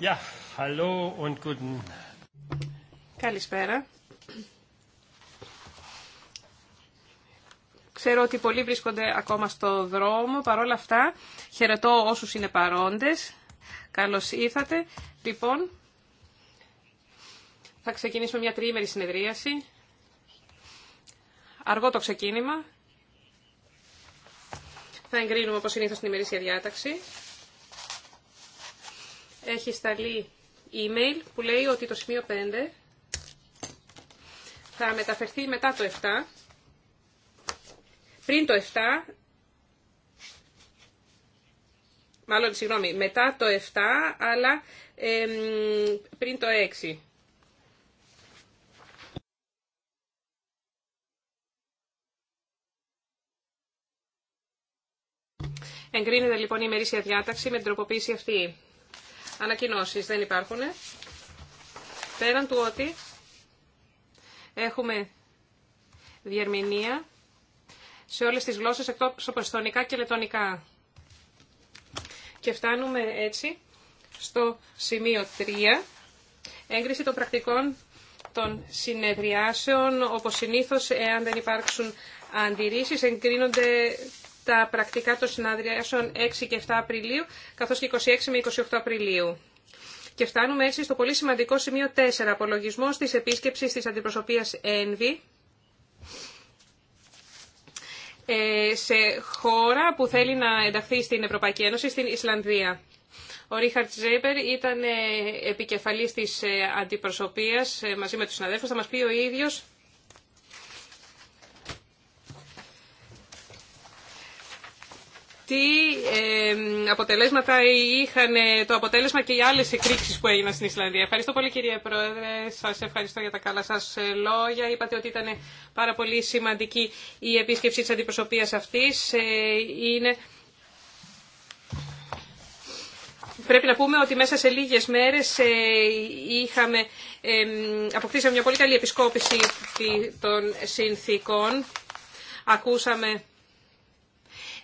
Ja, hallo und Καλησπέρα. Ξέρω ότι πολλοί βρίσκονται ακόμα στο δρόμο. Παρ' όλα αυτά, χαιρετώ όσους είναι παρόντες. Καλώς ήρθατε. Λοιπόν, θα ξεκινήσουμε μια τριήμερη συνεδρίαση. Αργό το ξεκίνημα. Θα εγκρίνουμε, όπως συνήθως, την ημερήσια διάταξη έχει σταλεί email που λέει ότι το σημείο 5 θα μεταφερθεί μετά το 7. Πριν το 7, μάλλον συγγνώμη, μετά το 7, αλλά ε, πριν το 6. Εγκρίνεται λοιπόν η ημερήσια διάταξη με την τροποποίηση αυτή. Ανακοινώσεις δεν υπάρχουν. Πέραν του ότι έχουμε διερμηνία σε όλες τις γλώσσες εκτός από εστονικά και λετονικά. Και φτάνουμε έτσι στο σημείο 3, έγκριση των πρακτικών των συνεδριάσεων, όπως συνήθως, εάν δεν υπάρξουν αντιρρήσεις, εγκρίνονται τα πρακτικά των συναδριάσεων 6 και 7 Απριλίου, καθώς και 26 με 28 Απριλίου. Και φτάνουμε έτσι στο πολύ σημαντικό σημείο 4, απολογισμό της επίσκεψης της αντιπροσωπείας ΕΝΒΗ σε χώρα που θέλει να ενταχθεί στην Ευρωπαϊκή Ένωση, στην Ισλανδία. Ο Ρίχαρτ Ζέιπερ ήταν ε, επικεφαλής της ε, αντιπροσωπείας ε, μαζί με τους συναδέλφους. Θα μας πει ο ίδιος τι αποτελέσματα είχαν το αποτέλεσμα και οι άλλε εκρήξει που έγιναν στην Ισλανδία. Ευχαριστώ πολύ κύριε Πρόεδρε, σας ευχαριστώ για τα καλά σας λόγια. Είπατε ότι ήταν πάρα πολύ σημαντική η επίσκεψη της αντιπροσωπείας αυτής. Ε, είναι... Πρέπει να πούμε ότι μέσα σε λίγες μέρες ε, είχαμε, αποκτήσαμε μια πολύ καλή επισκόπηση των συνθήκων. Ακούσαμε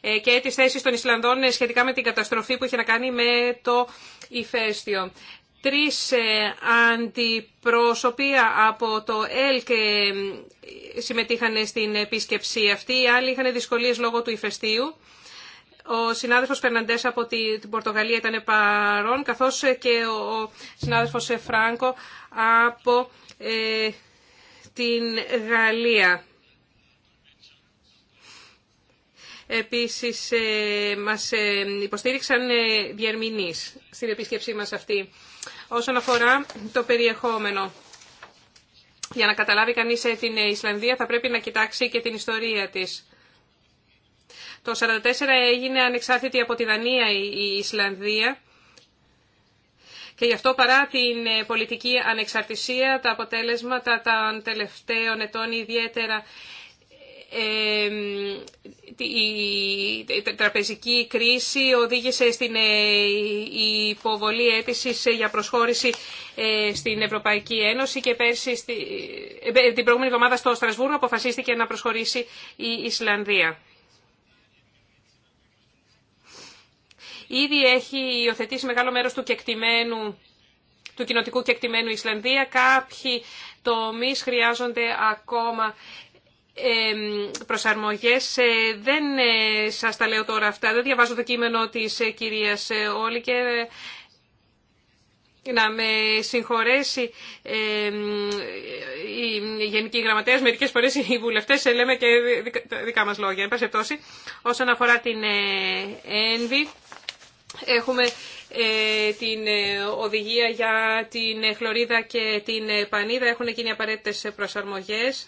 ε, και τις θέσεις των Ισλανδών ε, σχετικά με την καταστροφή που είχε να κάνει με το ηφαίστειο. Τρεις ε, αντιπροσωπεία από το ΕΛΚ συμμετείχαν στην επίσκεψη αυτή. Οι άλλοι είχαν δυσκολίες λόγω του ηφαιστείου. Ο συνάδελφος Περναντές από την Πορτογαλία ήταν παρόν, καθώς και ο συνάδελφος Φράνκο από την Γαλλία. Επίσης, ε, μας ε, υποστήριξαν ε, διερμηνείς στην επίσκεψή μας αυτή. Όσον αφορά το περιεχόμενο, για να καταλάβει κανείς την Ισλανδία θα πρέπει να κοιτάξει και την ιστορία της. Το 1944 έγινε ανεξάρτητη από τη Δανία η Ισλανδία και γι' αυτό παρά την πολιτική ανεξαρτησία τα αποτέλεσματα των τελευταίων ετών ιδιαίτερα η τραπεζική κρίση οδήγησε στην ε, υποβολή αίτησης για προσχώρηση ε, στην Ευρωπαϊκή Ένωση και πέρσι, ε, την προηγούμενη εβδομάδα στο Στρασβούργο αποφασίστηκε να προσχωρήσει η Ισλανδία. Ήδη έχει υιοθετήσει μεγάλο μέρος του κεκτημένου του κοινοτικού κεκτημένου Ισλανδία. Κάποιοι τομείς χρειάζονται ακόμα προσαρμογές. Ε, δεν ε, σας τα λέω τώρα αυτά, δεν διαβάζω το κείμενο της ε, κυρίας Όλη και να με συγχωρέσει η Γενική Γραμματέα, μερικές φορές οι βουλευτές λέμε και δικά μας λόγια. πάση όσον αφορά την ένβη, έχουμε την οδηγία για την χλωρίδα και την πανίδα. Έχουν εκείνοι απαραίτητες προσαρμογές.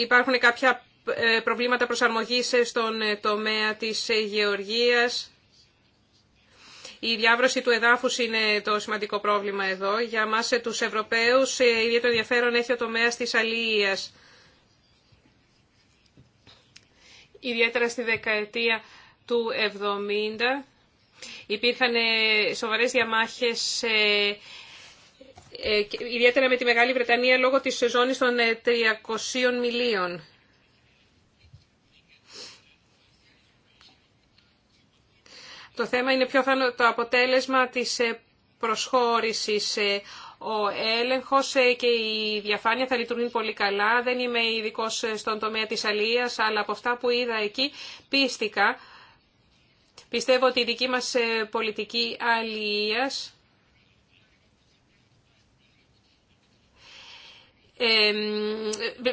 Υπάρχουν κάποια ε, προβλήματα προσαρμογής ε, στον ε, τομέα της γεωργίας. Η διάβρωση του εδάφους είναι το σημαντικό πρόβλημα εδώ. Για μας τους Ευρωπαίους ιδιαίτερο ενδιαφέρον έχει ο τομέας της αλληλείας. Ιδιαίτερα στη δεκαετία του 70 υπήρχαν σοβαρές διαμάχες ε, ιδιαίτερα με τη Μεγάλη Βρετανία λόγω της ζώνης των 300 ε, μιλίων. Το θέμα είναι πιο είναι το αποτέλεσμα της ε, προσχώρησης. Ο έλεγχος και η διαφάνεια θα λειτουργούν πολύ καλά. Δεν είμαι ειδικό στον τομέα της αλληλείας, αλλά από αυτά που είδα εκεί πίστηκα. Πιστεύω ότι η δική μας πολιτική αλληλείας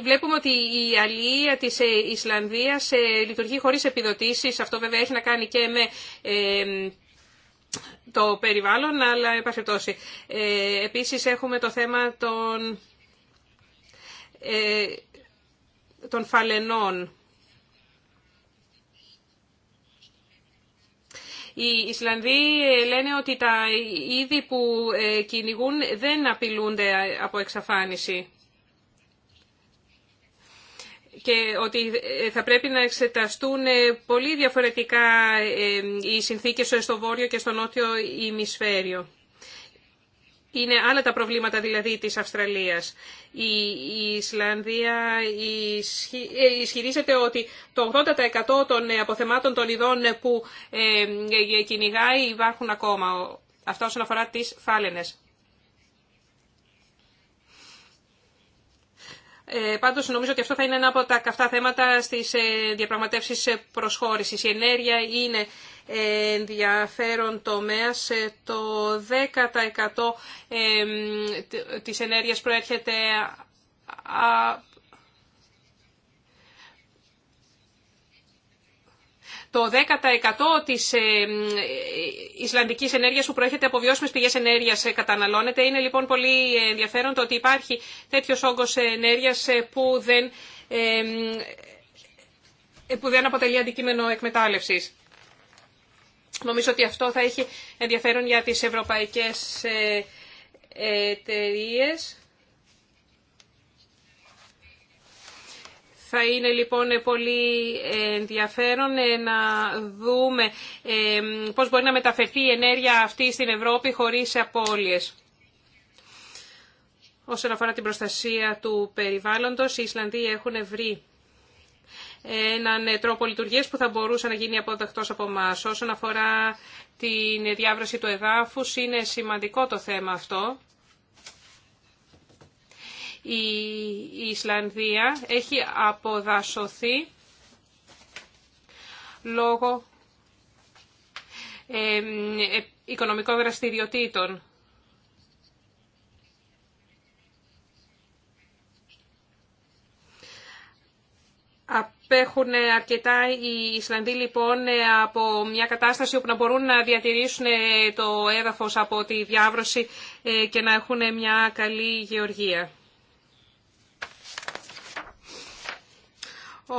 βλέπουμε ότι η αλληλεία της ε, Ισλανδίας ε, λειτουργεί χωρίς επιδοτήσεις. Αυτό βέβαια έχει να κάνει και με το περιβάλλον, αλλά επαφευτώσει. Ε, επίσης έχουμε το θέμα των, ε, των φαλενών. Οι Ισλανδοί λένε ότι τα είδη που κυνηγούν δεν απειλούνται από εξαφάνιση και ότι ε, θα πρέπει να εξεταστούν ε, πολύ διαφορετικά ε, οι συνθήκες στο βόρειο και στο νότιο ημισφαίριο. Είναι άλλα τα προβλήματα δηλαδή της Αυστραλίας. Η Ισλανδία ισχυρίζεται ότι το 80% των αποθεμάτων των ειδών που κυνηγάει υπάρχουν ακόμα. Αυτά όσον αφορά τις φάλαινες. Ε, πάντως νομίζω ότι αυτό θα είναι ένα από τα καυτά θέματα στι ε, διαπραγματεύσεις ε, προσχώρησης. Η ενέργεια είναι ε, ενδιαφέρον τομέα. Το 10% της ενέργειας προέρχεται το 10% της ε, ε, Ισλανδικής ενέργειας που προέρχεται από βιώσιμες πηγές ενέργειας ε, καταναλώνεται. Είναι λοιπόν πολύ ενδιαφέρον το ότι υπάρχει τέτοιος όγκος ενέργειας που δεν, που δεν αποτελεί αντικείμενο εκμετάλλευσης. Νομίζω ότι αυτό θα έχει ενδιαφέρον για τις ευρωπαϊκές εταιρείε. Θα είναι λοιπόν πολύ ενδιαφέρον ε, να δούμε ε, πώς μπορεί να μεταφερθεί η ενέργεια αυτή στην Ευρώπη χωρίς απώλειες. Όσον αφορά την προστασία του περιβάλλοντος, οι Ισλανδοί έχουν βρει έναν τρόπο λειτουργίας που θα μπορούσε να γίνει αποδεκτός από εμά. Όσον αφορά την διάβρωση του εδάφους, είναι σημαντικό το θέμα αυτό. Η Ισλανδία έχει αποδασωθεί λόγω ε, οικονομικών δραστηριοτήτων. Απέχουν αρκετά οι Ισλανδοί λοιπόν από μια κατάσταση όπου να μπορούν να διατηρήσουν ε, το έδαφος από τη διάβρωση ε, και να έχουν μια καλή γεωργία. ο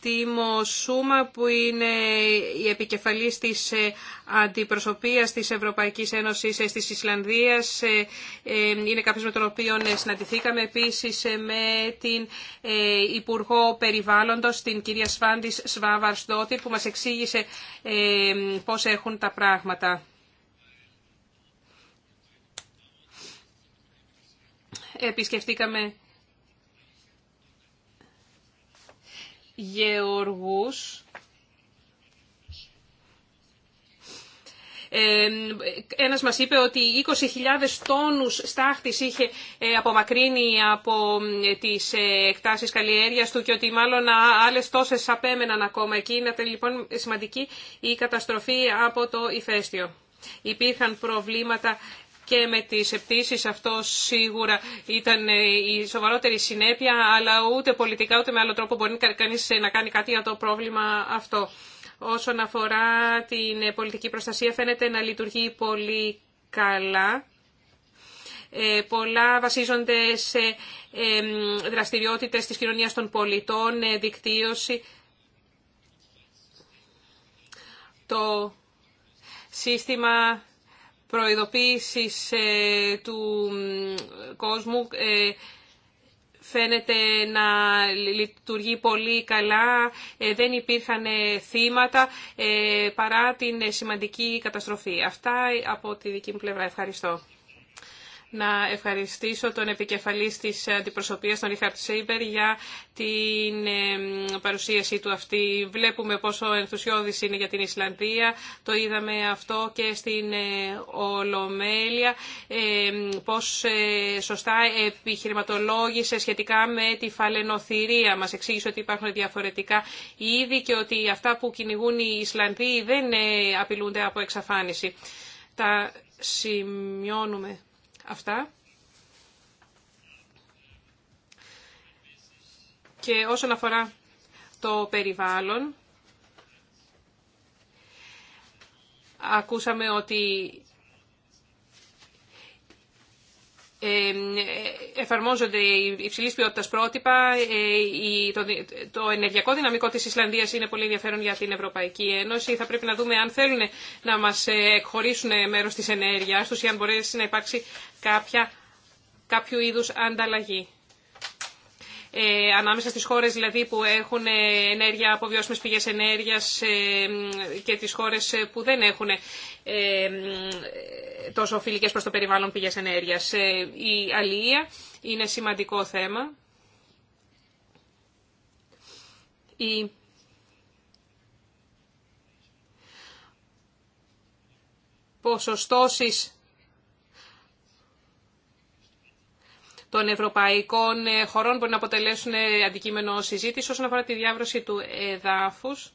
Τίμο Σούμα που είναι η επικεφαλής της ε, αντιπροσωπείας της Ευρωπαϊκής Ένωσης ε, της Ισλανδίας. Ε, είναι κάποιος με τον οποίο συναντηθήκαμε επίσης με την Υπουργό Περιβάλλοντος, την κυρία Σβάντης Σβάβαρστοτη που μας εξήγησε πώς έχουν τα πράγματα. Επισκεφτήκαμε γεωργούς ε, ένας μας είπε ότι 20.000 τόνους στάχτης είχε ε, απομακρύνει από ε, τις εκτάσεις καλλιέργειας του και ότι μάλλον άλλες τόσες απέμεναν ακόμα εκεί. Είναι λοιπόν σημαντική η καταστροφή από το ηφαίστειο. Υπήρχαν προβλήματα και με τις επτήσεις αυτό σίγουρα ήταν ε, η σοβαρότερη συνέπεια, αλλά ούτε πολιτικά ούτε με άλλο τρόπο μπορεί κανείς ε, να κάνει κάτι για το πρόβλημα αυτό. Όσον αφορά την ε, πολιτική προστασία φαίνεται να λειτουργεί πολύ καλά. Πολλά βασίζονται σε δραστηριότητες της κοινωνίας των πολιτών, δικτύωση. Το σύστημα προειδοποίησης ε, του κόσμου ε, φαίνεται να λειτουργεί πολύ καλά, ε, δεν υπήρχαν θύματα παρά την σημαντική καταστροφή. Αυτά από τη δική μου πλευρά. Ευχαριστώ να ευχαριστήσω τον επικεφαλής της αντιπροσωπείας, τον Ρίχαρτ Σέιμπερ, για την παρουσίασή του αυτή. Βλέπουμε πόσο ενθουσιώδης είναι για την Ισλανδία. Το είδαμε αυτό και στην ε, Ολομέλεια, πώς ε, σωστά επιχειρηματολόγησε σχετικά με τη φαλενοθυρία Μας εξήγησε ότι υπάρχουν διαφορετικά είδη και ότι αυτά που κυνηγούν οι Ισλανδοί δεν ε, απειλούνται από εξαφάνιση. Τα σημειώνουμε αυτά. Και όσον αφορά το περιβάλλον, ακούσαμε ότι Ε, εφαρμόζονται υψηλής ποιότητας πρότυπα. Ε, το ενεργειακό δυναμικό της Ισλανδίας είναι πολύ ενδιαφέρον για την Ευρωπαϊκή Ένωση. Θα πρέπει να δούμε αν θέλουν να μας ε, εκχωρήσουν μέρος της ενέργειας τους ή αν μπορέσει να υπάρξει κάποια, κάποιο είδους ανταλλαγή. Ε, ανάμεσα στις χώρες δηλαδή που έχουν ε, ενέργεια από βιώσιμες πηγές ενέργειας ε, και τις χώρες που δεν έχουν τόσο φιλικές προς το περιβάλλον πηγές ενέργειας. Η αλληλεία είναι σημαντικό θέμα. Η ποσοστώσεις των ευρωπαϊκών ε, χωρών μπορεί να αποτελέσουν ε, αντικείμενο συζήτηση όσον αφορά τη διάβρωση του εδάφους.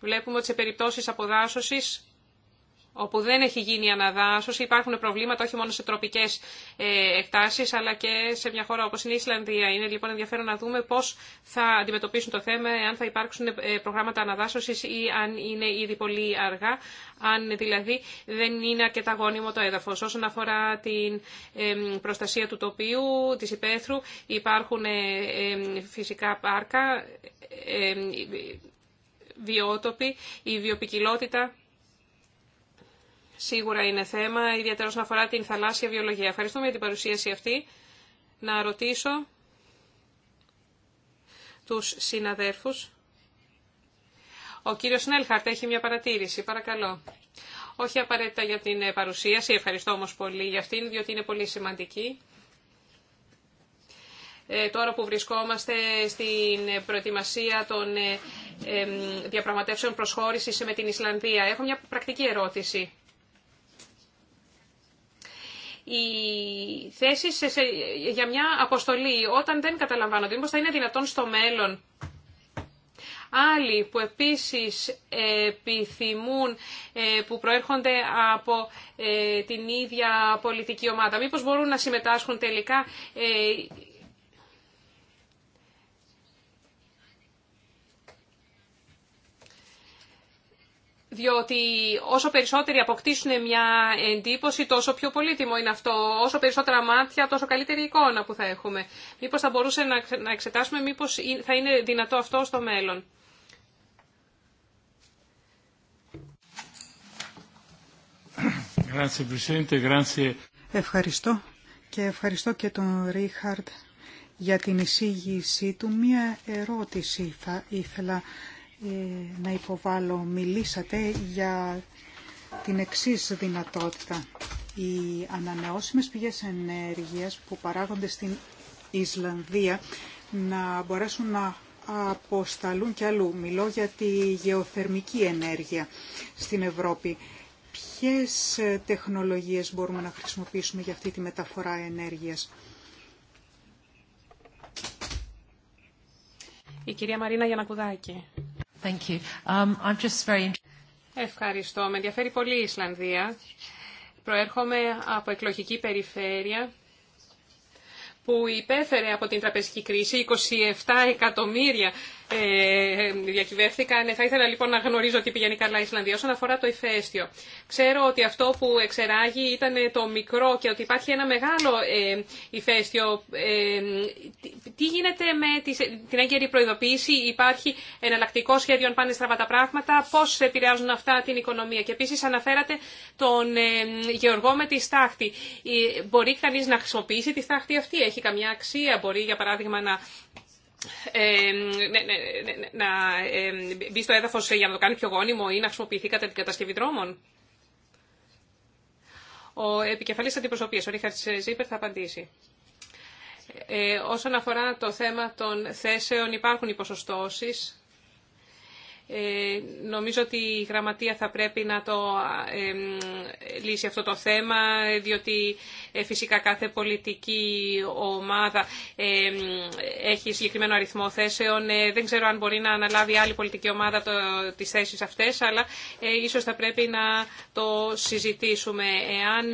Βλέπουμε ότι σε περιπτώσεις αποδάσωσης όπου δεν έχει γίνει αναδάσωση. Υπάρχουν προβλήματα όχι μόνο σε τροπικές ε, εκτάσεις, αλλά και σε μια χώρα όπως είναι η Ισλανδία. Είναι λοιπόν ενδιαφέρον να δούμε πώς θα αντιμετωπίσουν το θέμα, αν θα υπάρξουν ε, προγράμματα αναδάσωσης ή αν είναι ήδη πολύ αργά, αν δηλαδή δεν είναι αρκετά γόνιμο το έδαφος. Όσον αφορά την προστασία του τοπίου, της υπαίθρου, υπάρχουν ε, φυσικά πάρκα, βιότοποι, η βιοπικιλότητα σίγουρα είναι θέμα, ιδιαίτερα όσον αφορά την θαλάσσια βιολογία. Ευχαριστούμε για την παρουσίαση αυτή. Να ρωτήσω τους συναδέρφους. Ο κύριος Νέλχαρτ έχει μια παρατήρηση, παρακαλώ. Όχι απαραίτητα για την ε, παρουσίαση, ευχαριστώ όμως πολύ για αυτήν, διότι είναι πολύ σημαντική. Ε, τώρα που βρισκόμαστε στην προετοιμασία των ε, ε διαπραγματεύσεων προσχώρησης με την Ισλανδία, έχω μια πρακτική ερώτηση οι θέσεις σε, για μια αποστολή όταν δεν καταλαμβάνονται. Μήπως θα είναι δυνατόν στο μέλλον άλλοι που επίσης επιθυμούν, ε, που προέρχονται από ε, την ίδια πολιτική ομάδα. Μήπως μπορούν να συμμετάσχουν τελικά ε, διότι όσο περισσότεροι αποκτήσουν μια εντύπωση, τόσο πιο πολύτιμο είναι αυτό. Όσο περισσότερα μάτια, τόσο καλύτερη εικόνα που θα έχουμε. Μήπως θα μπορούσε να εξετάσουμε, μήπως θα είναι δυνατό αυτό στο μέλλον. Ευχαριστώ και ευχαριστώ και τον Ρίχαρντ για την εισήγησή του. Μία ερώτηση θα ήθελα ε, να υποβάλω. Μιλήσατε για την εξής δυνατότητα. Οι ανανεώσιμες πηγές ενέργειας που παράγονται στην Ισλανδία να μπορέσουν να αποσταλούν κι αλλού. Μιλώ για τη γεωθερμική ενέργεια στην Ευρώπη. Ποιες τεχνολογίες μπορούμε να χρησιμοποιήσουμε για αυτή τη μεταφορά ενέργειας. Η κυρία Μαρίνα Γιανακουδάκη. Um, Ευχαριστώ. Με ενδιαφέρει πολύ η Ισλανδία. Προέρχομαι από εκλογική περιφέρεια που υπέφερε από την τραπεζική κρίση 27 εκατομμύρια ε, διακυβεύθηκαν. Θα ήθελα λοιπόν να γνωρίζω τι πηγαίνει καλά η Ισλανδία όσον αφορά το ηφαίστειο. Ξέρω ότι αυτό που εξεράγει ήταν το μικρό και ότι υπάρχει ένα μεγάλο ε, ηφαίστειο. Ε, τι γίνεται με τις, την έγκαιρη προειδοποίηση, υπάρχει εναλλακτικό σχέδιο αν πάνε στραβά τα πράγματα, πώ επηρεάζουν αυτά την οικονομία. Και επίση αναφέρατε τον ε, γεωργό με τη στάχτη. Ε, μπορεί κανεί να χρησιμοποιήσει τη στάχτη αυτή, έχει καμιά αξία, μπορεί για παράδειγμα να ναι, ναι, ναι, να μπει στο έδαφος για να το κάνει πιο γόνιμο ή να χρησιμοποιηθεί κατά την κατασκευή δρόμων. Ο επικεφαλής αντιπροσωπείας, ο Ρίχαρτ Ζήπερ, θα απαντήσει. Ε, όσον αφορά το θέμα των θέσεων, υπάρχουν οι ποσοστώσεις. Ε, νομίζω ότι η Γραμματεία θα πρέπει να το ε, λύσει αυτό το θέμα, διότι ε, φυσικά κάθε πολιτική ομάδα ε, έχει συγκεκριμένο αριθμό θέσεων. Ε, δεν ξέρω αν μπορεί να αναλάβει άλλη πολιτική ομάδα τις θέσεις αυτές, αλλά ίσως θα πρέπει να το συζητήσουμε. Εάν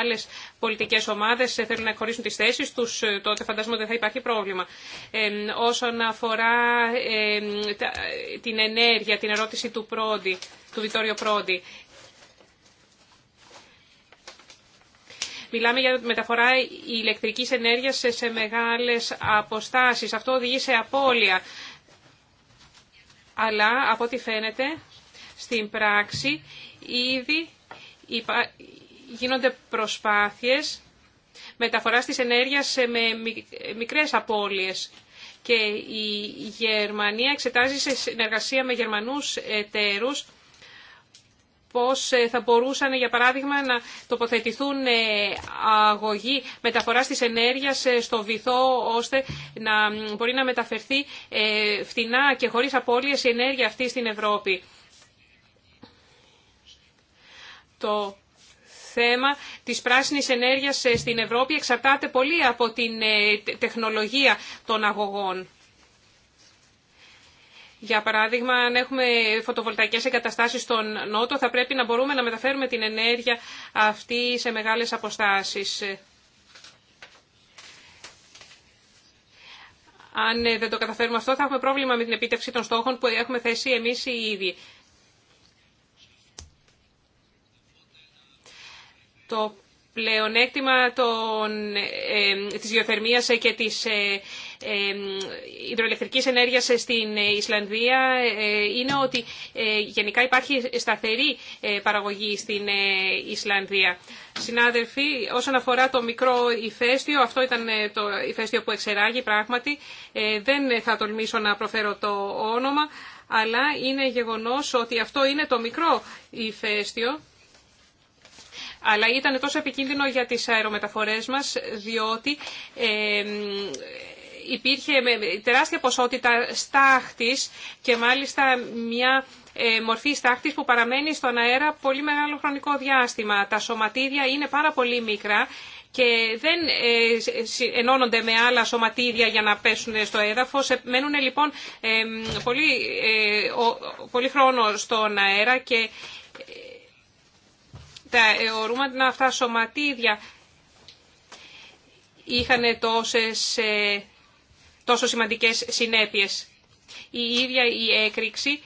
άλλες πολιτικές ομάδες θέλουν να χωρίσουν τις θέσεις τους, τότε φαντάζομαι ότι θα υπάρχει πρόβλημα. Όσον αφορά την ενέργεια, την ερώτηση του του Βιτόριο Πρόντι. Μιλάμε για μεταφορά ηλεκτρικής ενέργειας σε μεγάλες αποστάσεις. Αυτό οδηγεί σε απώλεια. Αλλά, από ό,τι φαίνεται, στην πράξη ήδη γίνονται προσπάθειες μεταφοράς της ενέργειας με μικρές απώλειες. Και η Γερμανία εξετάζει σε συνεργασία με Γερμανούς εταίρους πώς ε, θα μπορούσαν, για παράδειγμα, να τοποθετηθούν ε, αγωγή μεταφοράς της ενέργειας ε, στο βυθό, ώστε να μπορεί να μεταφερθεί φτηνά και χωρίς απώλειες η ενέργεια αυτή στην Ευρώπη. Το θέμα της πράσινης ενέργειας στην Ευρώπη εξαρτάται πολύ από την τεχνολογία των αγωγών. Για παράδειγμα, αν έχουμε φωτοβολταϊκές εγκαταστάσεις στον Νότο, θα πρέπει να μπορούμε να μεταφέρουμε την ενέργεια αυτή σε μεγάλες αποστάσεις. Αν ε, δεν το καταφέρουμε αυτό, θα έχουμε πρόβλημα με την επίτευξη των στόχων που έχουμε θέσει εμείς οι ίδιοι. Το πλεονέκτημα των, ε, ε της γεωθερμίας και της ε, υδροελεκτρικής ενέργεια στην Ισλανδία ε, είναι ότι ε, γενικά υπάρχει σταθερή ε, παραγωγή στην Ισλανδία. Συνάδελφοι, όσον αφορά το μικρό ηφαίστειο, αυτό ήταν το ηφαίστειο που εξεράγει πράγματι. Δεν θα τολμήσω να προφέρω το όνομα, αλλά είναι γεγονός ότι αυτό είναι το μικρό ηφαίστειο αλλά ήταν τόσο επικίνδυνο για τις αερομεταφορές μας, διότι υπήρχε τεράστια ποσότητα στάχτης και μάλιστα μια ε, μορφή στάχτης που παραμένει στον αέρα πολύ μεγάλο χρονικό διάστημα. Τα σωματίδια είναι πάρα πολύ μικρά και δεν ε, ενώνονται με άλλα σωματίδια για να πέσουν στο έδαφος. Ε, μένουν λοιπόν πολύ, πολύ χρόνο στον αέρα και τα ορούμενα αυτά σωματίδια είχαν τόσες τόσο σημαντικές συνέπειες. Η ίδια η έκρηξη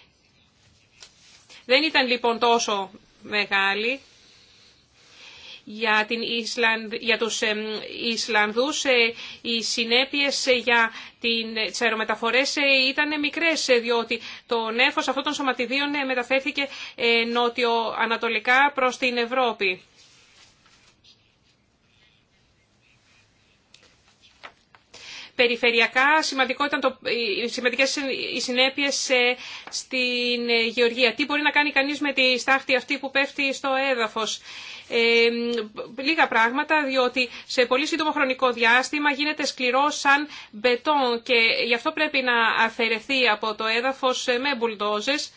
δεν ήταν λοιπόν τόσο μεγάλη για, την Ισλανδ, για τους Ισλανδούς ε, οι συνέπειες ε, για την, ε, τις αερομεταφορές ήταν μικρές διότι το νέφος αυτών των σωματιδίων μεταφέρθηκε νότιο-ανατολικά προς την Ευρώπη. Περιφερειακά σημαντικό ήταν το, οι σημαντικές οι συνέπειες στην ε, γεωργία. Τι μπορεί να κάνει κανείς με τη στάχτη αυτή που πέφτει στο έδαφος. Ε, λίγα πράγματα, διότι σε πολύ σύντομο χρονικό διάστημα γίνεται σκληρό σαν μπετόν και γι' αυτό πρέπει να αφαιρεθεί από το έδαφος ε, με μπουλντόζες.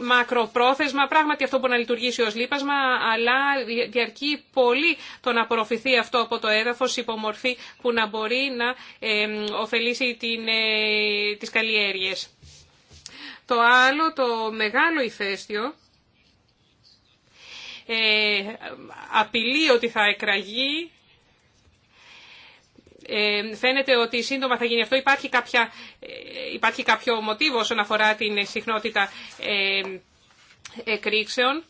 μακροπρόθεσμα. Πράγματι αυτό μπορεί να λειτουργήσει ως λείπασμα, αλλά διαρκεί πολύ το να απορροφηθεί αυτό από το έδαφος υπομορφή που να μπορεί να ε, ωφελήσει την, ε, τις καλλιέργειες. Το άλλο, το μεγάλο ηφαίστειο, ε, απειλεί ότι θα εκραγεί ε, φαίνεται ότι σύντομα θα γίνει αυτό. Υπάρχει, κάποια, ε, υπάρχει κάποιο μοτίβο όσον αφορά την συχνότητα ε, εκρήξεων.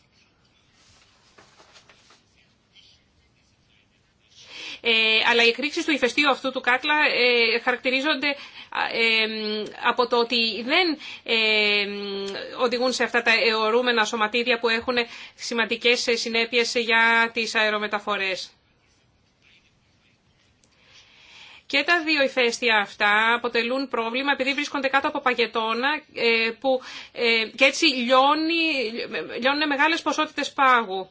Ε, αλλά οι εκρήξεις του ηφαιστείου αυτού του κάκλα ε, χαρακτηρίζονται από το ότι δεν οδηγούν σε αυτά τα αιωρούμενα σωματίδια που έχουν σημαντικές συνέπειες για τις αερομεταφορές. Και τα δύο ηφαίστεια αυτά αποτελούν πρόβλημα επειδή βρίσκονται κάτω από παγετώνα ε, που, ε, και έτσι λιώνει, λιώνουν μεγάλες ποσότητες πάγου.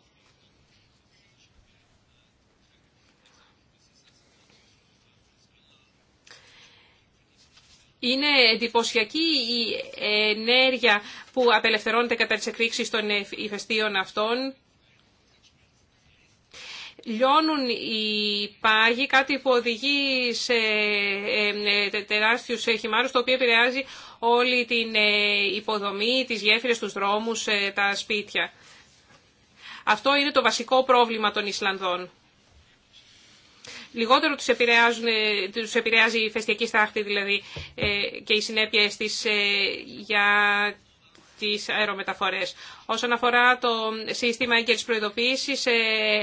Είναι εντυπωσιακή η ενέργεια που απελευθερώνεται κατά τις εκρήξεις των ηφαιστείων αυτών λιώνουν οι πάγοι, κάτι που οδηγεί σε ε, τεράστιους ε, χυμάρους, το οποίο επηρεάζει όλη την ε, υποδομή, τις γέφυρες, τους δρόμους, τα σπίτια. Αυτό είναι το βασικό πρόβλημα των Ισλανδών. Λιγότερο τους, επηρεάζουν, τους επηρεάζει η φεστιακή στάχτη δηλαδή και οι συνέπειες της για τις αερομεταφορές. Όσον αφορά το σύστημα έγκαιρης προειδοποίησης, ε,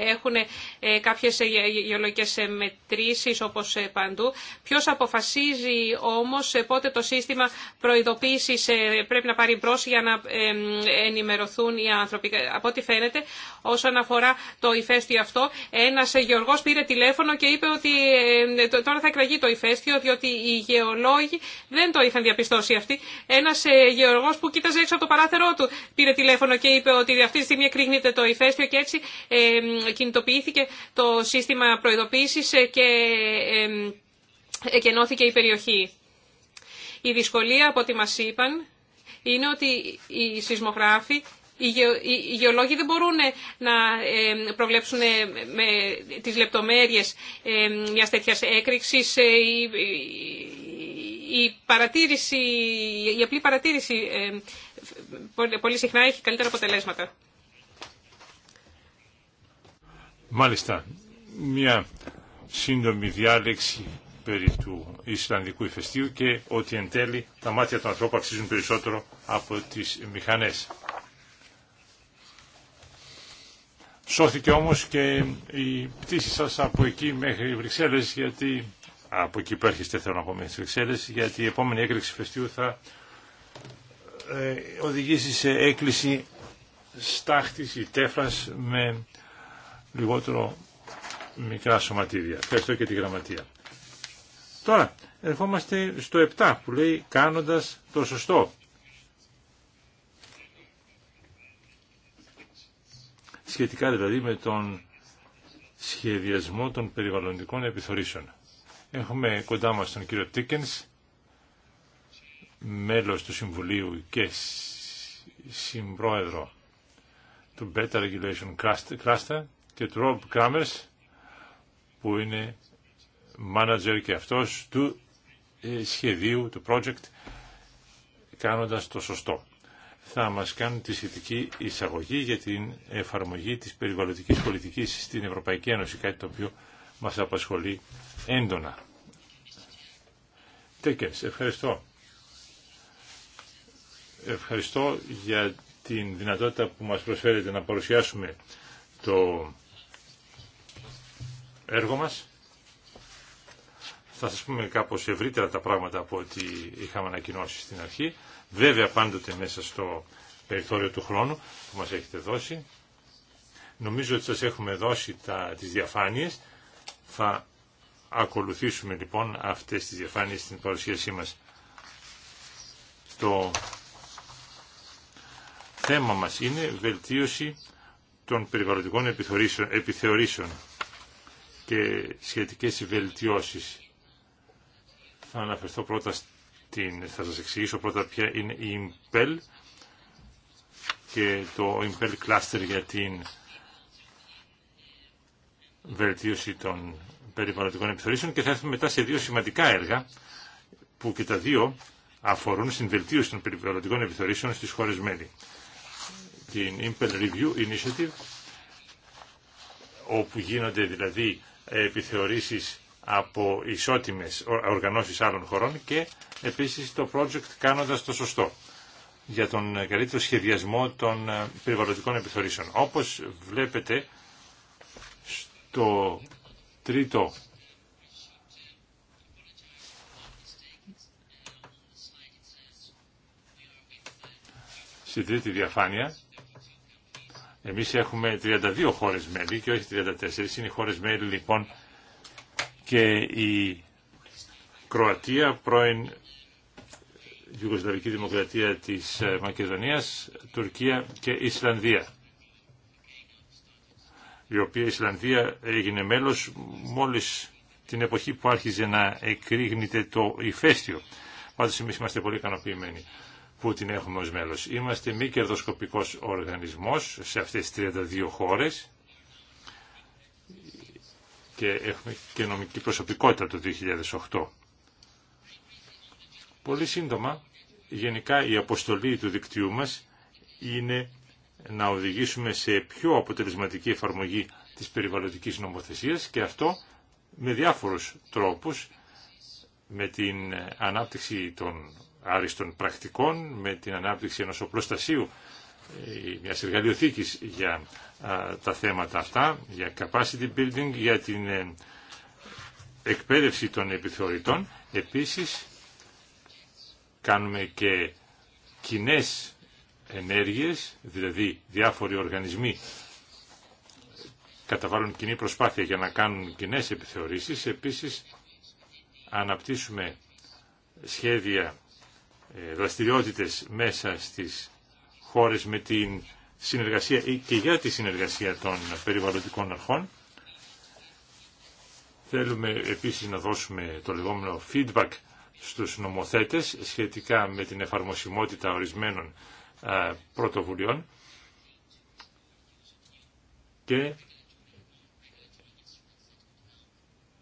έχουν ε, κάποιες γεωλογικές ε, μετρήσεις όπως παντού. Ποιος αποφασίζει όμως πότε το σύστημα προειδοποίησης πρέπει να πάρει μπρος για να ενημερωθούν οι άνθρωποι. Από ό,τι φαίνεται, όσον αφορά το ηφαίστειο αυτό, ένας γεωργός πήρε τηλέφωνο και είπε ότι τώρα θα εκραγεί το ηφαίστειο, διότι οι γεωλόγοι δεν το είχαν διαπιστώσει αυτοί. Ένας γεωργός που κοίταζε έξω από το παράθερό του πήρε τηλέφωνο και είπε ότι αυτή τη στιγμή εκρήγνεται το ηφαίστειο και έτσι κινητοποιήθηκε το σύστημα προειδοποίησης ε, και εκενώθηκε η περιοχή. Η δυσκολία από ό,τι μας είπαν είναι ότι οι σεισμογράφοι οι γεωλόγοι δεν μπορούν ε, να προβλέψουν ε, με τις λεπτομέρειες μιας τέτοιας έκρηξης. Η, παρατήρηση, η απλή παρατήρηση πολύ συχνά έχει καλύτερα αποτελέσματα. Μάλιστα, μια σύντομη διάλεξη περί του Ισλανδικού ηφαιστείου και ότι εν τέλει τα μάτια των ανθρώπων αξίζουν περισσότερο από τις μηχανές. Σώθηκε όμως και η πτήση σας από εκεί μέχρι Βρυξέλλες γιατί από εκεί που έρχεστε θέλω να πω μέχρι Βρυξέλλες γιατί η επόμενη έκρηξη φεστιού θα ε, οδηγήσει σε έκκληση στάχτης ή τέφρας με λιγότερο μικρά σωματίδια. Ευχαριστώ και τη γραμματεία. Τώρα, ερχόμαστε στο 7 που λέει κάνοντας το σωστό. Σχετικά δηλαδή με τον σχεδιασμό των περιβαλλοντικών επιθορήσεων. Έχουμε κοντά μας τον κύριο Τίκενς, μέλος του Συμβουλίου και συμπρόεδρο του Better Regulation Cluster και του Rob Kramers που είναι manager και αυτός του ε, σχεδίου, του project κάνοντας το σωστό. Θα μας κάνουν τη σχετική εισαγωγή για την εφαρμογή της περιβαλλοντικής πολιτικής στην Ευρωπαϊκή Ένωση, κάτι το οποίο μας απασχολεί έντονα. Τέκες, ευχαριστώ. Ευχαριστώ για την δυνατότητα που μας προσφέρετε να παρουσιάσουμε το έργο μας. Θα σας πούμε κάπως ευρύτερα τα πράγματα από ό,τι είχαμε ανακοινώσει στην αρχή. Βέβαια πάντοτε μέσα στο περιθώριο του χρόνου που μας έχετε δώσει. Νομίζω ότι σας έχουμε δώσει τα, τις διαφάνειες. Θα ακολουθήσουμε λοιπόν αυτές τις διαφάνειες στην παρουσίασή μας. Το θέμα μας είναι βελτίωση των περιβαλλοντικών επιθεωρήσεων και σχετικές βελτιώσεις. Θα αναφερθώ πρώτα στην, θα σας εξηγήσω πρώτα ποια είναι η Impel και το Impel Cluster για την βελτίωση των περιβαλλοντικών επιθεωρήσεων και θα έρθουμε μετά σε δύο σημαντικά έργα που και τα δύο αφορούν στην βελτίωση των περιβαλλοντικών επιθεωρήσεων στις χώρες μέλη την Impel Review Initiative, όπου γίνονται δηλαδή επιθεωρήσεις από ισότιμες οργανώσεις άλλων χωρών και επίσης το project κάνοντας το σωστό για τον καλύτερο σχεδιασμό των ε, περιβαλλοντικών επιθεωρήσεων. Όπως βλέπετε στο τρίτο στην τρίτη διαφάνεια εμείς έχουμε 32 χώρες μέλη και όχι 34. Είναι οι χώρες μέλη λοιπόν και η Κροατία, πρώην Ιουγκοσλαβική Δημοκρατία της ε, Μακεδονίας, Τουρκία και Ισλανδία. Η οποία Ισλανδία έγινε μέλος μόλις την εποχή που άρχιζε να εκρήγνεται το ηφαίστειο. Πάντως εμείς είμαστε πολύ ικανοποιημένοι που την έχουμε ως μέλος. Είμαστε μη κερδοσκοπικός οργανισμός σε αυτές τις 32 χώρες και έχουμε και νομική προσωπικότητα το 2008. Πολύ σύντομα, γενικά η αποστολή του δικτύου μας είναι να οδηγήσουμε σε πιο αποτελεσματική εφαρμογή της περιβαλλοντικής νομοθεσίας και αυτό με διάφορους τρόπους, με την ανάπτυξη των άριστον πρακτικών με την ανάπτυξη ενός οπλοστασίου ε, μιας εργαλειοθήκης για τα θέματα αυτά, για capacity building, για την ε, εκπαίδευση των επιθεωρητών. Επίσης, κάνουμε και κοινέ ενέργειες, δηλαδή διάφοροι οργανισμοί καταβάλουν κοινή προσπάθεια για να κάνουν κοινέ επιθεωρήσεις. Επίσης, αναπτύσσουμε σχέδια ε, δραστηριότητες μέσα στις χώρες με την συνεργασία ή και για τη συνεργασία των περιβαλλοντικών αρχών. Θέλουμε επίσης να δώσουμε το λεγόμενο feedback στους νομοθέτες σχετικά με την εφαρμοσιμότητα ορισμένων πρωτοβουλειών και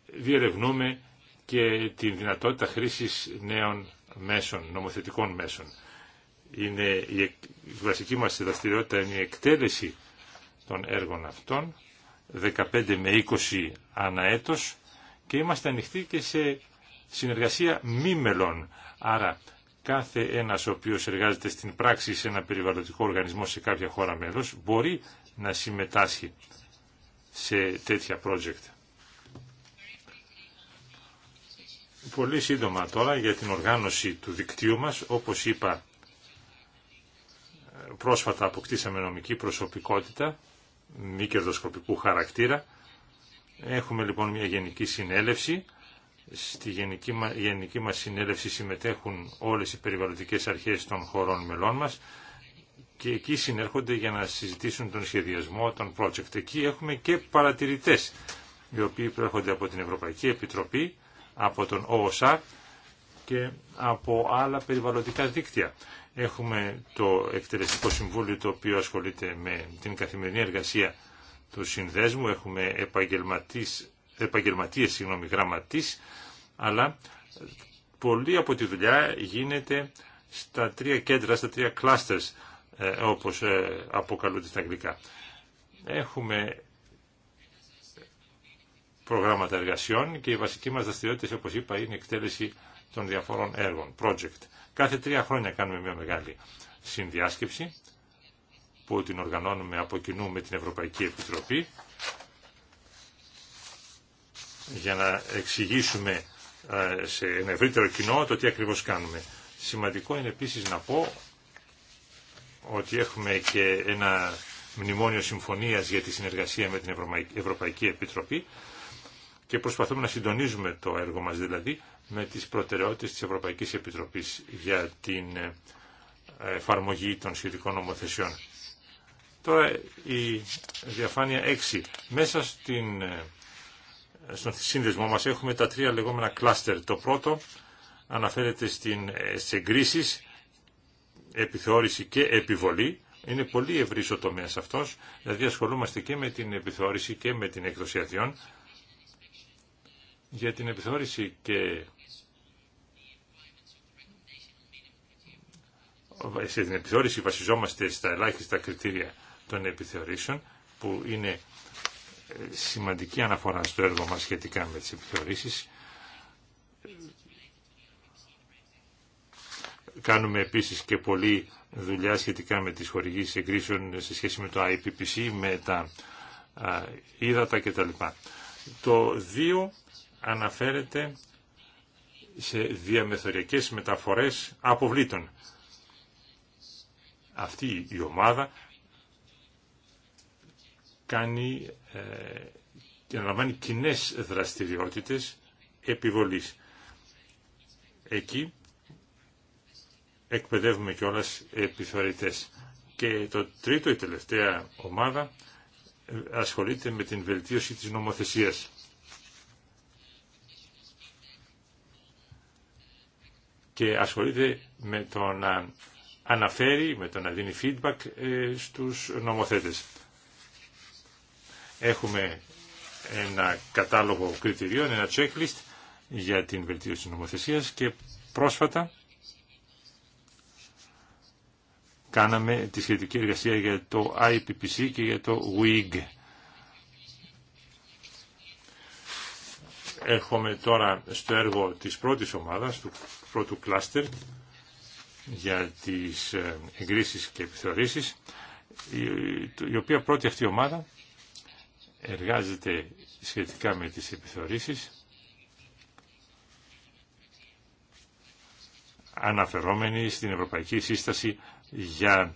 διερευνούμε και την δυνατότητα χρήσης νέων μέσων, νομοθετικών μέσων. Είναι η βασική μας δραστηριότητα είναι η εκτέλεση των έργων αυτών, 15 με 20 ανά έτος, και είμαστε ανοιχτοί και σε συνεργασία μη μελών. Άρα κάθε ένας ο οποίος εργάζεται στην πράξη σε ένα περιβαλλοντικό οργανισμό σε κάποια χώρα μέλος μπορεί να συμμετάσχει σε τέτοια project. Πολύ σύντομα τώρα για την οργάνωση του δικτύου μας, όπως είπα πρόσφατα αποκτήσαμε νομική προσωπικότητα, μη κερδοσκοπικού χαρακτήρα. Έχουμε λοιπόν μια γενική συνέλευση. Στη γενική, μα, γενική μας συνέλευση συμμετέχουν όλες οι περιβαλλοντικές αρχές των χωρών μελών μας και εκεί συνέρχονται για να συζητήσουν τον σχεδιασμό των project. Εκεί έχουμε και παρατηρητές οι οποίοι προέρχονται από την Ευρωπαϊκή Επιτροπή από τον ΟΟΣΑ και από άλλα περιβαλλοντικά δίκτυα. Έχουμε το εκτελεστικό συμβούλιο το οποίο ασχολείται με την καθημερινή εργασία του συνδέσμου, έχουμε επαγγελματίες, επαγγελματίες συγγνώμη, αλλά πολλή από τη δουλειά γίνεται στα τρία κέντρα, στα τρία clusters, ε, όπως ε, αποκαλούνται στα αγγλικά. Έχουμε προγράμματα εργασιών και η βασική μας δραστηριότητα, όπως είπα, είναι η εκτέλεση των διαφόρων έργων, project. Κάθε τρία χρόνια κάνουμε μια μεγάλη συνδιάσκεψη που την οργανώνουμε από κοινού με την Ευρωπαϊκή Επιτροπή για να εξηγήσουμε ε, σε ένα ευρύτερο κοινό το τι ακριβώς κάνουμε. Σημαντικό είναι επίσης να πω ότι έχουμε και ένα μνημόνιο συμφωνίας για τη συνεργασία με την Ευρωπαϊκή Επιτροπή και προσπαθούμε να συντονίζουμε το έργο μας δηλαδή με τις προτεραιότητες της Ευρωπαϊκής Επιτροπής για την ε, εφαρμογή των σχετικών νομοθεσιών. Τώρα η διαφάνεια 6. Μέσα στην, ε, στον σύνδεσμό μας έχουμε τα τρία λεγόμενα κλάστερ. Το πρώτο αναφέρεται στην, σε εγκρίσεις, επιθεώρηση και επιβολή. Είναι πολύ ευρύς ο τομέας αυτός, δηλαδή ασχολούμαστε και με την επιθεώρηση και με την έκδοση αδειών για την επιθεώρηση και σε την επιθεώρηση βασιζόμαστε στα ελάχιστα κριτήρια των επιθεωρήσεων που είναι ε, σημαντική αναφορά στο έργο μας σχετικά με τις επιθεωρήσεις. Κάνουμε επίσης και πολλή δουλειά σχετικά με τις χορηγήσεις εγκρίσεων σε σχέση με το IPPC, με τα ύδατα κτλ. Το 2 αναφέρεται σε διαμεθοριακές μεταφορές αποβλήτων. Αυτή η ομάδα κάνει ε, και αναλαμβάνει κοινέ δραστηριότητες επιβολής. Εκεί εκπαιδεύουμε κιόλας επιθεωρητές. Και το τρίτο, η τελευταία ομάδα, ε, ασχολείται με την βελτίωση της νομοθεσίας. και ασχολείται με το να αναφέρει, με το να δίνει feedback ε, στους νομοθέτες. Έχουμε ένα κατάλογο κριτηρίων, ένα checklist για την βελτίωση της νομοθεσίας και πρόσφατα κάναμε τη σχετική εργασία για το IPPC και για το WIG Έρχομαι τώρα στο έργο της πρώτης ομάδας, του πρώτου κλάστερ, για τις ε, εγκρίσεις και επιθεωρήσεις, η οποία πρώτη αυτή ομάδα εργάζεται σχετικά με τις επιθεωρήσεις, αναφερόμενη στην Ευρωπαϊκή Σύσταση για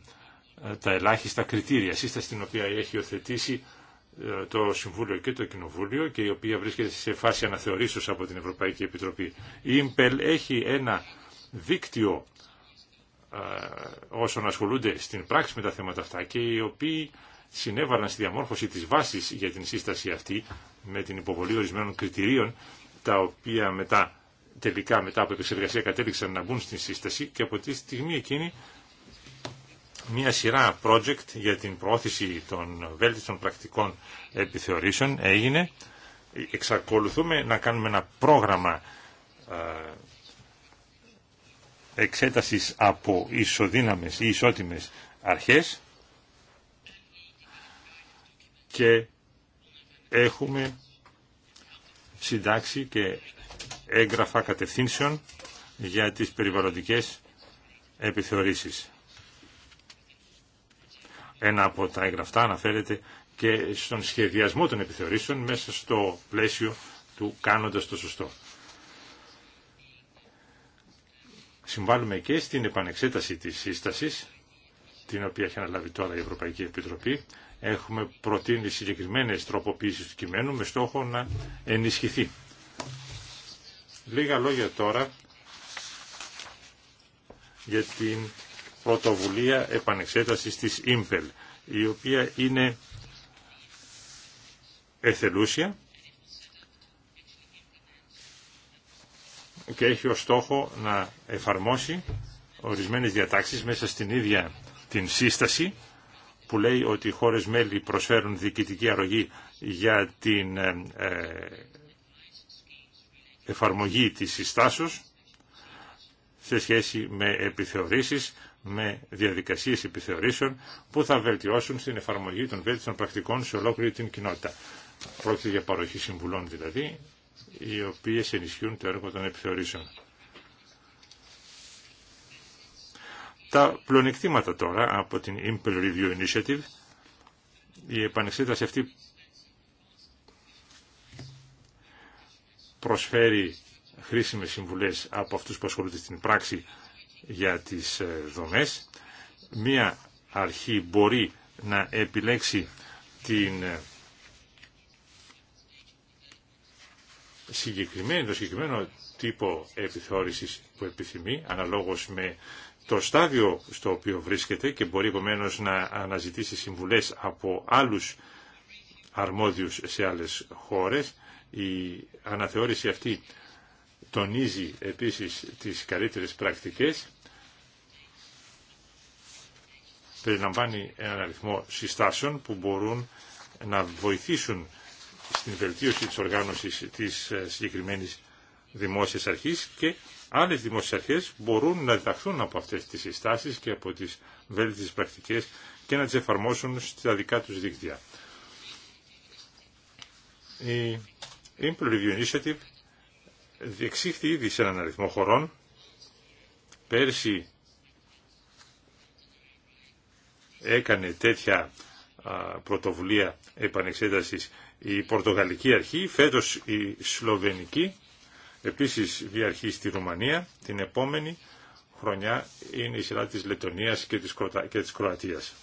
ε, τα ελάχιστα κριτήρια, σύσταση την οποία έχει οθετήσει ε, το Συμβούλιο και το Κοινοβούλιο και η οποία βρίσκεται σε φάση αναθεωρήσεως από την Ευρωπαϊκή Επιτροπή. Η ΙΜΠΕΛ έχει ένα δίκτυο ε, όσων ασχολούνται στην πράξη με τα θέματα αυτά και οι οποίοι συνέβαλαν στη διαμόρφωση της βάσης για την σύσταση αυτή με την υποβολή ορισμένων κριτηρίων τα οποία μετά, τελικά μετά από επεξεργασία κατέληξαν να μπουν στην σύσταση και από τη στιγμή εκείνη μια σειρά project για την προώθηση των βέλτιστων πρακτικών επιθεωρήσεων έγινε. Εξακολουθούμε να κάνουμε ένα πρόγραμμα ε, εξέτασης από ισοδύναμες ή ισότιμες αρχές και έχουμε συντάξει και έγγραφα κατευθύνσεων για τις περιβαλλοντικές επιθεωρήσεις. Ένα από τα εγγραφτά αναφέρεται και στον σχεδιασμό των επιθεωρήσεων μέσα στο πλαίσιο του κάνοντας το σωστό. Συμβάλλουμε και στην επανεξέταση της σύστασης, την οποία έχει αναλάβει τώρα η Ευρωπαϊκή Επιτροπή. Έχουμε προτείνει συγκεκριμένες τροποποίησεις του κειμένου με στόχο να ενισχυθεί. Λίγα λόγια τώρα για την πρωτοβουλία επανεξέτασης της ΙΜΠΕΛ, η οποία είναι εθελούσια και έχει ως στόχο να εφαρμόσει ορισμένες διατάξεις μέσα στην ίδια την σύσταση που λέει ότι οι χώρες μέλη προσφέρουν διοικητική αρρωγή για την ε, ε, εφαρμογή της συστάσεως σε σχέση με επιθεωρήσεις με διαδικασίες επιθεωρήσεων που θα βελτιώσουν στην εφαρμογή των βέλτιστων πρακτικών σε ολόκληρη την κοινότητα. Πρόκειται για παροχή συμβουλών δηλαδή, οι οποίες ενισχύουν το έργο των επιθεωρήσεων. Τα πλονεκτήματα τώρα από την Impel Review Initiative, η επανεξέταση αυτή προσφέρει χρήσιμες συμβουλές από αυτούς που ασχολούνται στην πράξη για τις ε, δομές. Μία αρχή μπορεί να επιλέξει την ε, συγκεκριμένη, το συγκεκριμένο τύπο επιθεώρησης που επιθυμεί, αναλόγως με το στάδιο στο οποίο βρίσκεται και μπορεί επομένως να αναζητήσει συμβουλές από άλλους αρμόδιους σε άλλες χώρες. Η αναθεώρηση αυτή τονίζει επίσης τις καλύτερες πρακτικές, περιλαμβάνει έναν αριθμό συστάσεων που μπορούν να βοηθήσουν στην βελτίωση της οργάνωσης της ε, συγκεκριμένης δημόσιας αρχής και άλλες δημόσιες αρχές μπορούν να διδαχθούν από αυτές τις συστάσεις και από τις βέλτιστες πρακτικές και να τις εφαρμόσουν στα δικά τους δίκτυα. Η Initiative διεξήχθη ήδη σε έναν αριθμό χωρών. Πέρσι έκανε τέτοια πρωτοβουλία επανεξέτασης η Πορτογαλική αρχή, φέτος η Σλοβενική, επίσης η αρχή στη Ρουμανία, την επόμενη χρονιά είναι η σειρά της Λετωνίας και της, Κροτα... και της Κροατίας.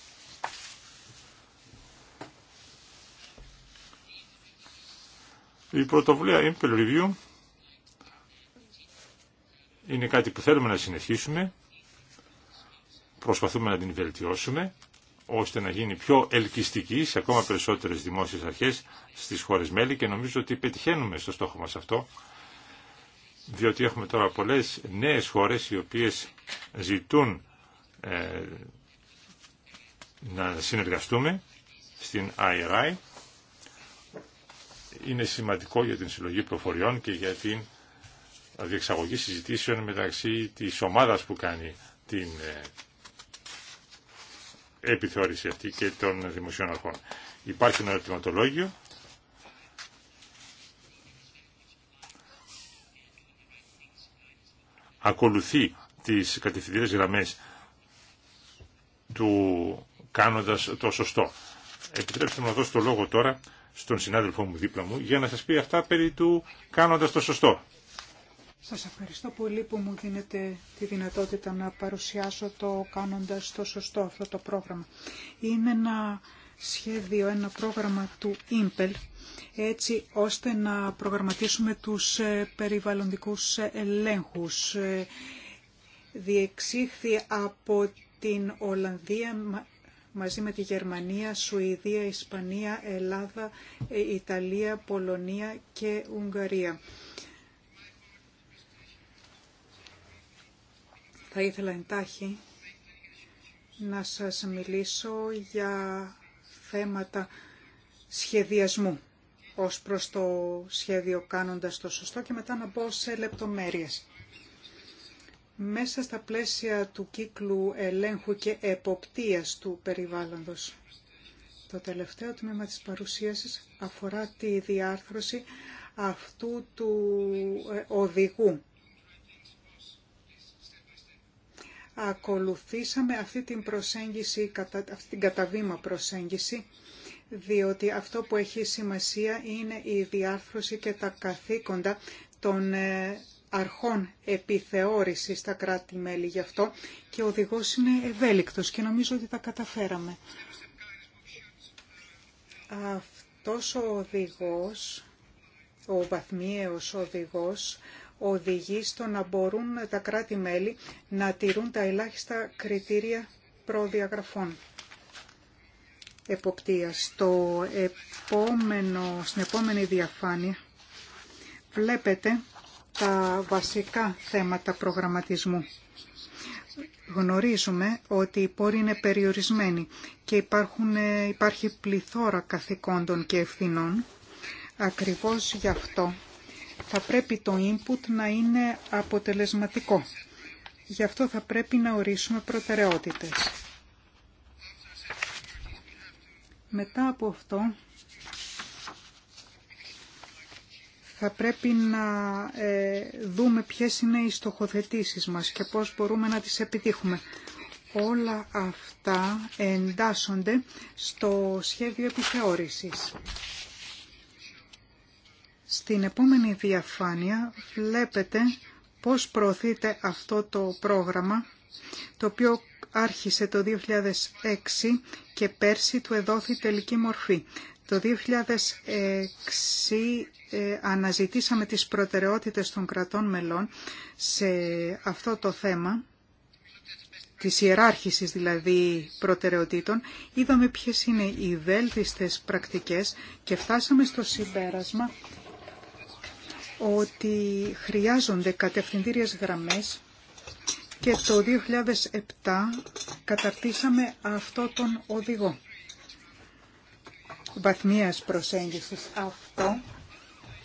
Η πρωτοβουλία Impel Review είναι κάτι που θέλουμε να συνεχίσουμε, προσπαθούμε να την βελτιώσουμε, ώστε να γίνει πιο ελκυστική σε ακόμα περισσότερες δημόσιες αρχές στις χώρες μέλη και νομίζω ότι πετυχαίνουμε στο στόχο μας αυτό, διότι έχουμε τώρα πολλές νέες χώρες οι οποίες ζητούν ε, να συνεργαστούμε στην IRI. Είναι σημαντικό για την συλλογή προφοριών και για την διεξαγωγή συζητήσεων μεταξύ της ομάδας που κάνει την ε, επιθεώρηση αυτή και των δημοσίων αρχών. Υπάρχει ένα ερωτηματολόγιο. Ακολουθεί τις κατευθυντήρες γραμμές του κάνοντας το σωστό. Επιτρέψτε μου να δώσω το λόγο τώρα στον συνάδελφό μου δίπλα μου για να σας πει αυτά περί του κάνοντας το σωστό. Σας ευχαριστώ πολύ που μου δίνετε τη δυνατότητα να παρουσιάσω το κάνοντας το σωστό αυτό το πρόγραμμα. Είναι ένα σχέδιο, ένα πρόγραμμα του ΙΜΠΕΛ, έτσι ώστε να προγραμματίσουμε τους ε, περιβαλλοντικούς ε, ελέγχους. Ε, διεξήχθη από την Ολλανδία μαζί με τη Γερμανία, Σουηδία, Ισπανία, Ελλάδα, Ιταλία, Πολωνία και Ουγγαρία. Θα ήθελα εντάχει να σας μιλήσω για θέματα σχεδιασμού ως προς το σχέδιο κάνοντας το σωστό και μετά να μπω σε λεπτομέρειες. Μέσα στα πλαίσια του κύκλου ελέγχου και εποπτείας του περιβάλλοντος. Το τελευταίο τμήμα της παρουσίασης αφορά τη διάρθρωση αυτού του ε, οδηγού ακολουθήσαμε αυτή την προσέγγιση, αυτή την καταβήμα προσέγγιση, διότι αυτό που έχει σημασία είναι η διάρθρωση και τα καθήκοντα των ε, αρχών επιθεώρησης στα κράτη-μέλη γι' αυτό και ο οδηγός είναι ευέλικτος και νομίζω ότι τα καταφέραμε. Αυτός ο οδηγός, ο βαθμιαίος οδηγός, οδηγεί στο να μπορούν τα κράτη-μέλη να τηρούν τα ελάχιστα κριτήρια προδιαγραφών εποπτείας. επόμενο, στην επόμενη διαφάνεια βλέπετε τα βασικά θέματα προγραμματισμού. Γνωρίζουμε ότι οι πόροι είναι περιορισμένοι και υπάρχουν, υπάρχει πληθώρα καθηκόντων και ευθυνών. Ακριβώς γι' αυτό θα πρέπει το input να είναι αποτελεσματικό. Γι' αυτό θα πρέπει να ορίσουμε προτεραιότητες. Μετά από αυτό θα πρέπει να ε, δούμε ποιες είναι οι στοχοθετήσεις μας και πώς μπορούμε να τις επιτύχουμε. Όλα αυτά εντάσσονται στο σχέδιο επιθεώρησης. Στην επόμενη διαφάνεια βλέπετε πώς προωθείται αυτό το πρόγραμμα, το οποίο άρχισε το 2006 και πέρσι του εδόθη τελική μορφή. Το 2006 ε, αναζητήσαμε τις προτεραιότητες των κρατών μελών σε αυτό το θέμα, της ιεράρχησης δηλαδή προτεραιοτήτων, είδαμε ποιες είναι οι βέλτιστες πρακτικές και φτάσαμε στο συμπέρασμα ότι χρειάζονται κατευθυντήριες γραμμές και το 2007 καταρτήσαμε αυτό τον οδηγό βαθμίας προσέγγισης. Αυτό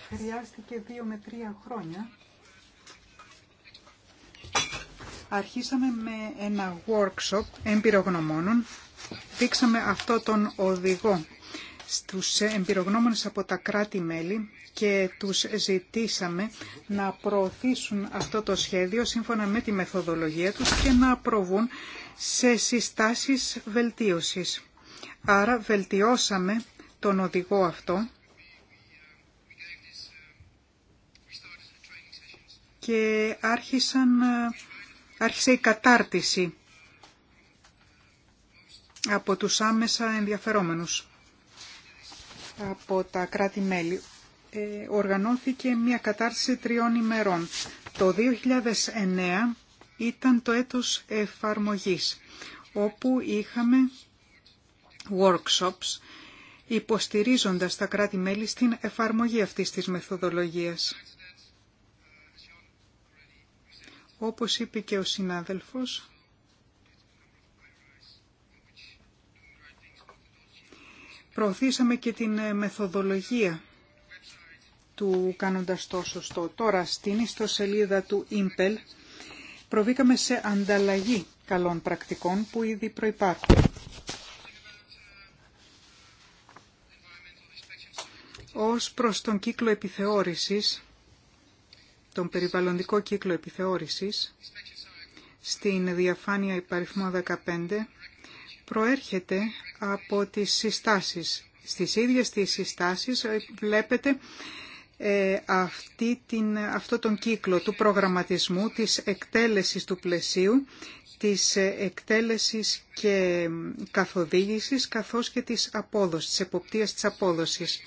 χρειάστηκε δύο με τρία χρόνια. Αρχίσαμε με ένα workshop εμπειρογνωμόνων. Δείξαμε αυτό τον οδηγό στους εμπειρογνώμονες από τα κράτη-μέλη και τους ζητήσαμε να προωθήσουν αυτό το σχέδιο σύμφωνα με τη μεθοδολογία τους και να προβούν σε συστάσεις βελτίωσης. Άρα βελτιώσαμε τον οδηγό αυτό και άρχισαν, άρχισε η κατάρτιση από τους άμεσα ενδιαφερόμενους από τα κράτη-μέλη. Ε, οργανώθηκε μια κατάρτιση τριών ημερών. Το 2009 ήταν το έτος εφαρμογής, όπου είχαμε workshops υποστηρίζοντας τα κράτη-μέλη στην εφαρμογή αυτής της μεθοδολογίας. Όπως είπε και ο συνάδελφος, προωθήσαμε και την μεθοδολογία του κάνοντας το σωστό. Τώρα στην ιστοσελίδα του Impel προβήκαμε σε ανταλλαγή καλών πρακτικών που ήδη προϋπάρχουν. Ως προς τον κύκλο επιθεώρησης, τον περιβαλλοντικό κύκλο επιθεώρησης, στην διαφάνεια υπαριθμό 15, προέρχεται από τις συστάσεις. Στις ίδιες τις συστάσεις ε, βλέπετε ε, αυτή την, αυτό τον κύκλο του προγραμματισμού, της εκτέλεσης του πλαισίου, της εκτέλεσης και καθοδήγησης, καθώς και της απόδοσης, της εποπτείας της απόδοσης.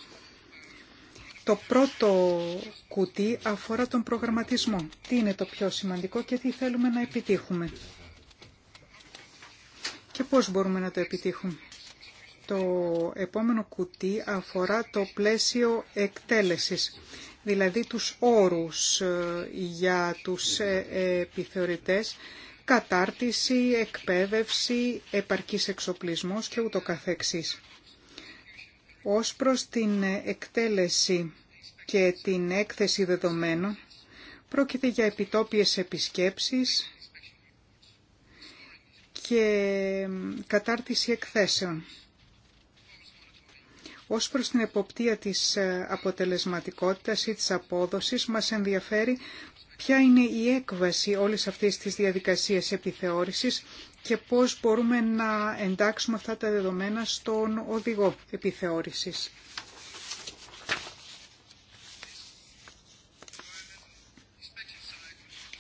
Το πρώτο κουτί αφορά τον προγραμματισμό. Τι είναι το πιο σημαντικό και τι θέλουμε να επιτύχουμε. Και πώς μπορούμε να το επιτύχουμε. Το επόμενο κουτί αφορά το πλαίσιο εκτέλεσης, δηλαδή τους όρους ε, για τους ε, επιθεωρητές, κατάρτιση, εκπαίδευση, επαρκής εξοπλισμός και ούτω καθεξής. Ως προς την εκτέλεση και την έκθεση δεδομένων, πρόκειται για επιτόπιες επισκέψεις και κατάρτιση εκθέσεων. Ως προς την εποπτεία της ε, αποτελεσματικότητας ή της απόδοσης, μας ενδιαφέρει ποια είναι η έκβαση όλης αυτής της διαδικασίας επιθεώρησης και πώς μπορούμε να εντάξουμε αυτά τα δεδομένα στον οδηγό επιθεώρησης.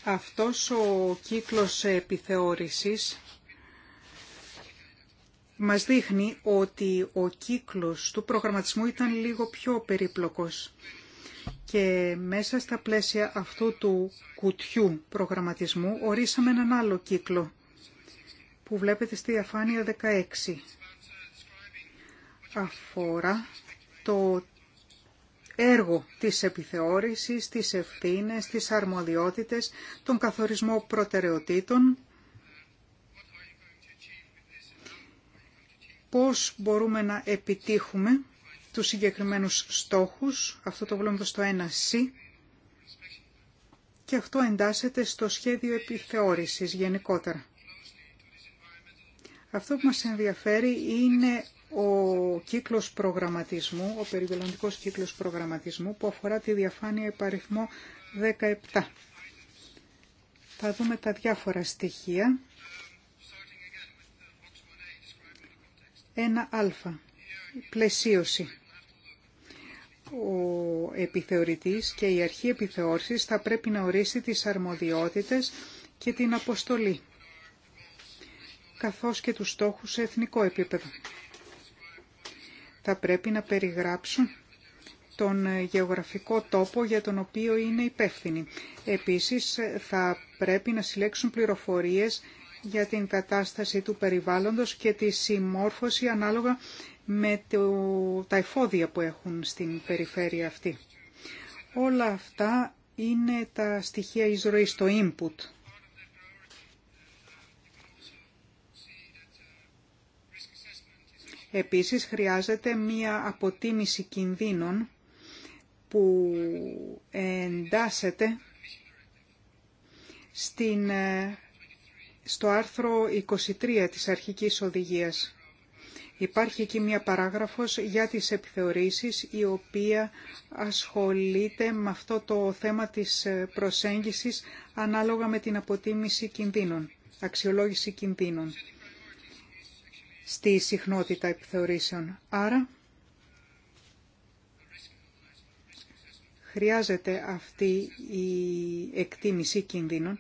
Αυτός ο κύκλος επιθεώρησης μας δείχνει ότι ο κύκλος του προγραμματισμού ήταν λίγο πιο περίπλοκος και μέσα στα πλαίσια αυτού του κουτιού προγραμματισμού ορίσαμε έναν άλλο κύκλο που βλέπετε στη διαφάνεια 16. Αφορά το έργο της επιθεώρησης, της ευθύνες, της αρμοδιότητες, τον καθορισμό προτεραιοτήτων πώς μπορούμε να επιτύχουμε τους συγκεκριμένους στόχους. Αυτό το βλέπουμε στο 1C. Και αυτό εντάσσεται στο σχέδιο επιθεώρησης γενικότερα. Αυτό που μας ενδιαφέρει είναι ο κύκλος προγραμματισμού, ο περιβαλλοντικός κύκλος προγραμματισμού που αφορά τη διαφάνεια υπαριθμό 17. Θα δούμε τα διάφορα στοιχεία Ένα α Πλαισίωση. Ο επιθεωρητής και η αρχή επιθεώρησης θα πρέπει να ορίσει τις αρμοδιότητες και την αποστολή, καθώς και τους στόχους σε εθνικό επίπεδο. Θα πρέπει να περιγράψουν τον γεωγραφικό τόπο για τον οποίο είναι υπεύθυνοι. Επίσης, θα πρέπει να συλλέξουν πληροφορίες για την κατάσταση του περιβάλλοντος και τη συμμόρφωση ανάλογα με το, τα εφόδια που έχουν στην περιφέρεια αυτή. Όλα αυτά είναι τα στοιχεία εισρωής, το input. Επίσης χρειάζεται μία αποτίμηση κινδύνων που εντάσσεται στην ε, στο άρθρο 23 της αρχικής οδηγίας. Υπάρχει εκεί μια παράγραφος για τις επιθεωρήσεις η οποία ασχολείται με αυτό το θέμα της προσέγγισης ανάλογα με την αποτίμηση κινδύνων, αξιολόγηση κινδύνων στη συχνότητα επιθεωρήσεων. Άρα χρειάζεται αυτή η εκτίμηση κινδύνων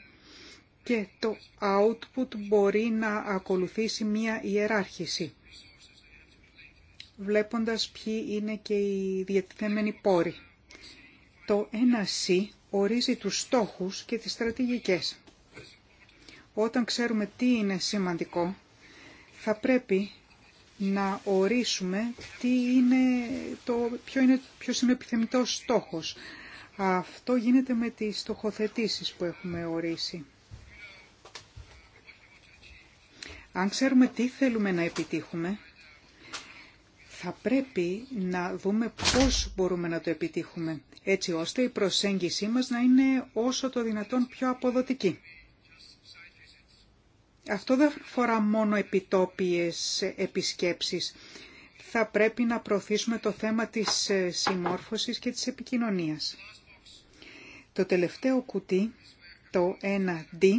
και το output μπορεί να ακολουθήσει μία ιεράρχηση, βλέποντας ποιοι είναι και οι διατηθέμενοι πόροι. Το 1C ορίζει τους στόχους και τις στρατηγικές. Όταν ξέρουμε τι είναι σημαντικό, θα πρέπει να ορίσουμε τι είναι το, ποιο είναι, ποιος είναι ο στόχος. Αυτό γίνεται με τις στοχοθετήσεις που έχουμε ορίσει. Αν ξέρουμε τι θέλουμε να επιτύχουμε, θα πρέπει να δούμε πώς μπορούμε να το επιτύχουμε, έτσι ώστε η προσέγγιση μας να είναι όσο το δυνατόν πιο αποδοτική. Αυτό δεν φορά μόνο επιτόπιες επισκέψεις. Θα πρέπει να προωθήσουμε το θέμα της ε, συμμόρφωσης και της επικοινωνίας. Το τελευταίο κουτί, το 1D,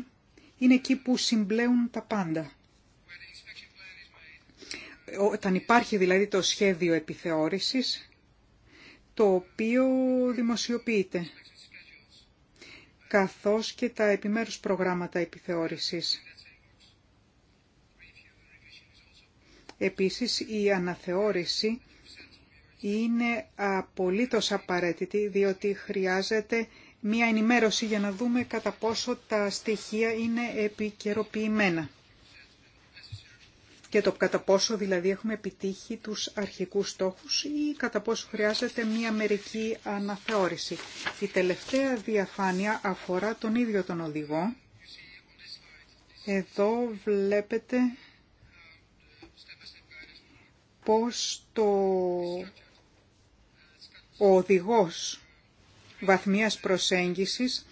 είναι εκεί που συμπλέουν τα πάντα όταν υπάρχει δηλαδή το σχέδιο επιθεώρησης, το οποίο δημοσιοποιείται, καθώς και τα επιμέρους προγράμματα επιθεώρησης. Επίσης, η αναθεώρηση είναι απολύτως απαραίτητη, διότι χρειάζεται μία ενημέρωση για να δούμε κατά πόσο τα στοιχεία είναι επικαιροποιημένα και το κατά πόσο δηλαδή έχουμε επιτύχει τους αρχικούς στόχους ή κατά πόσο χρειάζεται μία μερική αναθεώρηση. Η τελευταία διαφάνεια αφορά τον ίδιο τον οδηγό. Εδώ βλέπετε πώς το... ο οδηγός βαθμίας προσέγγισης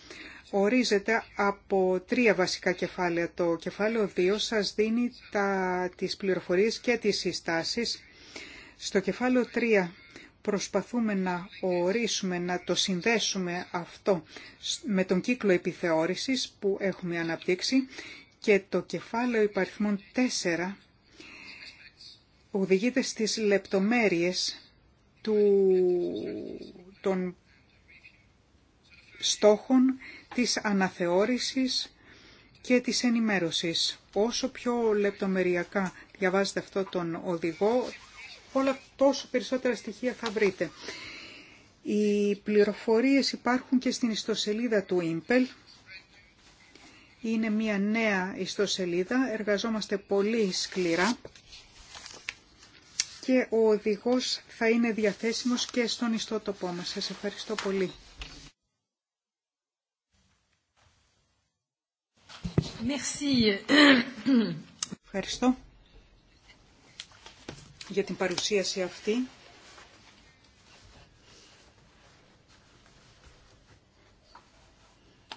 ορίζεται από τρία βασικά κεφάλαια. Το κεφάλαιο 2 σας δίνει τα, τις πληροφορίες και τις συστάσεις. Στο κεφάλαιο 3 προσπαθούμε να ορίσουμε, να το συνδέσουμε αυτό με τον κύκλο επιθεώρησης που έχουμε αναπτύξει και το κεφάλαιο υπαριθμών 4 οδηγείται στις λεπτομέρειες του, των στόχων της αναθεώρησης και της ενημέρωσης. Όσο πιο λεπτομεριακά διαβάζετε αυτό τον οδηγό, όλα τόσο περισσότερα στοιχεία θα βρείτε. Οι πληροφορίες υπάρχουν και στην ιστοσελίδα του Ιμπελ. Είναι μια νέα ιστοσελίδα, εργαζόμαστε πολύ σκληρά και ο οδηγός θα είναι διαθέσιμος και στον ιστότοπό μας. Σας ευχαριστώ πολύ. Ευχαριστώ για την παρουσίαση αυτή.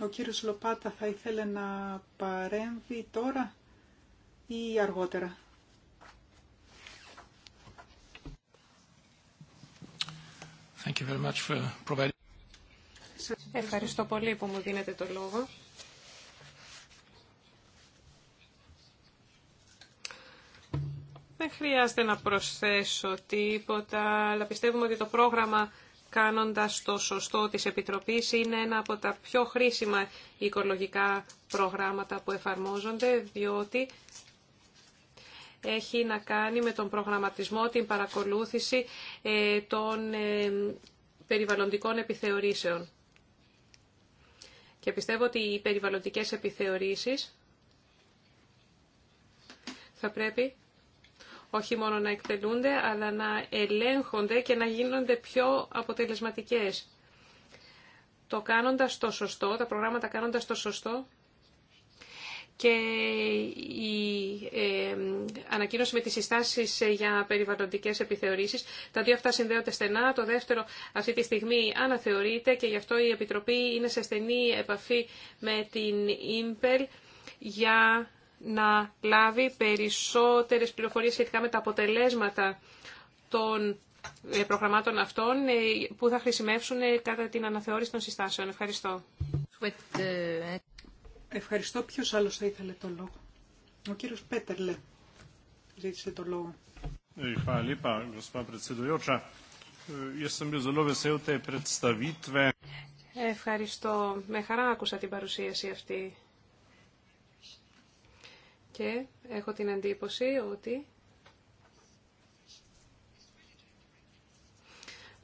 Ο κύριος Λοπάτα θα ήθελε να παρέμβει τώρα ή αργότερα. Ευχαριστώ πολύ που μου δίνετε το λόγο. Δεν χρειάζεται να προσθέσω τίποτα, αλλά πιστεύουμε ότι το πρόγραμμα κάνοντας το σωστό της Επιτροπής είναι ένα από τα πιο χρήσιμα οικολογικά προγράμματα που εφαρμόζονται, διότι έχει να κάνει με τον προγραμματισμό, την παρακολούθηση ε, των ε, περιβαλλοντικών επιθεωρήσεων. Και πιστεύω ότι οι περιβαλλοντικές επιθεωρήσεις θα πρέπει όχι μόνο να εκτελούνται, αλλά να ελέγχονται και να γίνονται πιο αποτελεσματικές. Το κάνοντας το σωστό, τα προγράμματα κάνοντας το σωστό, και η ε, ανακοίνωση με τις συστάσεις για περιβαλλοντικές επιθεωρήσεις. Τα δύο αυτά συνδέονται στενά. Το δεύτερο αυτή τη στιγμή αναθεωρείται και γι' αυτό η Επιτροπή είναι σε στενή επαφή με την ΙΜΠΕΛ για να λάβει περισσότερες πληροφορίες σχετικά με τα αποτελέσματα των ε, προγραμμάτων αυτών ε, που θα χρησιμεύσουν ε, κατά την αναθεώρηση των συστάσεων. Ευχαριστώ. Ευχαριστώ. Ποιος άλλος θα ήθελε το λόγο. Ο κύριος Πέτερλε ζήτησε το λόγο. Ευχαριστώ. Με χαρά άκουσα την παρουσίαση αυτή. Και έχω την αντίποση ότι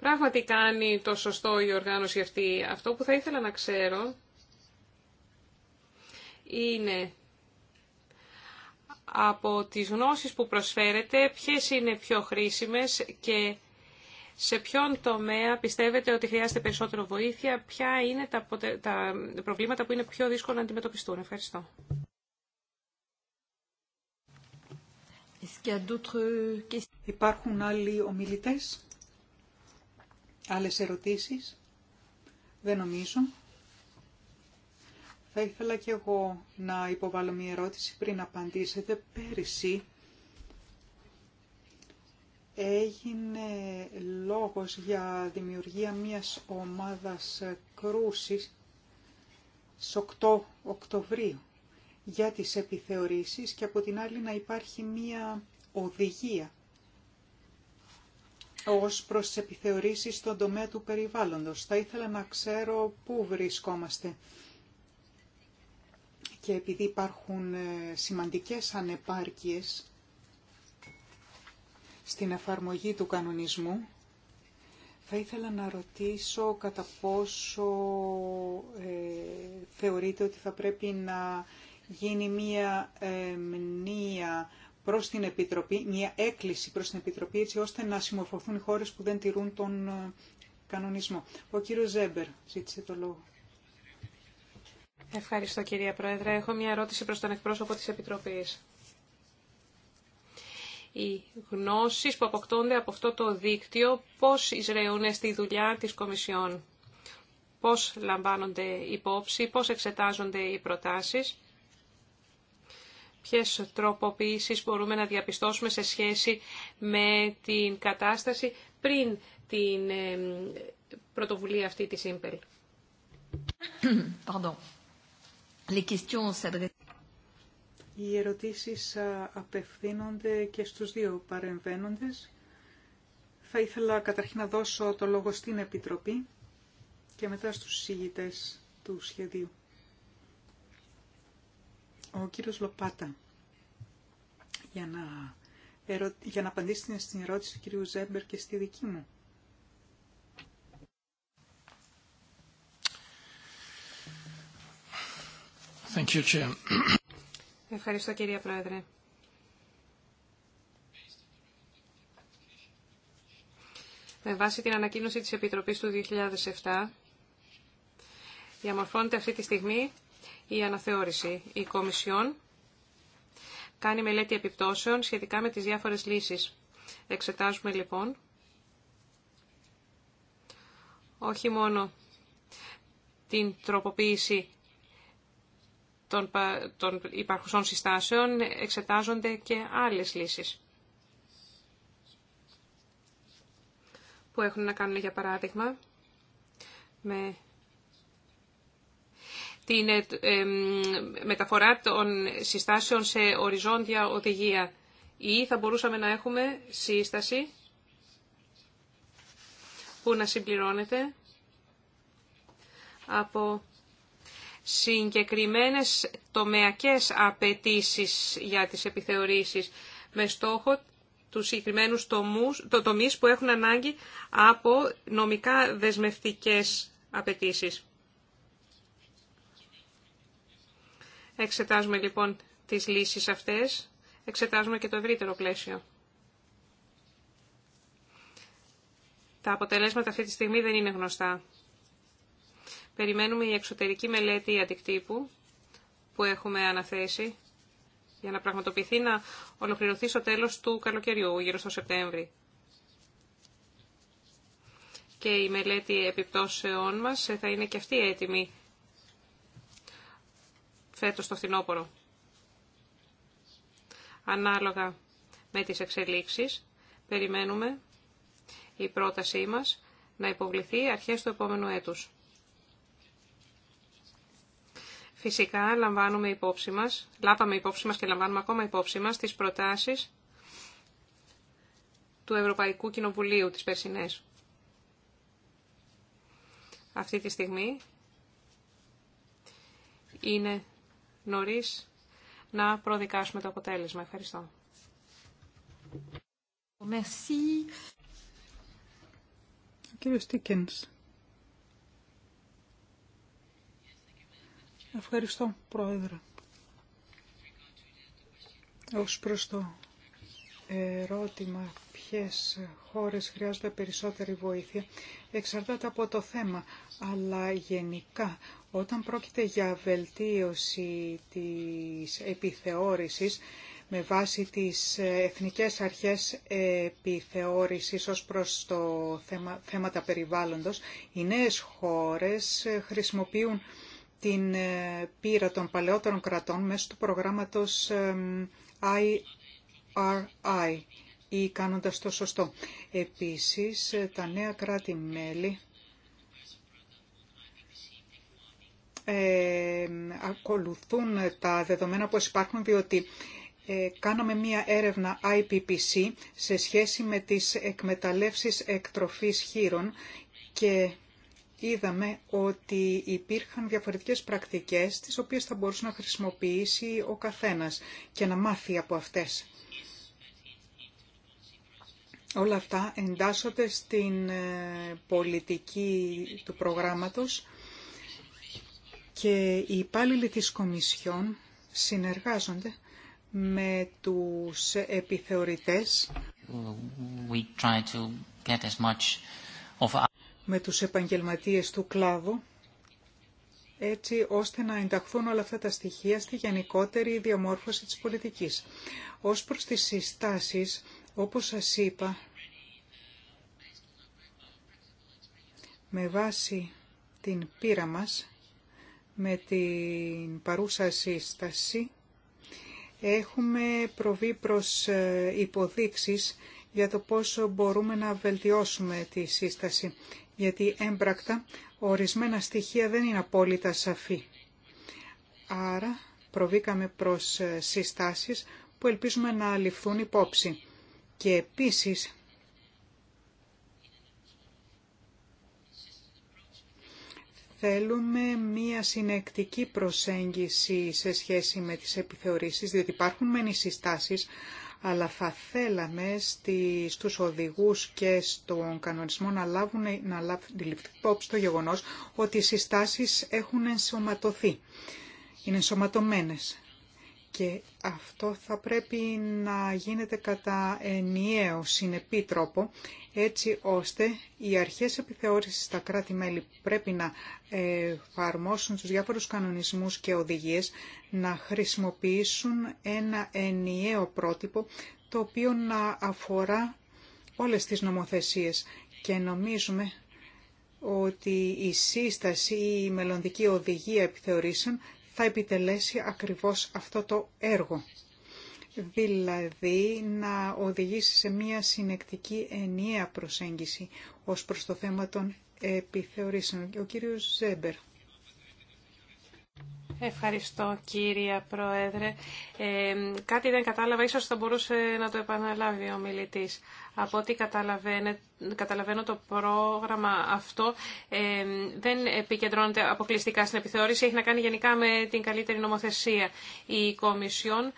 πράγματι κάνει το σωστό η οργάνωση αυτή. Αυτό που θα ήθελα να ξέρω είναι από τις γνώσεις που προσφέρετε, ποιες είναι πιο χρήσιμες και σε ποιον τομέα πιστεύετε ότι χρειάζεται περισσότερο βοήθεια, ποια είναι τα προβλήματα που είναι πιο δύσκολα να αντιμετωπιστούν. Ευχαριστώ. Υπάρχουν άλλοι ομιλητές, άλλες ερωτήσεις. Δεν νομίζω. Θα ήθελα και εγώ να υποβάλω μια ερώτηση πριν απαντήσετε. Πέρυσι έγινε λόγος για δημιουργία μιας ομάδας κρούσης στις 8 Οκτωβρίου για τις επιθεωρήσεις και από την άλλη να υπάρχει μία οδηγία ως προς τις επιθεωρήσεις στον τομέα του περιβάλλοντος. Θα ήθελα να ξέρω πού βρισκόμαστε. Και επειδή υπάρχουν ε, σημαντικές ανεπάρκειες στην εφαρμογή του κανονισμού, θα ήθελα να ρωτήσω κατά πόσο ε, θεωρείτε ότι θα πρέπει να γίνει μία μνήα προς την Επιτροπή, μία έκκληση προς την Επιτροπή έτσι ώστε να συμμορφωθούν οι χώρες που δεν τηρούν τον ε, κανονισμό. Ο κύριος Ζέμπερ ζήτησε το λόγο. Ευχαριστώ κυρία Πρόεδρε. Έχω μια ερώτηση προς τον εκπρόσωπο της Επιτροπής. Οι γνώσεις που αποκτώνται από αυτό το δίκτυο πώς εισραίουν στη δουλειά της Κομισιόν. Πώς λαμβάνονται υπόψη, πώς εξετάζονται οι προτάσεις ποιες τροποποιήσεις μπορούμε να διαπιστώσουμε σε σχέση με την κατάσταση πριν την ε, πρωτοβουλία αυτή της questions Οι ερωτήσεις απευθύνονται και στους δύο παρεμβαίνοντες. Θα ήθελα καταρχήν να δώσω το λόγο στην Επιτροπή και μετά στους συζητητές του σχεδίου. Ο κύριος Λοπάτα, για να, ερω... για να απαντήσει στην ερώτηση του κυρίου Ζέμπερ και στη δική μου. Thank you, Chair. Ευχαριστώ κυρία Πρόεδρε. Με βάση την ανακοίνωση της Επιτροπής του 2007, διαμορφώνεται αυτή τη στιγμή η αναθεώρηση. Η Κομισιόν κάνει μελέτη επιπτώσεων σχετικά με τις διάφορες λύσεις. Εξετάζουμε λοιπόν όχι μόνο την τροποποίηση των υπαρχουσών συστάσεων, εξετάζονται και άλλες λύσεις. που έχουν να κάνουν για παράδειγμα με την ε, μεταφορά των συστάσεων σε οριζόντια οδηγία ή θα μπορούσαμε να έχουμε σύσταση που να συμπληρώνεται από συγκεκριμένες τομεακές απαιτήσει για τις επιθεωρήσεις με στόχο τους συγκεκριμένους τομούς, το, τομείς που έχουν ανάγκη από νομικά δεσμευτικές απαιτήσεις. Εξετάζουμε λοιπόν τις λύσεις αυτές, εξετάζουμε και το ευρύτερο πλαίσιο. Τα αποτελέσματα αυτή τη στιγμή δεν είναι γνωστά. Περιμένουμε η εξωτερική μελέτη αντικτύπου που έχουμε αναθέσει για να πραγματοποιηθεί να ολοκληρωθεί στο τέλος του καλοκαιριού, γύρω στο Σεπτέμβρη. Και η μελέτη επιπτώσεών μας θα είναι και αυτή έτοιμη φέτος το φθινόπωρο. Ανάλογα με τις εξελίξεις, περιμένουμε η πρότασή μας να υποβληθεί αρχές του επόμενου έτους. Φυσικά λαμβάνουμε υπόψη μας, λάβαμε υπόψη μας και λαμβάνουμε ακόμα υπόψη μας τις προτάσεις του Ευρωπαϊκού Κοινοβουλίου της Περσινές. Αυτή τη στιγμή είναι νωρίς να προδικάσουμε το αποτέλεσμα. Ευχαριστώ. Merci. κύριος Ευχαριστώ, Πρόεδρε. Ως προς το ερώτημα ποιες χώρες χρειάζονται περισσότερη βοήθεια εξαρτάται από το θέμα. Αλλά γενικά όταν πρόκειται για βελτίωση της επιθεώρησης με βάση τις εθνικές αρχές επιθεώρησης ως προς το θέμα, θέματα περιβάλλοντος, οι νέες χώρες χρησιμοποιούν την ε, πείρα των παλαιότερων κρατών μέσω του προγράμματος IRI ή κάνοντας το σωστό. Επίσης, τα νέα κράτη-μέλη ε, ακολουθούν τα δεδομένα που υπάρχουν, διότι ε, κάναμε μία έρευνα IPPC σε σχέση με τις εκμεταλλεύσεις εκτροφής χείρων και είδαμε ότι υπήρχαν διαφορετικές πρακτικές τις οποίες θα μπορούσε να χρησιμοποιήσει ο καθένας και να μάθει από αυτές. Όλα αυτά εντάσσονται στην ε, πολιτική του προγράμματος και οι υπάλληλοι της Κομισιόν συνεργάζονται με τους επιθεωρητές με τους επαγγελματίες του κλάδου έτσι ώστε να ενταχθούν όλα αυτά τα στοιχεία στη γενικότερη διαμόρφωση της πολιτικής. Ως προς τις συστάσεις όπως σας είπα, με βάση την πείρα μας, με την παρούσα σύσταση, έχουμε προβεί προς ε, υποδείξεις για το πόσο μπορούμε να βελτιώσουμε τη σύσταση, γιατί έμπρακτα ορισμένα στοιχεία δεν είναι απόλυτα σαφή. Άρα προβήκαμε προς ε, συστάσεις που ελπίζουμε να ληφθούν υπόψη. Και επίσης θέλουμε μία συνεκτική προσέγγιση σε σχέση με τις επιθεωρήσεις, διότι υπάρχουν μεν συστάσεις, αλλά θα θέλαμε στους οδηγούς και στον κανονισμό να λάβουν να λάβουν υπόψη το γεγονός ότι οι συστάσεις έχουν ενσωματωθεί, είναι ενσωματωμένες. Και αυτό θα πρέπει να γίνεται κατά ενιαίο συνεπή τρόπο, έτσι ώστε οι αρχές επιθεώρησης στα κράτη-μέλη πρέπει να ε, εφαρμόσουν τους διάφορους κανονισμούς και οδηγίες, να χρησιμοποιήσουν ένα ενιαίο πρότυπο, το οποίο να αφορά όλες τις νομοθεσίες. Και νομίζουμε ότι η σύσταση ή η μελλοντική οδηγία επιθεωρήσεων θα επιτελέσει ακριβώς αυτό το έργο. Δηλαδή να οδηγήσει σε μία συνεκτική ενιαία προσέγγιση ως προς το θέμα των επιθεωρήσεων. Ο κύριος Ζέμπερ. Ευχαριστώ κύρια Πρόεδρε. Ε, κάτι δεν κατάλαβα, ίσως θα μπορούσε να το επαναλάβει ο μιλητής. Από ό,τι καταλαβαίνω το πρόγραμμα αυτό ε, δεν επικεντρώνεται αποκλειστικά στην επιθεώρηση, έχει να κάνει γενικά με την καλύτερη νομοθεσία. Η Κομισιόν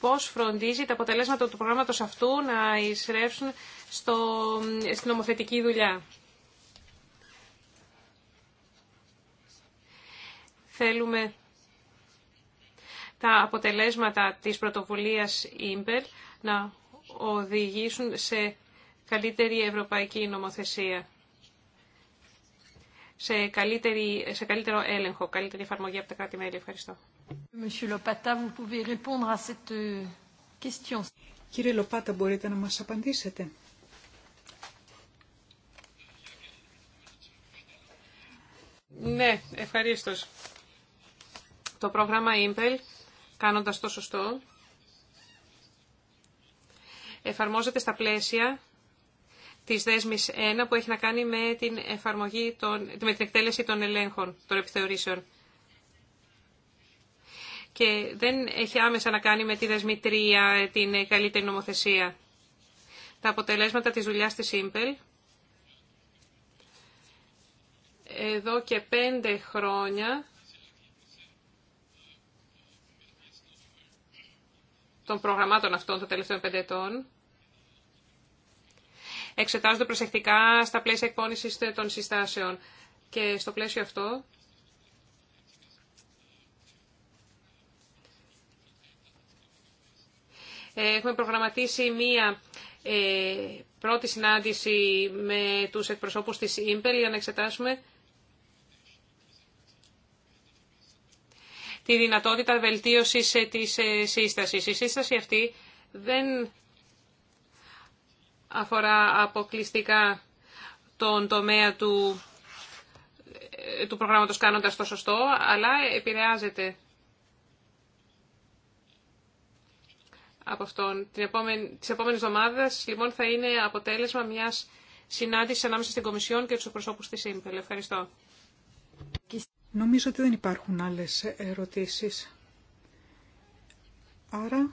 πώς φροντίζει τα αποτελέσματα του προγράμματος αυτού να εισρεύσουν στο, στην νομοθετική δουλειά. Θέλουμε τα αποτελέσματα της πρωτοβουλίας Ιμπερ να οδηγήσουν σε καλύτερη ευρωπαϊκή νομοθεσία, σε, καλύτερη, σε καλύτερο έλεγχο, καλύτερη εφαρμογή από τα κράτη-μέλη. Ευχαριστώ. Euh, Κύριε Λοπάτα, μπορείτε να μας απαντήσετε. Ναι, ευχαρίστως. Το πρόγραμμα Impel κάνοντας το σωστό, εφαρμόζεται στα πλαίσια της δέσμης 1 που έχει να κάνει με την, εφαρμογή των, με την εκτέλεση των ελέγχων, των επιθεωρήσεων. Και δεν έχει άμεσα να κάνει με τη δέσμη 3, την καλύτερη νομοθεσία. Τα αποτελέσματα της δουλειάς της Ίμπελ εδώ και πέντε χρόνια των προγραμμάτων αυτών των τελευταίων πέντε ετών εξετάζονται προσεκτικά στα πλαίσια εκπόνησης των συστάσεων. Και στο πλαίσιο αυτό έχουμε προγραμματίσει μία ε, πρώτη συνάντηση με τους εκπροσώπους της ΙΜΠΕΛ για να εξετάσουμε τη δυνατότητα βελτίωσης ε, της ε, σύστασης. Η σύσταση αυτή δεν αφορά αποκλειστικά τον τομέα του, ε, του προγράμματος κάνοντας το σωστό, αλλά επηρεάζεται από αυτόν. Την επόμενη, τις επόμενες λοιπόν, θα είναι αποτέλεσμα μιας συνάντησης ανάμεσα στην Κομισιόν και τους προσώπους της ΣΥΜΠΕΛ. Ευχαριστώ. Νομίζω ότι δεν υπάρχουν άλλες ερωτήσεις. Άρα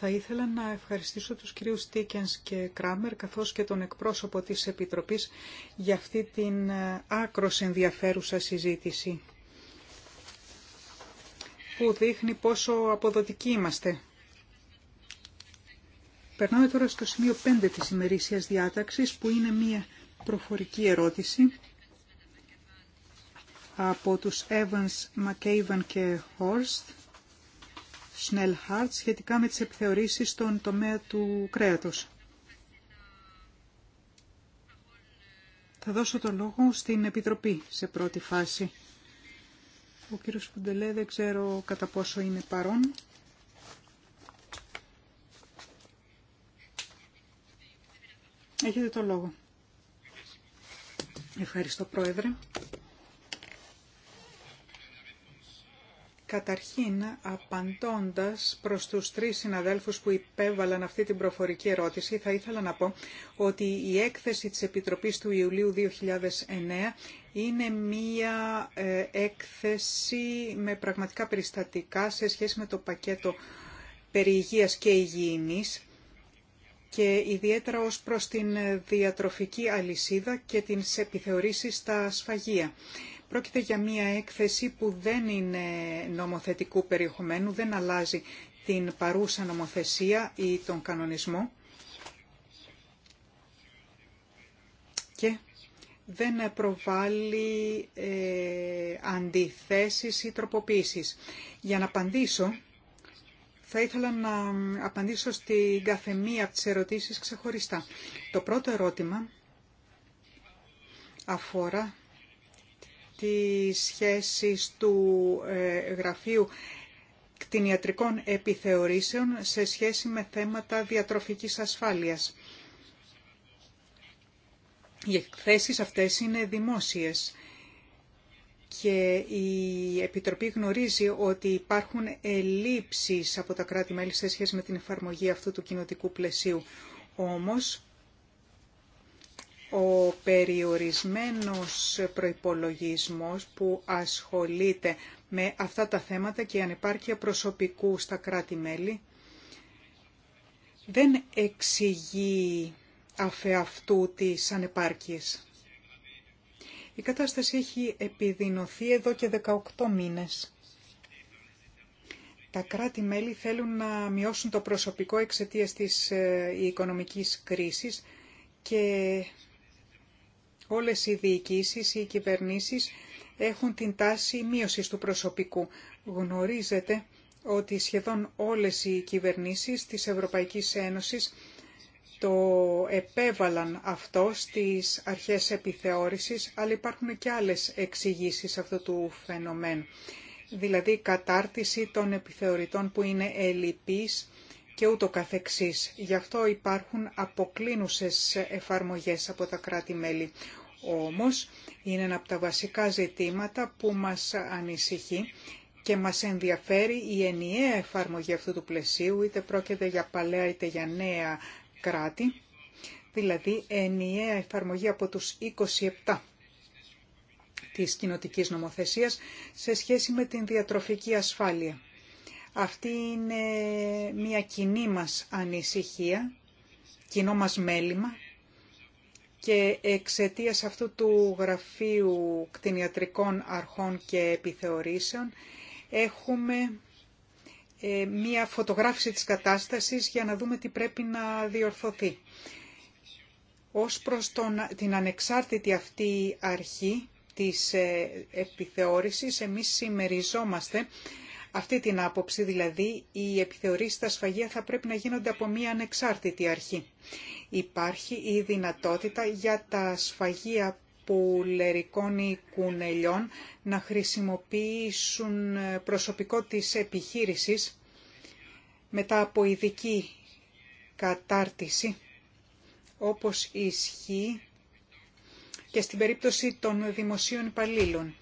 θα ήθελα να ευχαριστήσω τους κυρίους Τίκενς και Κράμερ καθώς και τον εκπρόσωπο της Επιτροπής για αυτή την ε, άκρος ενδιαφέρουσα συζήτηση που δείχνει πόσο αποδοτικοί είμαστε. Περνάμε τώρα στο σημείο 5 της ημερήσιας διάταξης που είναι μία προφορική ερώτηση από τους Evans, McAven και Horst, Schnellhardt, σχετικά με τις επιθεωρήσεις στον τομέα του κρέατος. Θα δώσω το λόγο στην Επιτροπή σε πρώτη φάση. Ο κύριος Πουντελέ δεν ξέρω κατά πόσο είναι παρόν. Έχετε το λόγο. Ευχαριστώ Πρόεδρε. Καταρχήν, απαντώντας προς τους τρεις συναδέλφους που υπέβαλαν αυτή την προφορική ερώτηση, θα ήθελα να πω ότι η έκθεση της Επιτροπής του Ιουλίου 2009 είναι μία ε, έκθεση με πραγματικά περιστατικά σε σχέση με το πακέτο περί και υγιεινής και ιδιαίτερα ως προς την διατροφική αλυσίδα και τι επιθεωρήσεις στα σφαγεία. Πρόκειται για μια έκθεση που δεν είναι νομοθετικού περιεχομένου, δεν αλλάζει την παρούσα νομοθεσία ή τον κανονισμό και δεν προβάλλει ε, αντιθέσεις ή τροποποίησεις. Για να απαντήσω, θα ήθελα να απαντήσω στην καθεμία από τις ερωτήσεις ξεχωριστά. Το πρώτο ερώτημα αφορά τις σχέσεις του ε, Γραφείου Κτηνιατρικών Επιθεωρήσεων σε σχέση με θέματα διατροφικής ασφάλειας. Οι εκθέσεις αυτές είναι δημόσιες και η Επιτροπή γνωρίζει ότι υπάρχουν ελλείψεις από τα κράτη-μέλη σε σχέση με την εφαρμογή αυτού του κοινοτικού πλαισίου. Όμως, ο περιορισμένος προϋπολογισμός που ασχολείται με αυτά τα θέματα και η ανεπάρκεια προσωπικού στα κράτη-μέλη δεν εξηγεί αφεαυτού της ανεπάρκειας. Η κατάσταση έχει επιδεινωθεί εδώ και 18 μήνες. Τα κράτη-μέλη θέλουν να μειώσουν το προσωπικό εξαιτίας της ε, οικονομικής κρίσης και Όλες οι διοικήσεις, οι κυβερνήσεις έχουν την τάση μείωσης του προσωπικού. Γνωρίζετε ότι σχεδόν όλες οι κυβερνήσεις της Ευρωπαϊκής Ένωσης το επέβαλαν αυτό στις αρχές επιθεώρησης, αλλά υπάρχουν και άλλες εξηγήσεις αυτού του φαινομένου. Δηλαδή κατάρτιση των επιθεωρητών που είναι ελλειπείς και ούτω καθεξής. Γι' αυτό υπάρχουν αποκλίνουσες εφαρμογές από τα κράτη-μέλη. Όμως είναι ένα από τα βασικά ζητήματα που μας ανησυχεί και μας ενδιαφέρει η ενιαία εφαρμογή αυτού του πλαισίου, είτε πρόκειται για παλαιά είτε για νέα κράτη, δηλαδή ενιαία εφαρμογή από τους 27 της κοινοτικής νομοθεσίας σε σχέση με την διατροφική ασφάλεια. Αυτή είναι μια κοινή μας ανησυχία, κοινό μας μέλημα και εξαιτίας αυτού του γραφείου κτηνιατρικών αρχών και επιθεωρήσεων έχουμε ε, μία φωτογράφηση της κατάστασης για να δούμε τι πρέπει να διορθωθεί. Ως προς τον, την ανεξάρτητη αυτή αρχή της ε, επιθεώρησης, εμείς συμμεριζόμαστε αυτή την άποψη, δηλαδή οι επιθεωρήσεις στα σφαγεία θα πρέπει να γίνονται από μία ανεξάρτητη αρχή. Υπάρχει η δυνατότητα για τα σφαγεία που ή κουνελιών να χρησιμοποιήσουν ε, προσωπικό της επιχείρησης μετά από ειδική κατάρτιση, όπως ισχύει και στην περίπτωση των δημοσίων υπαλλήλων.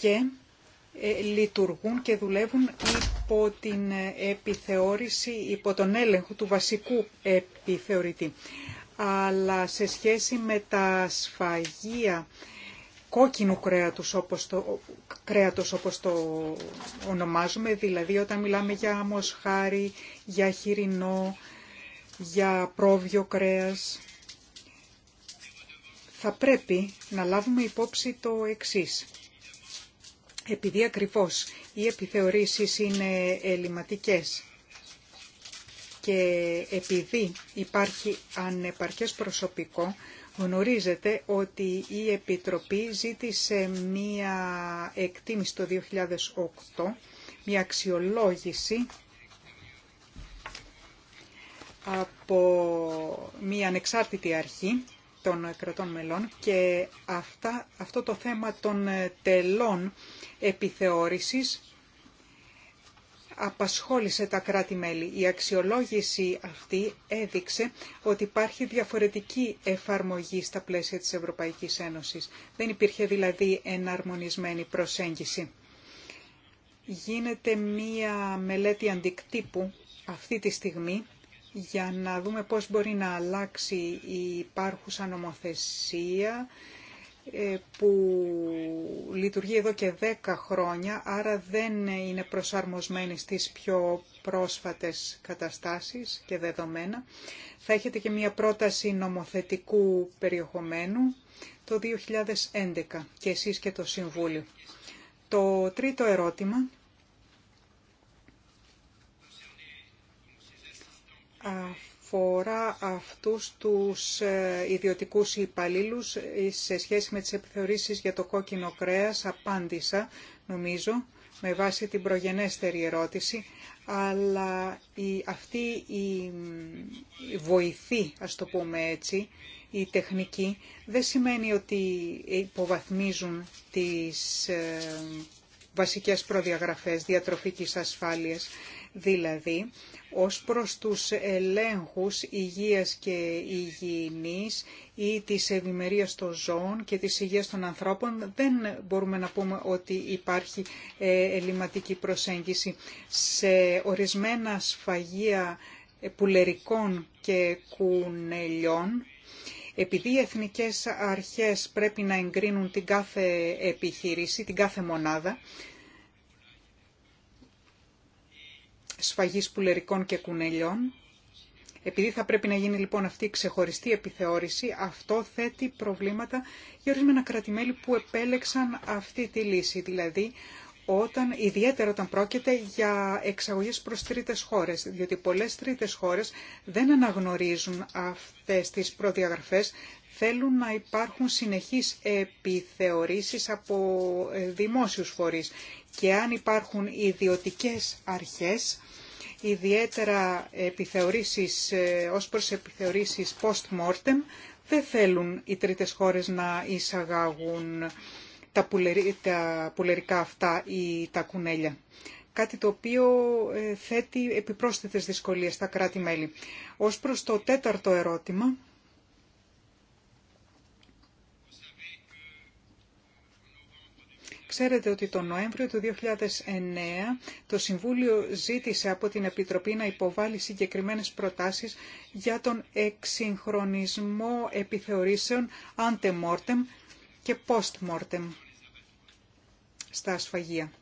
Και ε, λειτουργούν και δουλεύουν υπό την ε, επιθεώρηση, υπό τον έλεγχο του βασικού επιθεωρητή. Αλλά σε σχέση με τα σφαγεία κόκκινου κρέατος όπως, το, κρέατος όπως το ονομάζουμε, δηλαδή όταν μιλάμε για μοσχάρι, για χοιρινό, για πρόβιο κρέας, θα πρέπει να λάβουμε υπόψη το εξής επειδή ακριβώς οι επιθεωρήσεις είναι ελληματικές και επειδή υπάρχει ανεπαρκές προσωπικό, γνωρίζετε ότι η Επιτροπή ζήτησε μία εκτίμηση το 2008, μία αξιολόγηση από μία ανεξάρτητη αρχή των κρατών μελών και αυτά, αυτό το θέμα των ε, τελών επιθεώρησης απασχόλησε τα κράτη-μέλη. Η αξιολόγηση αυτή έδειξε ότι υπάρχει διαφορετική εφαρμογή στα πλαίσια της Ευρωπαϊκής Ένωσης. Δεν υπήρχε δηλαδή εναρμονισμένη προσέγγιση. Γίνεται μία μελέτη αντικτύπου αυτή τη στιγμή για να δούμε πώς μπορεί να αλλάξει η υπάρχουσα νομοθεσία ε, που λειτουργεί εδώ και 10 χρόνια, άρα δεν είναι προσαρμοσμένη στις πιο πρόσφατες καταστάσεις και δεδομένα. Θα έχετε και μια πρόταση νομοθετικού περιεχομένου το 2011 και εσείς και το Συμβούλιο. Το τρίτο ερώτημα αφορά αυτούς τους ε, ιδιωτικούς υπαλλήλους ε, σε σχέση με τις επιθεωρήσεις για το κόκκινο κρέας. Απάντησα, νομίζω, με βάση την προγενέστερη ερώτηση, αλλά αυτή η, βοηθή, ας το πούμε έτσι, η τεχνική, δεν σημαίνει ότι υποβαθμίζουν τις ε, βασικές προδιαγραφές διατροφικής ασφάλειας δηλαδή ως προς τους ελέγχους υγείας και υγιεινής ή της ευημερία των ζώων και της υγείας των ανθρώπων δεν μπορούμε να πούμε ότι υπάρχει ε, ελληματική προσέγγιση. Σε ορισμένα σφαγεία ε, πουλερικών και κουνελιών επειδή οι εθνικές αρχές πρέπει να εγκρίνουν την κάθε επιχείρηση, την κάθε μονάδα, σφαγής πουλερικών και κουνελιών. Επειδή θα πρέπει να γίνει λοιπόν αυτή η ξεχωριστή επιθεώρηση, αυτό θέτει προβλήματα για ορισμένα κρατημέλη που επέλεξαν αυτή τη λύση. Δηλαδή, όταν, ιδιαίτερα όταν πρόκειται για εξαγωγές προς τρίτες χώρες, διότι πολλές τρίτες χώρες δεν αναγνωρίζουν αυτές τις προδιαγραφές θέλουν να υπάρχουν συνεχείς επιθεωρήσεις από ε, δημόσιους φορείς και αν υπάρχουν ιδιωτικές αρχές, ιδιαίτερα επιθεωρήσεις, ε, ως προς επιθεωρήσεις post-mortem, δεν θέλουν οι τρίτες χώρες να εισαγάγουν τα, τα πουλερικά αυτά ή τα κουνέλια. Κάτι το οποίο ε, θέτει επιπρόσθετες δυσκολίες στα κράτη-μέλη. Ως προς το τέταρτο ερώτημα, Ξέρετε ότι τον Νοέμβριο του 2009 το Συμβούλιο ζήτησε από την Επιτροπή να υποβάλει συγκεκριμένες προτάσεις για τον εξυγχρονισμό επιθεωρήσεων ante-mortem και post-mortem στα ασφαγεία.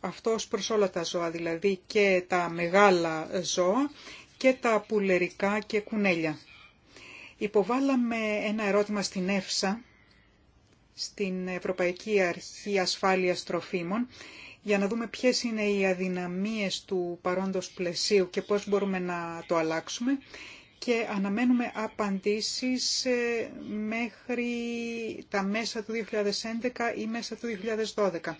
Αυτό προς όλα τα ζώα, δηλαδή και τα μεγάλα ζώα και τα πουλερικά και κουνέλια. Υποβάλαμε ένα ερώτημα στην ΕΦΣΑ στην Ευρωπαϊκή Αρχή Ασφάλειας Τροφίμων για να δούμε ποιες είναι οι αδυναμίες του παρόντος πλαισίου και πώς μπορούμε να το αλλάξουμε και αναμένουμε απαντήσεις ε, μέχρι τα μέσα του 2011 ή μέσα του 2012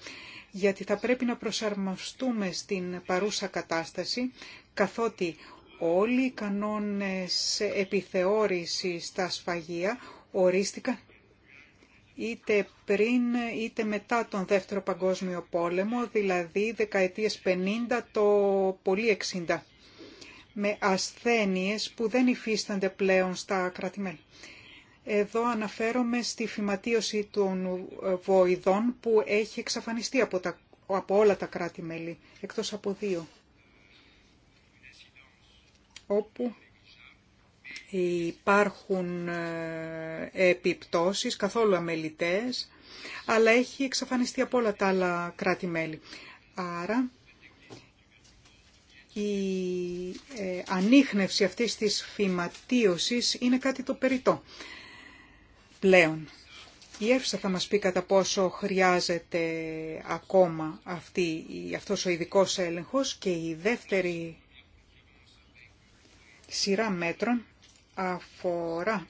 γιατί θα πρέπει να προσαρμοστούμε στην παρούσα κατάσταση καθότι όλοι οι κανόνες επιθεώρησης στα σφαγεία ορίστηκαν είτε πριν είτε μετά τον Δεύτερο Παγκόσμιο Πόλεμο, δηλαδή δεκαετίες 50 το πολύ 60, με ασθένειες που δεν υφίστανται πλέον στα κρατη Εδώ αναφέρομαι στη φυματίωση των βοηδών που έχει εξαφανιστεί από, τα, από όλα τα κράτη-μέλη, εκτός από δύο, όπου υπάρχουν ε, επιπτώσεις καθόλου αμελητές, αλλά έχει εξαφανιστεί από όλα τα άλλα κράτη-μέλη. Άρα η ε, ανείχνευση αυτής της φυματίωσης είναι κάτι το περιττό πλέον. Η Εύσα θα μας πει κατά πόσο χρειάζεται ακόμα αυτή, αυτός ο ειδικό έλεγχος και η δεύτερη σειρά μέτρων αφορά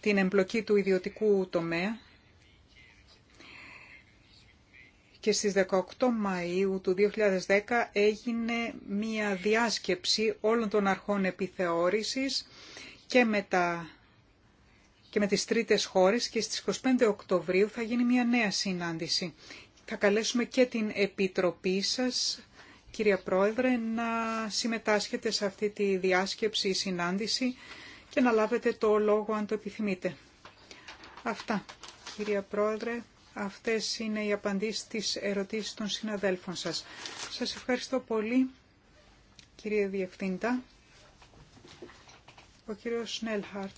την εμπλοκή του ιδιωτικού τομέα και στις 18 Μαΐου του 2010 έγινε μία διάσκεψη όλων των αρχών επιθεώρησης και με, τα, και με τις τρίτες χώρες και στις 25 Οκτωβρίου θα γίνει μία νέα συνάντηση. Θα καλέσουμε και την Επιτροπή σας κυρία Πρόεδρε, να συμμετάσχετε σε αυτή τη διάσκεψη ή συνάντηση και να λάβετε το λόγο αν το επιθυμείτε. Αυτά, κυρία Πρόεδρε, αυτές είναι οι απαντήσεις στις ερωτήσεις των συναδέλφων σας. Σας ευχαριστώ πολύ, κύριε Διευθύντα. Ο κύριος Σνέλχαρτ.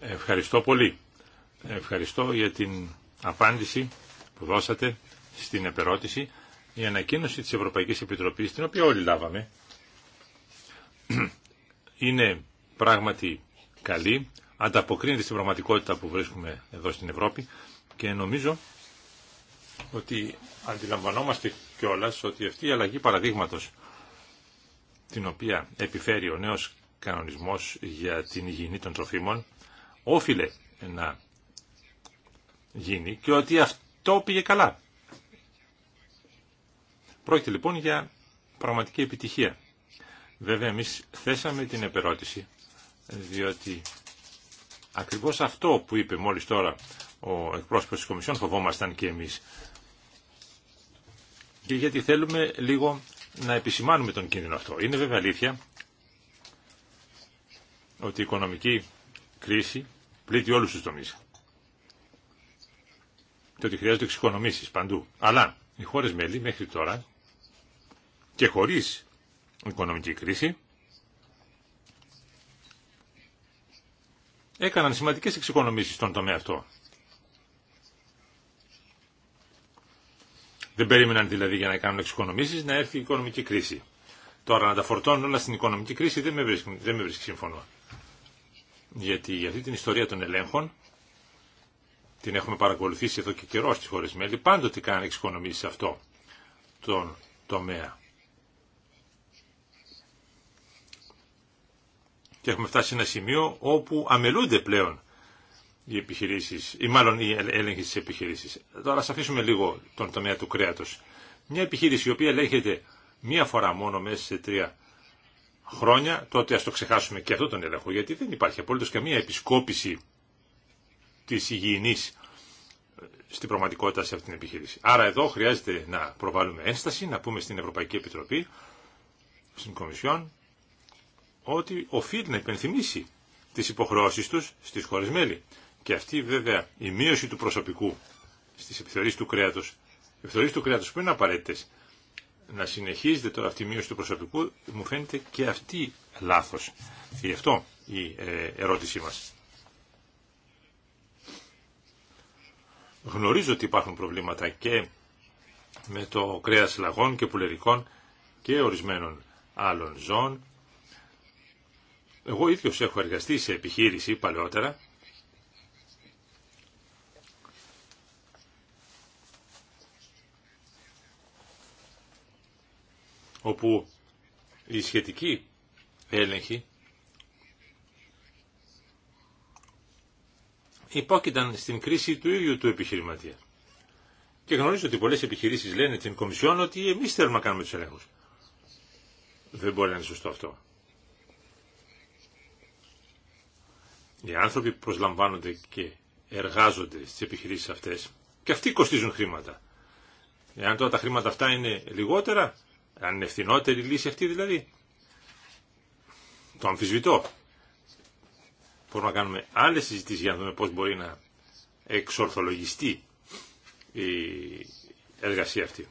Ευχαριστώ πολύ. Ευχαριστώ για την απάντηση που δώσατε στην επερώτηση η ανακοίνωση της Ευρωπαϊκής Επιτροπής, την οποία όλοι λάβαμε, είναι πράγματι καλή, ανταποκρίνεται στην πραγματικότητα που βρίσκουμε εδώ στην Ευρώπη και νομίζω ότι αντιλαμβανόμαστε κιόλα ότι αυτή η αλλαγή παραδείγματος την οποία επιφέρει ο νέος κανονισμός για την υγιεινή των τροφίμων όφιλε να γίνει και ότι αυτό πήγε καλά. Πρόκειται λοιπόν για πραγματική επιτυχία. Βέβαια εμείς θέσαμε την επερώτηση διότι ακριβώς αυτό που είπε μόλις τώρα ο εκπρόσωπος της Κομισιόν φοβόμασταν και εμείς. Και γιατί θέλουμε λίγο να επισημάνουμε τον κίνδυνο αυτό. Είναι βέβαια αλήθεια ότι η οικονομική κρίση πλήττει όλους τους τομείς το ότι χρειάζεται εξοικονομήσεις παντού. Αλλά οι χώρες μέλη μέχρι τώρα και χωρίς οικονομική κρίση έκαναν σημαντικές εξοικονομήσεις στον τομέα αυτό. Δεν περίμεναν δηλαδή για να κάνουν εξοικονομήσεις να έρθει η οικονομική κρίση. Τώρα να τα φορτώνουν όλα στην οικονομική κρίση δεν με βρίσκει, δεν με βρίσκει σύμφωνο. Γιατί για αυτή την ιστορία των ελέγχων την έχουμε παρακολουθήσει εδώ και καιρό στις χώρες μέλη, πάντοτε κάνει εξοικονομήσει σε αυτό τον τομέα. Και έχουμε φτάσει σε ένα σημείο όπου αμελούνται πλέον οι επιχειρήσεις, ή μάλλον οι έλεγχοι στις επιχειρήσεις. Τώρα ας αφήσουμε λίγο τον τομέα του κρέατος. Μια επιχείρηση η οποία ελέγχεται μία φορά μόνο μέσα σε τρία χρόνια, τότε ας το ξεχάσουμε και αυτό τον έλεγχο, γιατί δεν υπάρχει απολύτως καμία επισκόπηση τη υγιεινή ε, στην πραγματικότητα σε αυτή την επιχείρηση. Άρα εδώ χρειάζεται να προβάλλουμε ένσταση, να πούμε στην Ευρωπαϊκή Επιτροπή, στην Κομισιόν, ότι οφείλει να υπενθυμίσει τις υποχρεώσεις τους στις χώρες μέλη. Και αυτή βέβαια η μείωση του προσωπικού στις επιθεωρήσεις του κρέατος, επιθεωρήσεις του κρέατος που είναι απαραίτητες, να συνεχίζεται τώρα αυτή η μείωση του προσωπικού, μου φαίνεται και αυτή λάθος. Γι' αυτό η ε, ερώτησή μας. Γνωρίζω ότι υπάρχουν προβλήματα και με το κρέας λαγών και πουλερικών και ορισμένων άλλων ζώων. Εγώ ίδιος έχω εργαστεί σε επιχείρηση παλαιότερα όπου η σχετική έλεγχη υπόκειταν στην κρίση του ίδιου του επιχειρηματία. Και γνωρίζω ότι πολλές επιχειρήσεις λένε την Κομισιόν ότι εμείς θέλουμε να κάνουμε τους ελέγχους. Δεν μπορεί να είναι σωστό αυτό. Οι άνθρωποι που προσλαμβάνονται και εργάζονται στις επιχειρήσεις αυτές και αυτοί κοστίζουν χρήματα. Εάν τώρα τα χρήματα αυτά είναι λιγότερα, αν είναι φθηνότερη η λύση αυτή δηλαδή, το αμφισβητώ. Μπορούμε να κάνουμε άλλες συζητήσει για να δούμε πώ μπορεί να εξορθολογιστεί η εργασία αυτή.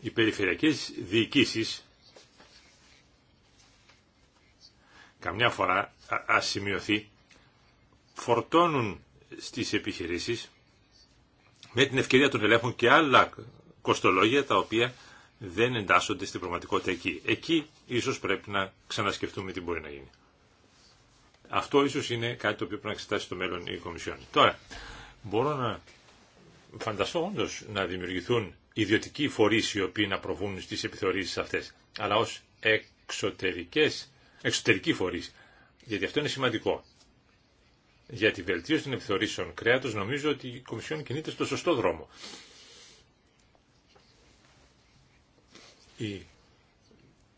Οι περιφερειακές διοικήσεις καμιά φορά ας σημειωθεί φορτώνουν στις επιχειρήσεις με την ευκαιρία των ελέγχων και άλλα κοστολόγια τα οποία δεν εντάσσονται στην πραγματικότητα εκεί. Εκεί ίσω πρέπει να ξανασκεφτούμε τι μπορεί να γίνει. Αυτό ίσω είναι κάτι το οποίο πρέπει να εξετάσει στο μέλλον η Κομισιόν. Τώρα, μπορώ να φανταστώ όντω να δημιουργηθούν ιδιωτικοί φορεί οι οποίοι να προβούν στι επιθεωρήσει αυτέ, αλλά ω εξωτερικές, εξωτερικοί φορεί. γιατί αυτό είναι σημαντικό. Για τη βελτίωση των επιθεωρήσεων κρέατος νομίζω ότι η Κομισιόν κινείται στο σωστό δρόμο. Οι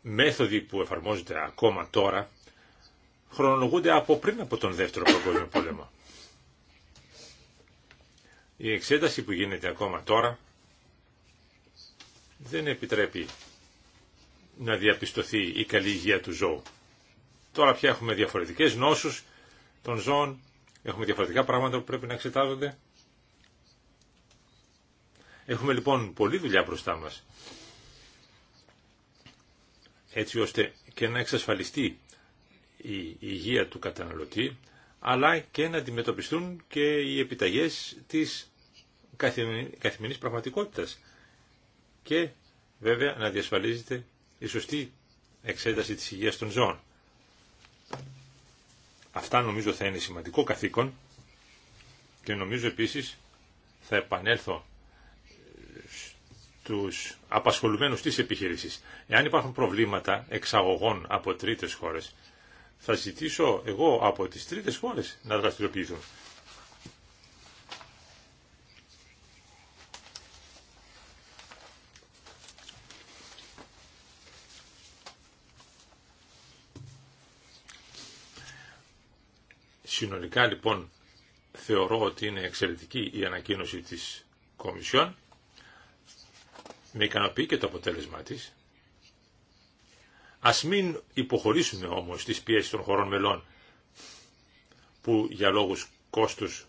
μέθοδοι που εφαρμόζονται ακόμα τώρα χρονολογούνται από πριν από τον Δεύτερο Παγκόσμιο Πόλεμο. Η εξέταση που γίνεται ακόμα τώρα δεν επιτρέπει να διαπιστωθεί η καλή υγεία του ζώου. Τώρα πια έχουμε διαφορετικές νόσους των ζώων, έχουμε διαφορετικά πράγματα που πρέπει να εξετάζονται. Έχουμε λοιπόν πολλή δουλειά μπροστά μας έτσι ώστε και να εξασφαλιστεί η υγεία του καταναλωτή, αλλά και να αντιμετωπιστούν και οι επιταγές της καθημερινής πραγματικότητας και βέβαια να διασφαλίζεται η σωστή εξέταση της υγείας των ζώων. Αυτά νομίζω θα είναι σημαντικό καθήκον και νομίζω επίσης θα επανέλθω τους απασχολουμένους της επιχείρησης. Εάν υπάρχουν προβλήματα εξαγωγών από τρίτες χώρες, θα ζητήσω εγώ από τις τρίτες χώρες να δραστηριοποιηθούν. Συνολικά λοιπόν θεωρώ ότι είναι εξαιρετική η ανακοίνωση της Κομισιόν με ικανοποιεί και το αποτέλεσμά της. Ας μην υποχωρήσουμε όμως τις πιέσεις των χωρών μελών που για λόγους κόστους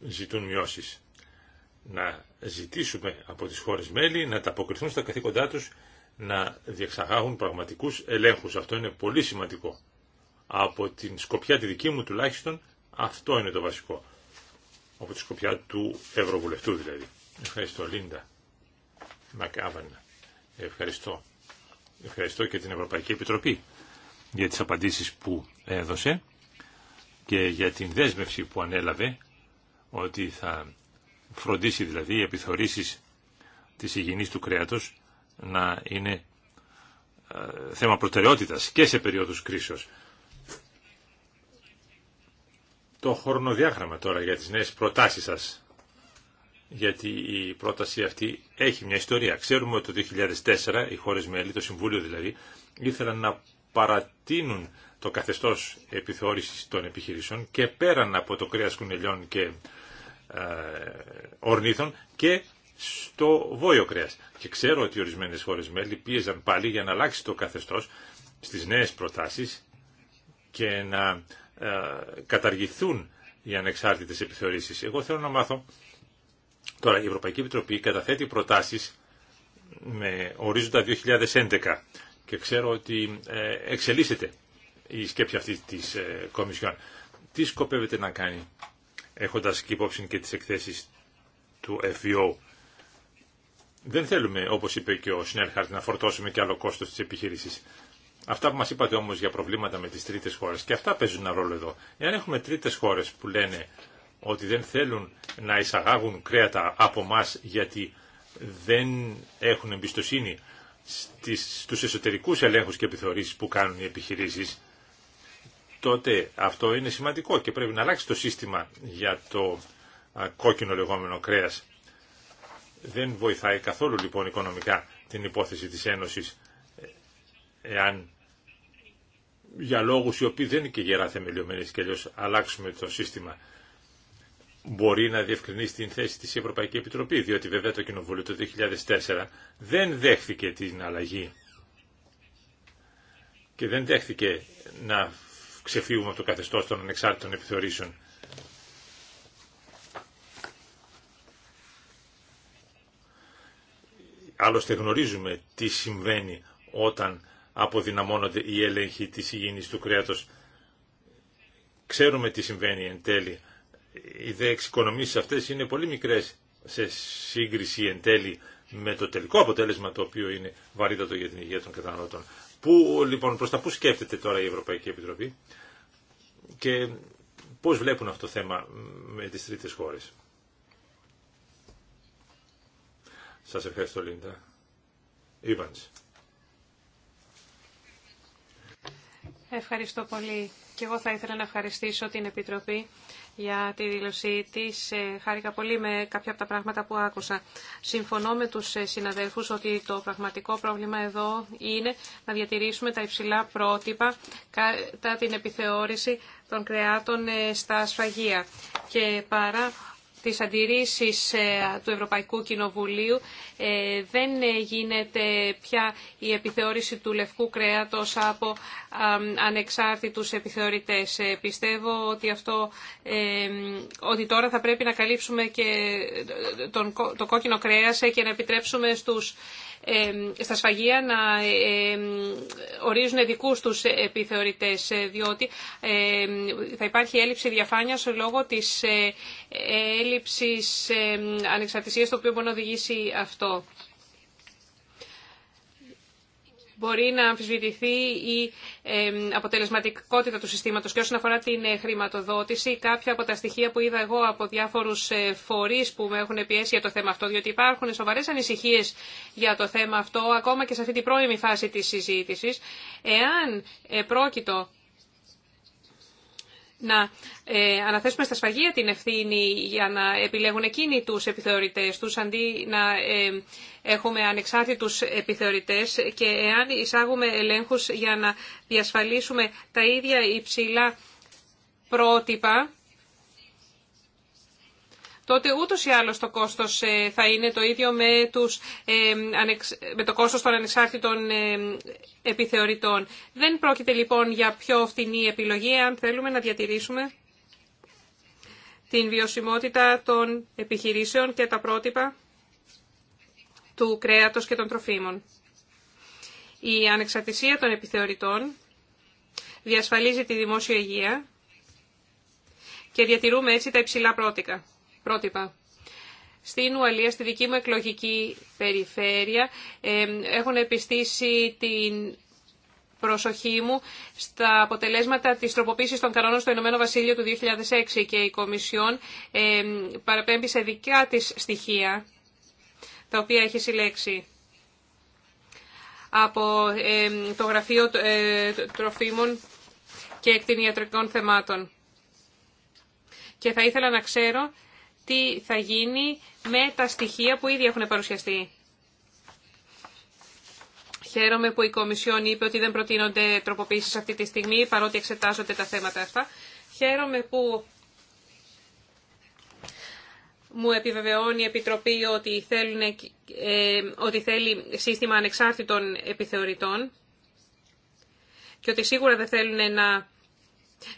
ζητούν μειώσεις. Να ζητήσουμε από τις χώρες μέλη να τα αποκριθούν στα καθήκοντά τους να διεξαγάγουν πραγματικούς ελέγχους. Αυτό είναι πολύ σημαντικό. Από την σκοπιά τη δική μου τουλάχιστον αυτό είναι το βασικό από τη σκοπιά του Ευρωβουλευτού δηλαδή. Ευχαριστώ Λίντα Μακάβαν. Ευχαριστώ. Ευχαριστώ και την Ευρωπαϊκή Επιτροπή για τις απαντήσεις που έδωσε και για την δέσμευση που ανέλαβε ότι θα φροντίσει δηλαδή οι επιθωρήσεις της υγιεινής του κρέατος να είναι ε, θέμα προτεραιότητας και σε περίοδους κρίσεως το χρονοδιάγραμμα τώρα για τις νέες προτάσεις σας. Γιατί η πρόταση αυτή έχει μια ιστορία. Ξέρουμε ότι το 2004 οι χώρες μέλη, το Συμβούλιο δηλαδή, ήθελαν να παρατείνουν το καθεστώς επιθεώρησης των επιχειρήσεων και πέραν από το κρέας κουνελιών και ε, ορνήθων και στο βόλιο κρέας. Και ξέρω ότι ορισμένες χώρες μέλη πίεζαν πάλι για να αλλάξει το καθεστώς στις νέες προτάσεις και να ε, καταργηθούν οι ανεξάρτητες επιθεωρήσεις. Εγώ θέλω να μάθω, τώρα η Ευρωπαϊκή Επιτροπή καταθέτει προτάσεις με ορίζοντα 2011 και ξέρω ότι ε, εξελίσσεται η σκέψη αυτή της ε, Κομισιόν. Τι σκοπεύετε να κάνει έχοντας και υπόψη και τις εκθέσεις του FVO. Δεν θέλουμε, όπως είπε και ο Σνέλχαρτ, να φορτώσουμε και άλλο κόστος της επιχείρησης. Αυτά που μας είπατε όμως για προβλήματα με τις τρίτες χώρε και αυτά παίζουν ένα ρόλο εδώ. Εάν έχουμε τρίτε χώρε που λένε ότι δεν θέλουν να εισαγάγουν κρέατα από εμά γιατί δεν έχουν εμπιστοσύνη στου εσωτερικού εσωτερικούς ελέγχους και επιθεωρήσεις που κάνουν οι επιχειρήσεις, τότε αυτό είναι σημαντικό και πρέπει να αλλάξει το σύστημα για το κόκκινο λεγόμενο κρέας. Δεν βοηθάει καθόλου λοιπόν οικονομικά την υπόθεση της Ένωσης εάν για λόγους οι οποίοι δεν είναι και γερά θεμελιωμένες και αλλιώς αλλάξουμε το σύστημα μπορεί να διευκρινίσει την θέση της Ευρωπαϊκή Επιτροπή, διότι βέβαια το Κοινοβούλιο το 2004 δεν δέχθηκε την αλλαγή και δεν δέχθηκε να ξεφύγουμε από το καθεστώς των ανεξάρτητων επιθεωρήσεων. Άλλωστε γνωρίζουμε τι συμβαίνει όταν αποδυναμώνονται οι έλεγχοι της υγιεινής του κρέατος. Ξέρουμε τι συμβαίνει εν τέλει. Οι δε εξοικονομήσεις αυτές είναι πολύ μικρές σε σύγκριση εν τέλει με το τελικό αποτέλεσμα το οποίο είναι βαρύτατο για την υγεία των καταναλωτών. Πού, λοιπόν, προς τα πού σκέφτεται τώρα η Ευρωπαϊκή Επιτροπή και πώς βλέπουν αυτό το θέμα με τις τρίτες χώρες. Σας ευχαριστώ Λίντα. Ευχαριστώ πολύ. Και εγώ θα ήθελα να ευχαριστήσω την Επιτροπή για τη δήλωσή τη. Ε, χάρηκα πολύ με κάποια από τα πράγματα που άκουσα. Συμφωνώ με τους ε, συναδέλφους ότι το πραγματικό πρόβλημα εδώ είναι να διατηρήσουμε τα υψηλά πρότυπα κατά την επιθεώρηση των κρεάτων ε, στα σφαγεία. Και παρά τις αντιρρήσεις ε, του Ευρωπαϊκού Κοινοβουλίου ε, δεν ε, γίνεται πια η επιθεώρηση του λευκού κρέατος από ανεξάρτητους επιθεωρητές. Πιστεύω ότι, αυτό, ότι τώρα θα πρέπει να καλύψουμε και τον, το κόκκινο κρέας και να επιτρέψουμε στους στα σφαγεία να ορίζουν δικούς τους επιθεωρητές διότι θα υπάρχει έλλειψη διαφάνειας λόγω της έλλειψης ανεξαρτησίας, το οποίο μπορεί να οδηγήσει αυτό. Μπορεί να αμφισβητηθεί η αποτελεσματικότητα του συστήματος και όσον αφορά την ε, χρηματοδότηση, κάποια από τα στοιχεία που είδα εγώ από διάφορους ε, φορείς που με έχουν πιέσει για το θέμα αυτό, διότι υπάρχουν σοβαρές ανησυχίες για το θέμα αυτό, ακόμα και σε αυτή την πρώιμη φάση της συζήτησης. Εάν ε, πρόκειτο να ε, αναθέσουμε στα σφαγεία την ευθύνη για να επιλέγουν εκείνοι τους επιθεωρητές τους, αντί να ε, έχουμε ανεξάρτητους επιθεωρητές και εάν εισάγουμε ελέγχους για να διασφαλίσουμε τα ίδια υψηλά πρότυπα, τότε ούτως ή άλλως το κόστος ε, θα είναι το ίδιο με, τους, ε, με το κόστος των ανεξάρτητων ε, επιθεωρητών. Δεν πρόκειται λοιπόν για πιο φθηνή επιλογή αν θέλουμε να διατηρήσουμε την βιωσιμότητα των επιχειρήσεων και τα πρότυπα του κρέατος και των τροφίμων. Η ανεξαρτησία των επιθεωρητών διασφαλίζει τη δημόσια υγεία και διατηρούμε έτσι τα υψηλά πρότυπα πρότυπα. Στην Ουαλία, στη δική μου εκλογική περιφέρεια, έχουν επιστήσει την προσοχή μου στα αποτελέσματα της τροποποίησης των κανόνων στο Ηνωμένο Βασίλειο του 2006 και η Κομισιόν παραπέμπει σε δικά της στοιχεία, τα οποία έχει συλλέξει από το Γραφείο ε, Τροφίμων και Εκτινιατρικών Θεμάτων. Και θα ήθελα να ξέρω τι θα γίνει με τα στοιχεία που ήδη έχουν παρουσιαστεί. Χαίρομαι που η Κομισιόν είπε ότι δεν προτείνονται τροποποίησεις αυτή τη στιγμή, παρότι εξετάζονται τα θέματα αυτά. Χαίρομαι που μου επιβεβαιώνει η Επιτροπή ότι, ε, ότι θέλει σύστημα ανεξάρτητων επιθεωρητών και ότι σίγουρα δεν θέλουν να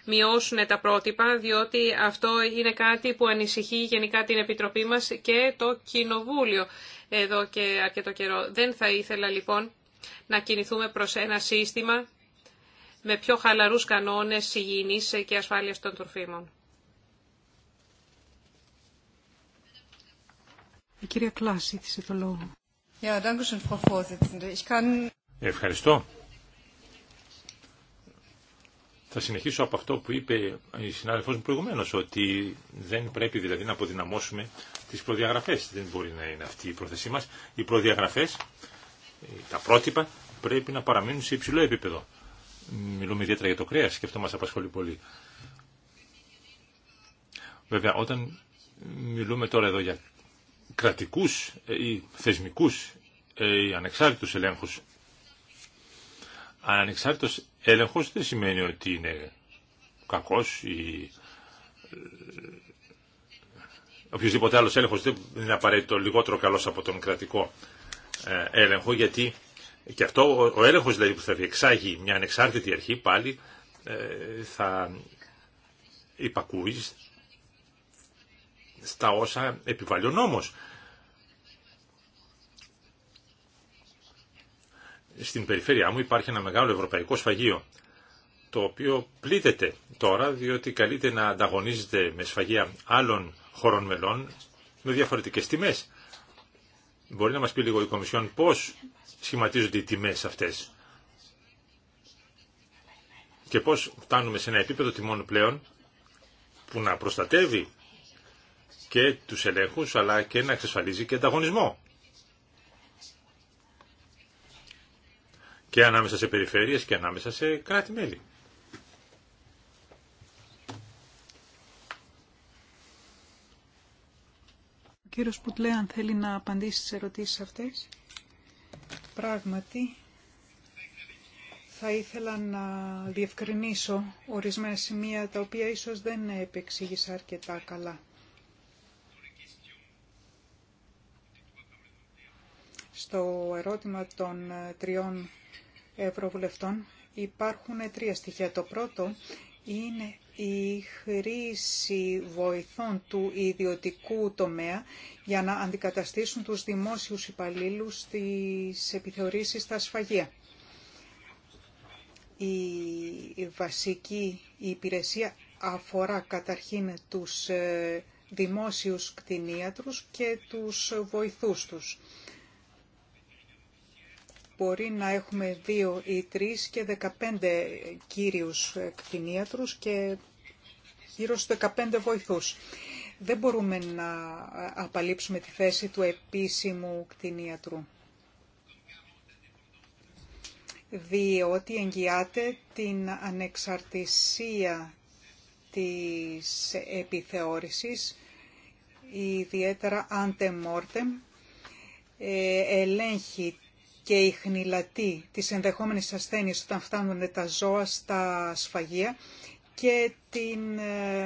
μειώσουν τα πρότυπα, διότι αυτό είναι κάτι που ανησυχεί γενικά την Επιτροπή μας και το Κοινοβούλιο εδώ και αρκετό καιρό. Δεν θα ήθελα λοιπόν να κινηθούμε προς ένα σύστημα με πιο χαλαρούς κανόνες υγιεινής και ασφάλειας των τροφίμων. Η κυρία Κλάση, Ευχαριστώ. Θα συνεχίσω από αυτό που είπε η συνάδελφός μου προηγουμένως, ότι δεν πρέπει δηλαδή να αποδυναμώσουμε τις προδιαγραφές. Δεν μπορεί να είναι αυτή η πρόθεσή μας. Οι προδιαγραφές, τα πρότυπα, πρέπει να παραμείνουν σε υψηλό επίπεδο. Μιλούμε ιδιαίτερα για το κρέας και αυτό μας απασχολεί πολύ. Βέβαια, όταν μιλούμε τώρα εδώ για κρατικούς ή θεσμικούς ή ανεξάρτητους ελέγχους, ανεξάρτητος έλεγχος δεν σημαίνει ότι είναι κακός ή ε, οποιοδήποτε άλλος έλεγχος δεν είναι απαραίτητο λιγότερο καλός από τον κρατικό ε, έλεγχο γιατί και αυτό ο έλεγχος δηλαδή που θα διεξάγει μια ανεξάρτητη αρχή πάλι ε, θα υπακούει στα όσα επιβάλλει ο νόμος. στην περιφέρειά μου υπάρχει ένα μεγάλο ευρωπαϊκό σφαγείο, το οποίο πλήττεται τώρα διότι καλείται να ανταγωνίζεται με σφαγεία άλλων χωρών μελών με διαφορετικές τιμές. Μπορεί να μας πει λίγο η Κομισιόν πώς σχηματίζονται οι τιμές αυτές και πώς φτάνουμε σε ένα επίπεδο τιμών πλέον που να προστατεύει και τους ελέγχους αλλά και να εξασφαλίζει και ανταγωνισμό. και ανάμεσα σε περιφέρειες και ανάμεσα σε κράτη-μέλη. Ο κύριος Πουτλέαν θέλει να απαντήσει στις ερωτήσεις αυτές. Πράγματι, θα ήθελα να διευκρινίσω ορισμένα σημεία τα οποία ίσως δεν επεξήγησα αρκετά καλά. Στο ερώτημα των τριών Ευρωβουλευτών υπάρχουν τρία στοιχεία. Το πρώτο είναι η χρήση βοηθών του ιδιωτικού τομέα για να αντικαταστήσουν τους δημόσιους υπαλλήλους στις επιθεωρήσεις στα σφαγεία. Η βασική υπηρεσία αφορά καταρχήν τους ε, δημόσιους κτηνίατρους και τους βοηθούς τους μπορεί να έχουμε δύο ή τρεις και 15 κύριους κτηνίατρους και γύρω στους 15 βοηθούς. Δεν μπορούμε να απαλείψουμε τη θέση του επίσημου κτηνίατρου διότι εγγυάται την ανεξαρτησία της επιθεώρησης, ιδιαίτερα αντεμόρτεμ, ελέγχει και η χνηλατή της ενδεχόμενης ασθένειας όταν φτάνουν τα ζώα στα σφαγεία και την ε,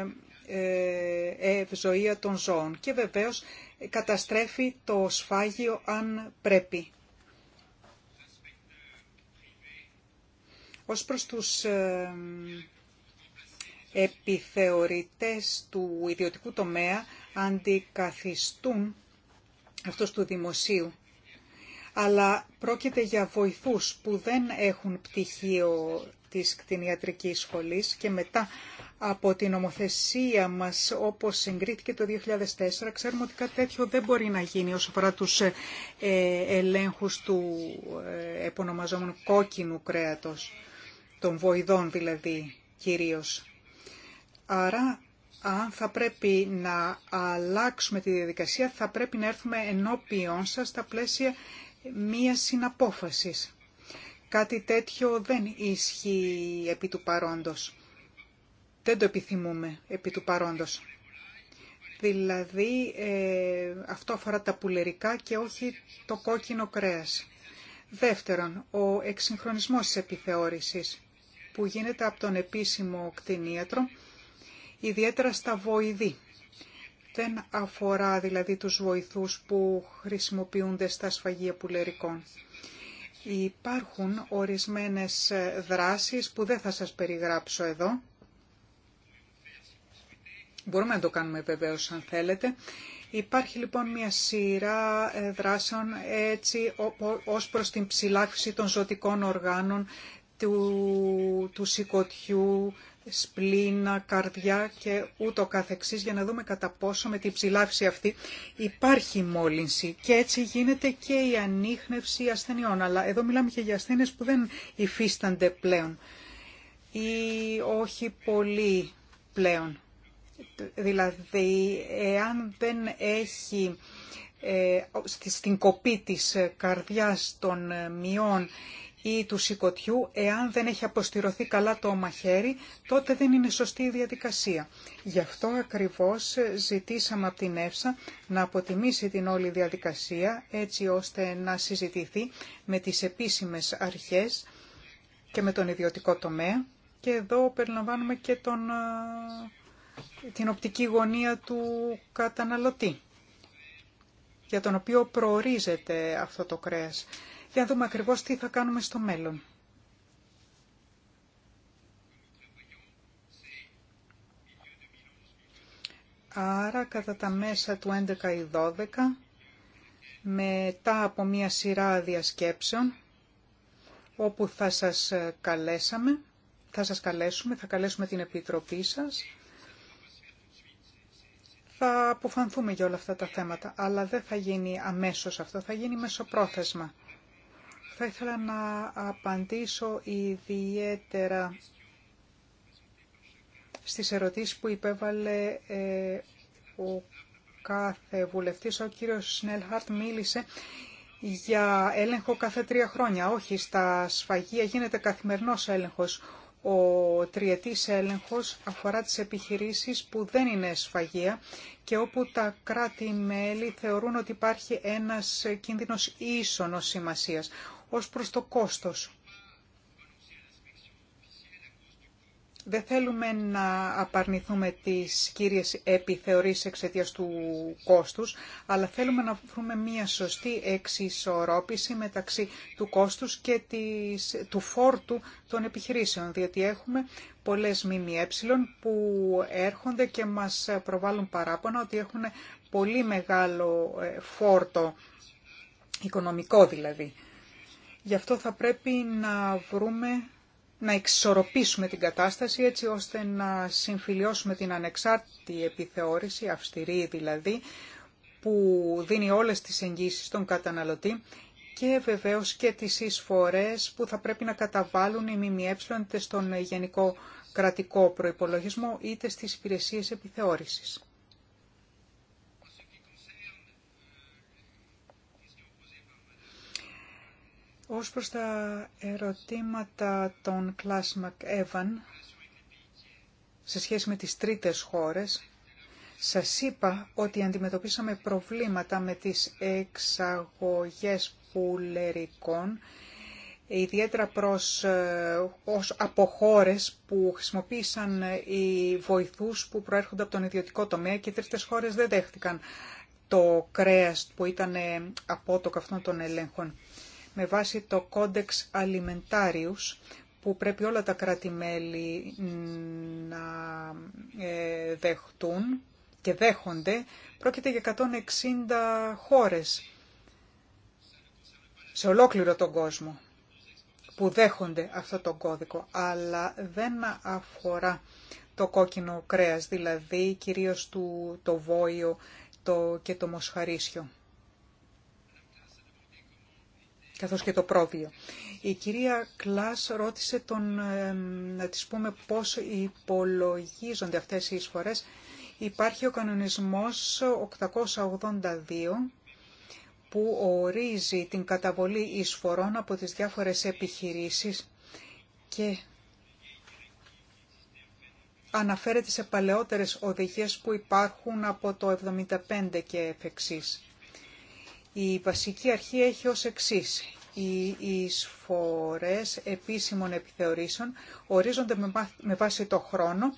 ε, ε, ζωή των ζώων. Και βεβαίως καταστρέφει το σφάγιο αν πρέπει. Ως προς τους επιθεωρητές του ιδιωτικού τομέα αντικαθιστούν αυτός του δημοσίου αλλά πρόκειται για βοηθούς που δεν έχουν πτυχίο της κτηνιατρικής σχολής και μετά από την νομοθεσία μας όπως συγκρίθηκε το 2004 ξέρουμε ότι κάτι τέτοιο δεν μπορεί να γίνει όσο αφορά τους ε, ε, ελέγχους του ε, επωνομαζόμενου κόκκινου κρέατος, των βοηδών δηλαδή κυρίως. Άρα αν θα πρέπει να αλλάξουμε τη διαδικασία θα πρέπει να έρθουμε ενώπιον σας στα πλαίσια μία συναπόφαση. Κάτι τέτοιο δεν ισχύει επί του παρόντος. Δεν το επιθυμούμε επί του παρόντος. Δηλαδή ε, αυτό αφορά τα πουλερικά και όχι το κόκκινο κρέας. Δεύτερον, ο εξυγχρονισμός της επιθεώρησης που γίνεται από τον επίσημο κτηνίατρο, ιδιαίτερα στα βοηδή δεν αφορά δηλαδή τους βοηθούς που χρησιμοποιούνται στα σφαγεία πουλερικών. Υπάρχουν ορισμένες δράσεις που δεν θα σας περιγράψω εδώ. Μπορούμε να το κάνουμε βεβαίως αν θέλετε. Υπάρχει λοιπόν μια σειρά ε, δράσεων έτσι ως προς την ψηλάφιση των ζωτικών οργάνων του, του σηκωτιού, σπλήνα, καρδιά και ούτω καθεξής για να δούμε κατά πόσο με την ψηλάφιση αυτή υπάρχει μόλυνση και έτσι γίνεται και η ανείχνευση ασθενειών. Αλλά εδώ μιλάμε και για ασθένειες που δεν υφίστανται πλέον ή όχι πολύ πλέον. Δηλαδή, εάν δεν έχει ε, στην κοπή της καρδιάς των μειών ή του σηκωτιού, εάν δεν έχει αποστηρωθεί καλά το μαχαίρι, τότε δεν είναι σωστή η διαδικασία. Γι' αυτό ακριβώς ζητήσαμε από την ΕΦΣΑ να αποτιμήσει την όλη διαδικασία, έτσι ώστε να συζητηθεί με τις επίσημες αρχές και με τον ιδιωτικό τομέα. Και εδώ περιλαμβάνουμε και τον, την οπτική γωνία του καταναλωτή για τον οποίο προορίζεται αυτό το κρέας για να δούμε ακριβώς τι θα κάνουμε στο μέλλον. Άρα κατά τα μέσα του 11 ή 12, μετά από μία σειρά διασκέψεων, όπου θα σας καλέσαμε, θα σας καλέσουμε, θα καλέσουμε την Επιτροπή σας, θα αποφανθούμε για όλα αυτά τα θέματα, αλλά δεν θα γίνει αμέσως αυτό, θα γίνει μεσοπρόθεσμα. Θα ήθελα να απαντήσω ιδιαίτερα στις ερωτήσεις που υπέβαλε ε, ο κάθε βουλευτής. Ο κύριος Σνέλχαρτ μίλησε για έλεγχο κάθε τρία χρόνια. Όχι, στα σφαγεία γίνεται καθημερινός έλεγχος. Ο τριετής έλεγχος αφορά τις επιχειρήσεις που δεν είναι σφαγεία και όπου τα κράτη-μέλη θεωρούν ότι υπάρχει ένας κίνδυνος ίσονος σημασίας ως προς το κόστος. Δεν θέλουμε να απαρνηθούμε τις κύριες επιθεωρήσεις εξαιτίας του κόστους, αλλά θέλουμε να βρούμε μια σωστή εξισορρόπηση μεταξύ του κόστους και της, του φόρτου των επιχειρήσεων, διότι έχουμε πολλές ΜΜΕ που έρχονται και μας προβάλλουν παράπονα ότι έχουν πολύ μεγάλο ε, φόρτο, οικονομικό δηλαδή. Γι' αυτό θα πρέπει να βρούμε, να εξορροπήσουμε την κατάσταση έτσι ώστε να συμφιλιώσουμε την ανεξάρτητη επιθεώρηση, αυστηρή δηλαδή, που δίνει όλες τις εγγύσεις στον καταναλωτή και βεβαίως και τις εισφορές που θα πρέπει να καταβάλουν οι ΜΜΕ στον γενικό κρατικό προϋπολογισμό είτε στις υπηρεσίες επιθεώρησης. Ως προς τα ερωτήματα των κλάσμακ έβαν σε σχέση με τις τρίτες χώρες, σας είπα ότι αντιμετωπίσαμε προβλήματα με τις εξαγωγές πουλερικών, ιδιαίτερα προς, ε, ως από χώρε που χρησιμοποίησαν ε, οι βοηθούς που προέρχονται από τον ιδιωτικό τομέα και οι τρίτες χώρες δεν δέχτηκαν το κρέας που ήταν ε, απότοκο αυτών των ελέγχων με βάση το Κόντεξ Αλιμεντάριους που πρέπει όλα τα κράτη-μέλη να ε, δεχτούν και δέχονται, πρόκειται για 160 χώρες σε ολόκληρο τον κόσμο που δέχονται αυτό το κώδικο, αλλά δεν αφορά το κόκκινο κρέας, δηλαδή κυρίως του, το βόιο και το μοσχαρίσιο καθώς και το πρόβιο. Η κυρία Κλάς ρώτησε τον, να της πούμε πώς υπολογίζονται αυτές οι εισφορές. Υπάρχει ο κανονισμός 882 που ορίζει την καταβολή εισφορών από τις διάφορες επιχειρήσεις και αναφέρεται σε παλαιότερες οδηγίες που υπάρχουν από το 75 και εφεξής. Η βασική αρχή έχει ως εξής. Οι εισφορές επίσημων επιθεωρήσεων ορίζονται με βάση το χρόνο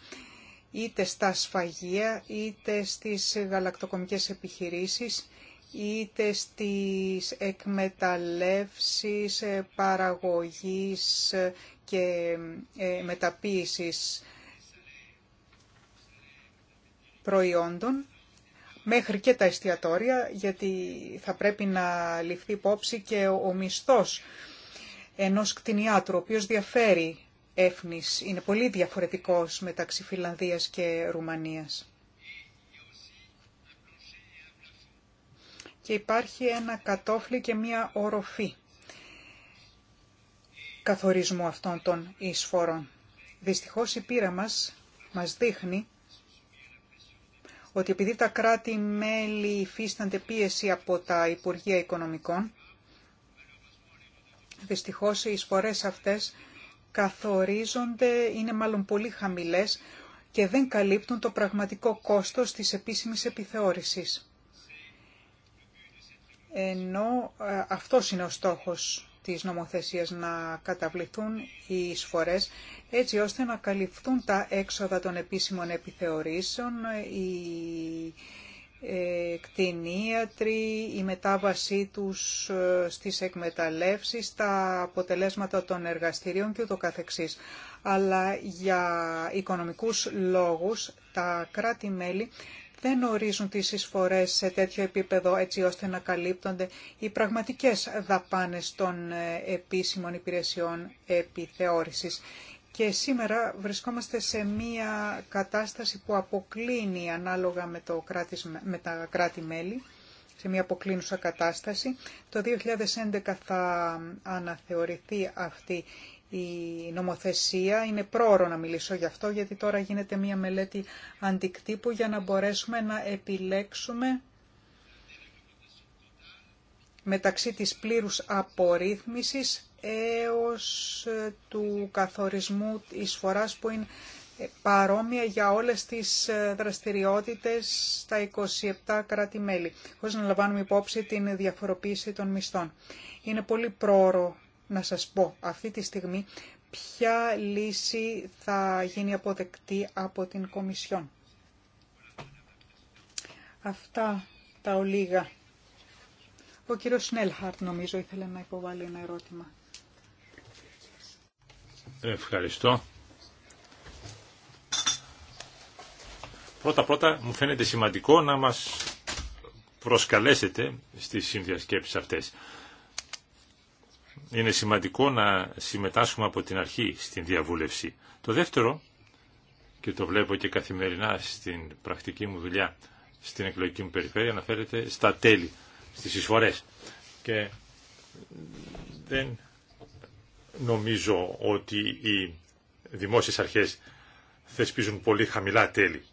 είτε στα σφαγεία, είτε στις γαλακτοκομικές επιχειρήσεις, είτε στις εκμεταλλεύσεις ε, παραγωγής ε, και ε, μεταποίησης προϊόντων μέχρι και τα εστιατόρια, γιατί θα πρέπει να ληφθεί υπόψη και ο, μισθός ενός κτηνιάτρου, ο οποίος διαφέρει έφνης, είναι πολύ διαφορετικός μεταξύ Φιλανδίας και Ρουμανίας. Και υπάρχει ένα κατόφλι και μία οροφή καθορισμού αυτών των εισφορών. Δυστυχώς η πείρα μας μας δείχνει ότι επειδή τα κράτη-μέλη υφίστανται πίεση από τα Υπουργεία Οικονομικών, δυστυχώς οι εισφορές αυτές καθορίζονται, είναι μάλλον πολύ χαμηλές και δεν καλύπτουν το πραγματικό κόστος της επίσημης επιθεώρησης. Ενώ ε, αυτό είναι ο στόχος τις νομοθεσίες να καταβληθούν οι εισφορές έτσι ώστε να καλυφθούν τα έξοδα των επίσημων επιθεωρήσεων, η ε, κτηνίατροι, η μετάβασή τους ε, στις εκμεταλλεύσεις, τα αποτελέσματα των εργαστηρίων και ούτω καθεξής. Αλλά για οικονομικούς λόγους τα κράτη-μέλη δεν ορίζουν τις εισφορές σε τέτοιο επίπεδο έτσι ώστε να καλύπτονται οι πραγματικές δαπάνες των ε, επίσημων υπηρεσιών επιθεώρησης. Και σήμερα βρισκόμαστε σε μία κατάσταση που αποκλίνει ανάλογα με, το κράτης, με τα κράτη-μέλη, σε μία αποκλίνουσα κατάσταση. Το 2011 θα αναθεωρηθεί αυτή η νομοθεσία. Είναι πρόωρο να μιλήσω γι' αυτό, γιατί τώρα γίνεται μια μελέτη αντικτύπου για να μπορέσουμε να επιλέξουμε μεταξύ της πλήρους απορρίθμισης έως ε, του καθορισμού εισφοράς που είναι παρόμοια για όλες τις ε, δραστηριότητες στα 27 κράτη-μέλη, χωρίς να λαμβάνουμε υπόψη την διαφοροποίηση των μισθών. Είναι πολύ πρόωρο να σας πω αυτή τη στιγμή ποια λύση θα γίνει αποδεκτή από την Κομισιόν. Αυτά τα ολίγα. Ο κύριος Σνέλχαρτ νομίζω ήθελε να υποβάλει ένα ερώτημα. Ευχαριστώ. Πρώτα πρώτα μου φαίνεται σημαντικό να μας προσκαλέσετε στις συνδιασκέψεις αυτές είναι σημαντικό να συμμετάσχουμε από την αρχή στην διαβούλευση. Το δεύτερο, και το βλέπω και καθημερινά στην πρακτική μου δουλειά στην εκλογική μου περιφέρεια, αναφέρεται στα τέλη, στις εισφορές. Και δεν νομίζω ότι οι δημόσιες αρχές θεσπίζουν πολύ χαμηλά τέλη.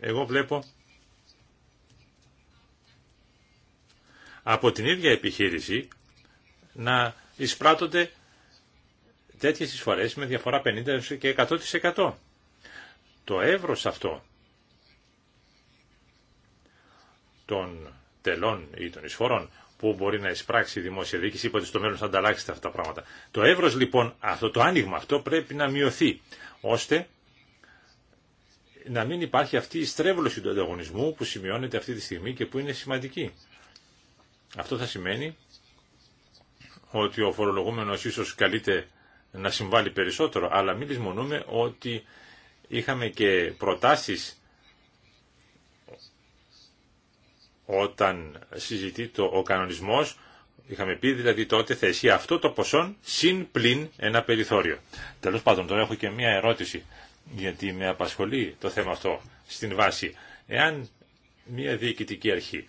Εγώ βλέπω από την ίδια επιχείρηση να εισπράττονται τέτοιες εισφορές με διαφορά 50% και 100%. Το εύρος αυτό των τελών ή των εισφορών που μπορεί να εισπράξει η δημόσια διοίκηση, είπατε στο μέλλον θα ανταλλάξετε αυτά τα πράγματα. Το εύρος λοιπόν, αυτό το άνοιγμα αυτό πρέπει να μειωθεί, ώστε να μην υπάρχει αυτή η στρέβλωση του ανταγωνισμού που σημειώνεται αυτή τη στιγμή και που είναι σημαντική. Αυτό θα σημαίνει ότι ο φορολογούμενος ίσως καλείται να συμβάλλει περισσότερο, αλλά μην λησμονούμε ότι είχαμε και προτάσεις όταν συζητεί ο κανονισμός, είχαμε πει δηλαδή τότε θα αυτό το ποσό συν πλην ένα περιθώριο. Τέλος πάντων, τώρα έχω και μία ερώτηση, γιατί με απασχολεί το θέμα αυτό στην βάση. Εάν μία διοικητική αρχή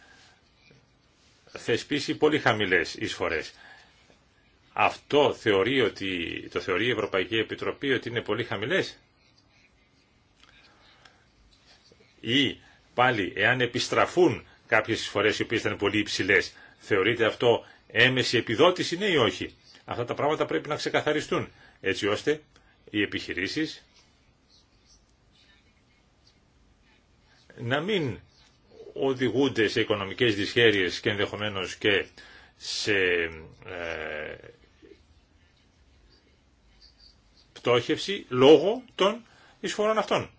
θεσπίσει πολύ χαμηλές εισφορές, αυτό θεωρεί ότι, το θεωρεί η Ευρωπαϊκή Επιτροπή ότι είναι πολύ χαμηλές. Ή πάλι εάν επιστραφούν κάποιες φορές οι οποίες ήταν πολύ υψηλές, θεωρείται αυτό έμεση επιδότηση ναι ή όχι. Αυτά τα πράγματα πρέπει να ξεκαθαριστούν έτσι ώστε οι επιχειρήσεις να μην οδηγούνται σε οικονομικές δυσχέρειες και ενδεχομένως και σε ε, πτώχευση λόγω των εισφορών αυτών.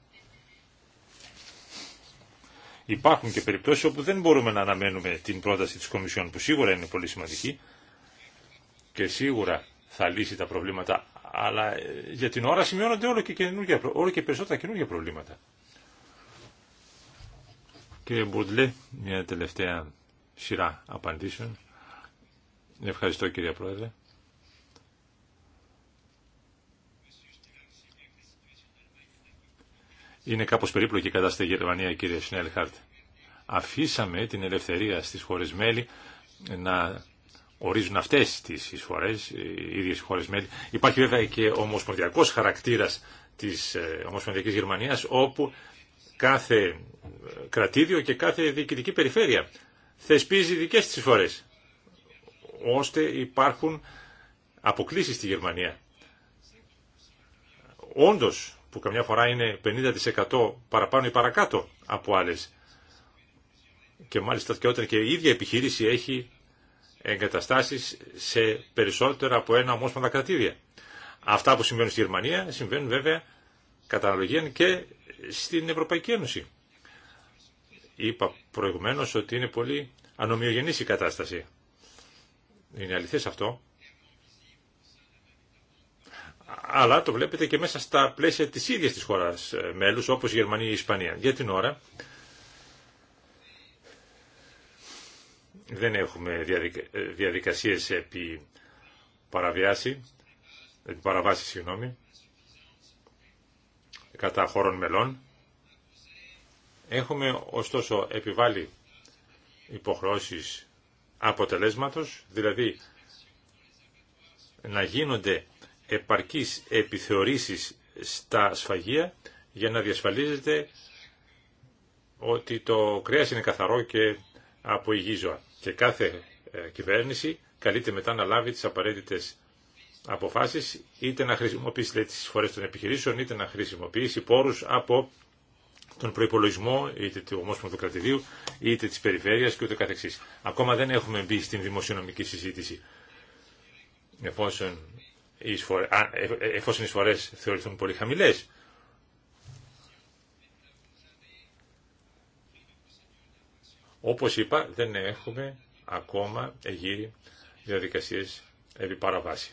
Υπάρχουν και περιπτώσεις όπου δεν μπορούμε να αναμένουμε την πρόταση της Κομισιόν που σίγουρα είναι πολύ σημαντική και σίγουρα θα λύσει τα προβλήματα αλλά ε, για την ώρα σημειώνονται όλο και, όλο και περισσότερα καινούργια προβλήματα. Κύριε Μπουντλέ, μια τελευταία σειρά απαντήσεων. Ευχαριστώ κύριε Πρόεδρε. Είναι κάπως περίπλοκη η κατάσταση στη Γερμανία, κύριε Σνέλχαρτ. Αφήσαμε την ελευθερία στις χώρες μέλη να ορίζουν αυτές τις εισφορές, οι ίδιες οι χώρες μέλη. Υπάρχει βέβαια και ομοσπονδιακός χαρακτήρας της ε, Ομοσπονδιακής Γερμανίας, όπου κάθε ε, κρατήδιο και κάθε διοικητική περιφέρεια θεσπίζει δικές της εισφορές, ώστε υπάρχουν αποκλήσεις στη Γερμανία. Όντως, που καμιά φορά είναι 50% παραπάνω ή παρακάτω από άλλες. Και μάλιστα και όταν και η ίδια επιχείρηση έχει εγκαταστάσεις σε περισσότερα από ένα ομόσπονδα κρατήδια. Αυτά που συμβαίνουν στη Γερμανία συμβαίνουν βέβαια κατά αναλογία και στην Ευρωπαϊκή Ένωση. Είπα προηγουμένως ότι είναι πολύ ανομοιογενής η κατάσταση. Είναι αληθές αυτό αλλά το βλέπετε και μέσα στα πλαίσια της ίδιας της χώρας ε, μέλους, όπως η Γερμανία ή η Ισπανία. Για την ώρα δεν έχουμε ε, διαδικασίες επί παραβιάση, επί παραβάση, συγγνώμη, κατά χώρων μελών. Έχουμε ωστόσο επιβάλει υποχρεώσεις αποτελέσματος, δηλαδή να γίνονται επαρκείς επιθεωρήσεις στα σφαγεία για να διασφαλίζεται ότι το κρέας είναι καθαρό και από υγιή ζώα. Και κάθε ε, κυβέρνηση καλείται μετά να λάβει τις απαραίτητες αποφάσεις είτε να χρησιμοποιήσει δηλαδή, τις φορές των επιχειρήσεων είτε να χρησιμοποιήσει πόρους από τον προϋπολογισμό είτε του Ομόσπονδου Κρατηδίου είτε της Περιφέρειας και ούτε καθεξής. Ακόμα δεν έχουμε μπει στην δημοσιονομική συζήτηση εφόσον ε, ε, εφόσον οι εισφορές θεωρηθούν πολύ χαμηλές. Όπως είπα, δεν έχουμε ακόμα γύρει διαδικασίες επί παραβάση.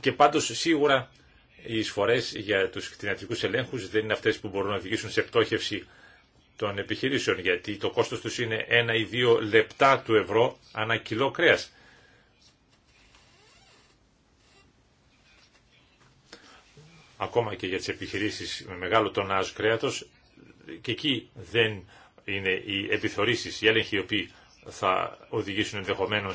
Και πάντως σίγουρα οι εισφορές για τους κτηνατικούς ελέγχους δεν είναι αυτές που μπορούν να οδηγήσουν σε πτώχευση των επιχειρήσεων, γιατί το κόστος τους είναι ένα ή δύο λεπτά του ευρώ ανά κιλό κρέας. ακόμα και για τις επιχειρήσεις με μεγάλο τονάζ κρέατος, και εκεί δεν είναι οι επιθορήσεις, οι έλεγχοι οι οποίοι θα οδηγήσουν ενδεχομένω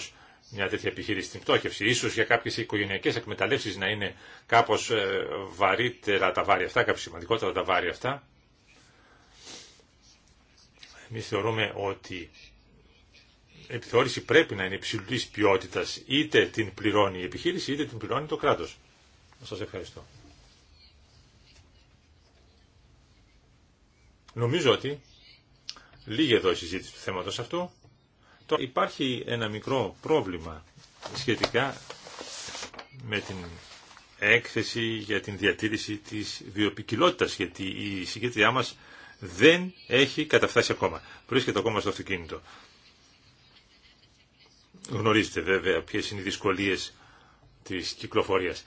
μια τέτοια επιχείρηση στην πτώχευση. Ίσως για κάποιες οικογενειακές εκμεταλλεύσεις να είναι κάπως ε, βαρύτερα τα βάρια αυτά, κάπως σημαντικότερα τα βάρια αυτά. Εμείς θεωρούμε ότι η επιθεώρηση πρέπει να είναι υψηλή ποιότητας. Είτε την πληρώνει η επιχείρηση, είτε την πληρώνει το κράτος. Σας ευχαριστώ. Νομίζω ότι λίγη εδώ η συζήτηση του θέματος αυτού. Τώρα υπάρχει ένα μικρό πρόβλημα σχετικά με την έκθεση για την διατήρηση της βιοπικιλότητας, γιατί η συγκέντριά μας δεν έχει καταφτάσει ακόμα. Βρίσκεται ακόμα στο αυτοκίνητο. Γνωρίζετε βέβαια ποιες είναι οι δυσκολίες της κυκλοφορίας.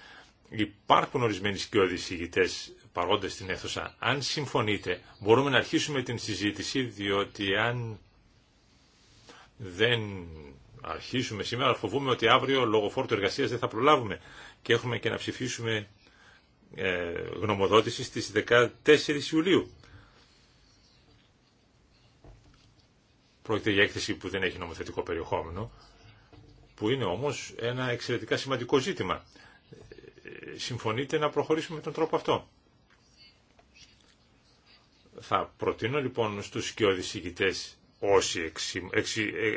Υπάρχουν ορισμένοι σκιώδεις ηγητές παρόντες στην αίθουσα, αν συμφωνείτε, μπορούμε να αρχίσουμε την συζήτηση, διότι αν δεν αρχίσουμε σήμερα, φοβούμε ότι αύριο λόγω φόρτου εργασίας δεν θα προλάβουμε και έχουμε και να ψηφίσουμε ε, γνωμοδότηση στις 14 Ιουλίου. Πρόκειται για έκθεση που δεν έχει νομοθετικό περιεχόμενο, που είναι όμως ένα εξαιρετικά σημαντικό ζήτημα. Ε, συμφωνείτε να προχωρήσουμε με τον τρόπο αυτό. Θα προτείνω λοιπόν στους σκιώδης ηγητέ όσοι εξ,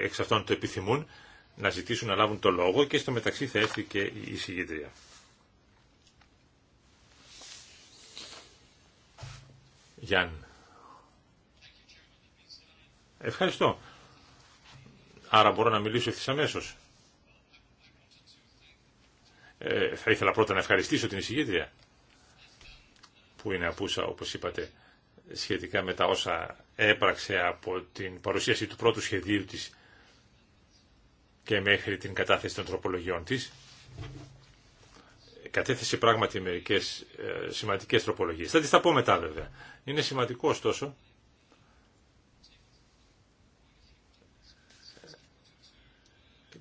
εξ, αυτών το επιθυμούν να ζητήσουν να λάβουν το λόγο και στο μεταξύ θα έρθει και η εισηγητρία. Γιάν. Ευχαριστώ. Άρα μπορώ να μιλήσω ευθύς αμέσως. Ε, θα ήθελα πρώτα να ευχαριστήσω την εισηγήτρια που είναι απούσα όπως είπατε σχετικά με τα όσα έπραξε από την παρουσίαση του πρώτου σχεδίου της και μέχρι την κατάθεση των τροπολογιών της. Κατέθεσε πράγματι μερικές ε, σημαντικές τροπολογίες. Θα τις τα πω μετά βέβαια. Είναι σημαντικό ωστόσο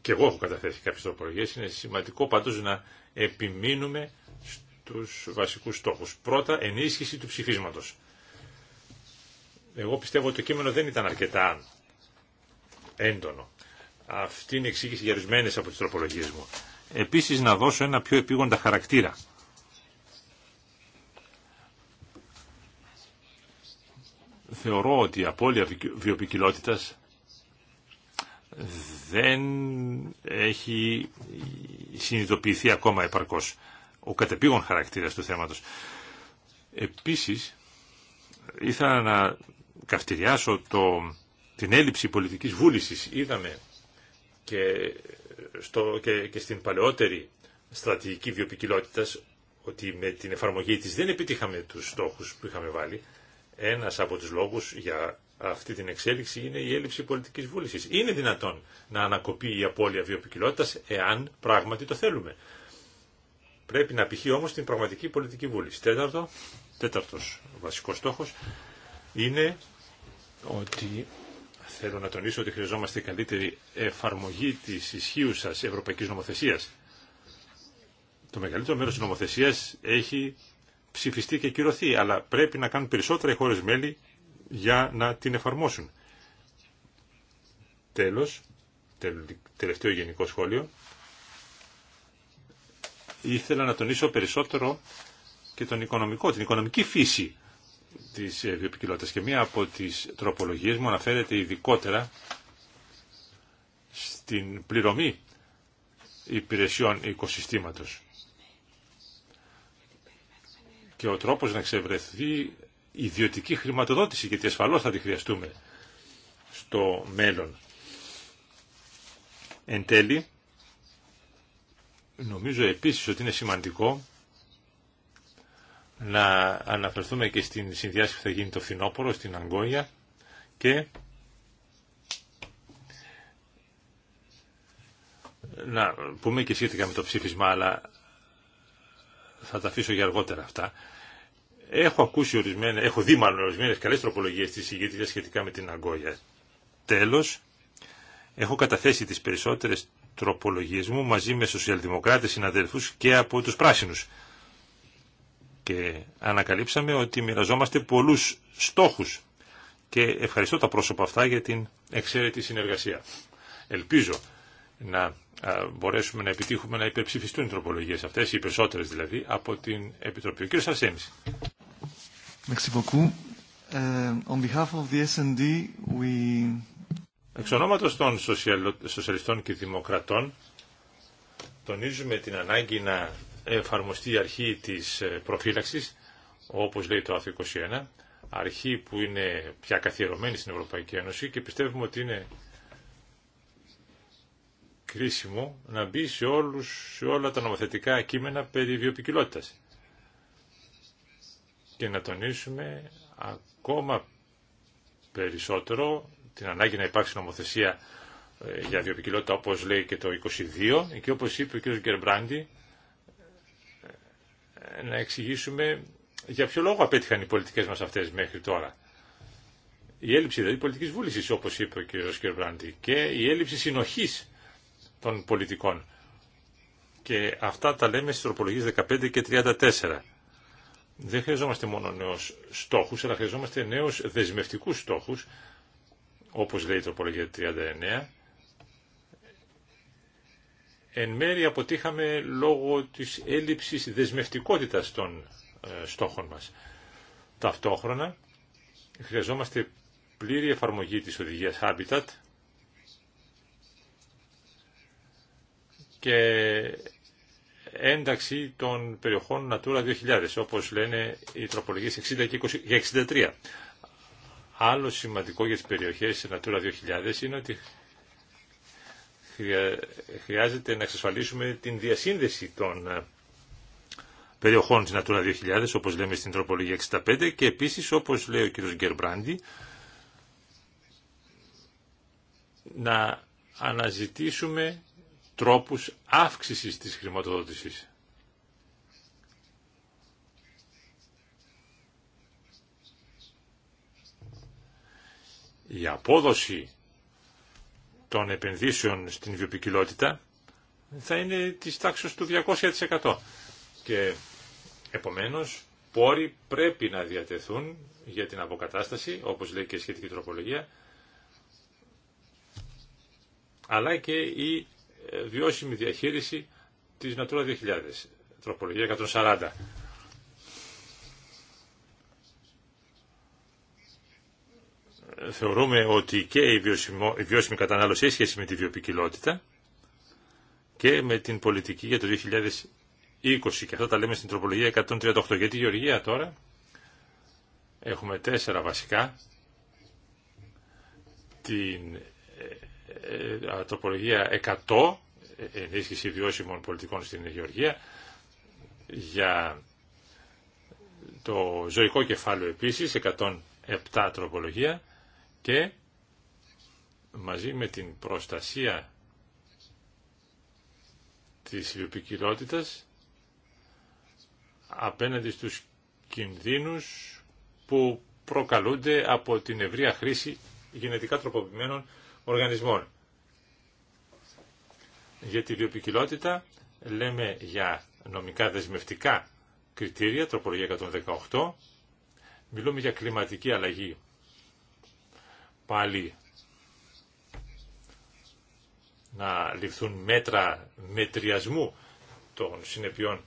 και εγώ έχω καταθέσει κάποιες τροπολογίες, είναι σημαντικό πάντως να επιμείνουμε στους βασικούς στόχους. Πρώτα, ενίσχυση του ψηφίσματος. Εγώ πιστεύω ότι το κείμενο δεν ήταν αρκετά έντονο. Αυτή είναι η εξήγηση για ορισμένε από τι τροπολογίε μου. Επίση, να δώσω ένα πιο επίγοντα χαρακτήρα. Θεωρώ ότι η απώλεια βιοπικιλότητα δεν έχει συνειδητοποιηθεί ακόμα επαρκώ. ο κατεπήγον χαρακτήρας του θέματος. Επίσης, ήθελα να καυτηριάσω το, την έλλειψη πολιτικής βούλησης. Είδαμε και, στο, και, και στην παλαιότερη στρατηγική βιοπικιλότητας ότι με την εφαρμογή της δεν επιτύχαμε τους στόχους που είχαμε βάλει. Ένας από τους λόγους για αυτή την εξέλιξη είναι η έλλειψη πολιτικής βούλησης. Είναι δυνατόν να ανακοπεί η απώλεια βιοπικιλότητας εάν πράγματι το θέλουμε. Πρέπει να πηχεί όμως την πραγματική πολιτική βούληση. Τέταρτο, τέταρτος βασικός στόχος είναι ότι θέλω να τονίσω ότι χρειαζόμαστε καλύτερη εφαρμογή της σα ευρωπαϊκής νομοθεσίας. Το μεγαλύτερο μέρος της νομοθεσίας έχει ψηφιστεί και κυρωθεί, αλλά πρέπει να κάνουν περισσότερα οι χώρες μέλη για να την εφαρμόσουν. Τέλος, τελευταίο γενικό σχόλιο, ήθελα να τονίσω περισσότερο και τον οικονομικό, την οικονομική φύση της βιοποικιλότητας και μία από τις τροπολογίες μου αναφέρεται ειδικότερα στην πληρωμή υπηρεσιών οικοσυστήματος. Και ο τρόπος να ξεβρεθεί ιδιωτική χρηματοδότηση, γιατί ασφαλώς θα τη χρειαστούμε στο μέλλον. Εν τέλει, νομίζω επίσης ότι είναι σημαντικό να αναφερθούμε και στην συνδυάση που θα γίνει το φθινόπωρο στην Αγκόγια και να πούμε και σχετικά με το ψήφισμα, αλλά θα τα αφήσω για αργότερα αυτά. Έχω ακούσει έχω δει μάλλον ορισμένες καλές τροπολογίες της σχετικά με την Αγκόγια. Τέλος, έχω καταθέσει τις περισσότερες τροπολογίες μου μαζί με σοσιαλδημοκράτες συναδέλφους και από τους πράσινους και ανακαλύψαμε ότι μοιραζόμαστε πολλούς στόχους και ευχαριστώ τα πρόσωπα αυτά για την εξαίρετη συνεργασία. Ελπίζω να μπορέσουμε να επιτύχουμε να υπερψηφιστούν οι τροπολογίες αυτές, οι περισσότερες δηλαδή, από την Επιτροπή. Ο κύριος Αρσένης. Ε, Εξ ονόματος των Σοσιαλιστών και Δημοκρατών τονίζουμε την ανάγκη να εφαρμοστεί η αρχή της ε, προφύλαξης, όπως λέει το αφ 21, αρχή που είναι πια καθιερωμένη στην Ευρωπαϊκή Ένωση και πιστεύουμε ότι είναι κρίσιμο να μπει σε, όλους, σε όλα τα νομοθετικά κείμενα περί βιοπικιλότητας και να τονίσουμε ακόμα περισσότερο την ανάγκη να υπάρξει νομοθεσία ε, για βιοπικιλότητα όπως λέει και το 22 και όπως είπε ο κ. Γκερμπράντι να εξηγήσουμε για ποιο λόγο απέτυχαν οι πολιτικές μας αυτές μέχρι τώρα. Η έλλειψη δηλαδή πολιτική βούλησης, όπως είπε ο κ. Σκερβράντη, και η έλλειψη συνοχής των πολιτικών. Και αυτά τα λέμε στι τροπολογίε 15 και 34. Δεν χρειαζόμαστε μόνο νέου στόχους, αλλά χρειαζόμαστε νέου δεσμευτικούς στόχους, όπως λέει η τροπολογία 39, εν μέρη αποτύχαμε λόγω της έλλειψης δεσμευτικότητας των ε, στόχων μας. Ταυτόχρονα χρειαζόμαστε πλήρη εφαρμογή της οδηγίας Habitat και ένταξη των περιοχών Natura 2000, όπως λένε οι τροπολογίες 60 και 63. Άλλο σημαντικό για τις περιοχές Natura 2000 είναι ότι χρειάζεται να εξασφαλίσουμε την διασύνδεση των ε, περιοχών της Natura 2000, όπως λέμε στην τροπολογία 65, και επίσης, όπως λέει ο κ. Γκερμπράντι, να αναζητήσουμε τρόπους αύξησης της χρηματοδότησης. Η απόδοση των επενδύσεων στην βιοπικιλότητα θα είναι της τάξης του 200%. Και επομένως πόροι πρέπει να διατεθούν για την αποκατάσταση, όπως λέει και η σχετική τροπολογία, αλλά και η ε, βιώσιμη διαχείριση της Natura 2000, τροπολογία 140. θεωρούμε ότι και η, βιώσιμο, η βιώσιμη κατανάλωση έχει σχέση με τη βιοπικιλότητα και με την πολιτική για το 2020 και αυτό τα λέμε στην τροπολογία 138 γιατί τη Γεωργία τώρα έχουμε τέσσερα βασικά την ε, ε, τροπολογία 100 ε, ενίσχυση βιώσιμων πολιτικών στην Γεωργία για το ζωικό κεφάλαιο επίσης 107 τροπολογία και μαζί με την προστασία της βιοπικιλότητας απέναντι στους κινδύνους που προκαλούνται από την ευρεία χρήση γενετικά τροποποιημένων οργανισμών. Για τη βιοπικιλότητα λέμε για νομικά δεσμευτικά κριτήρια, τροπολογία 118, μιλούμε για κλιματική αλλαγή πάλι να ληφθούν μέτρα μετριασμού των συνεπειών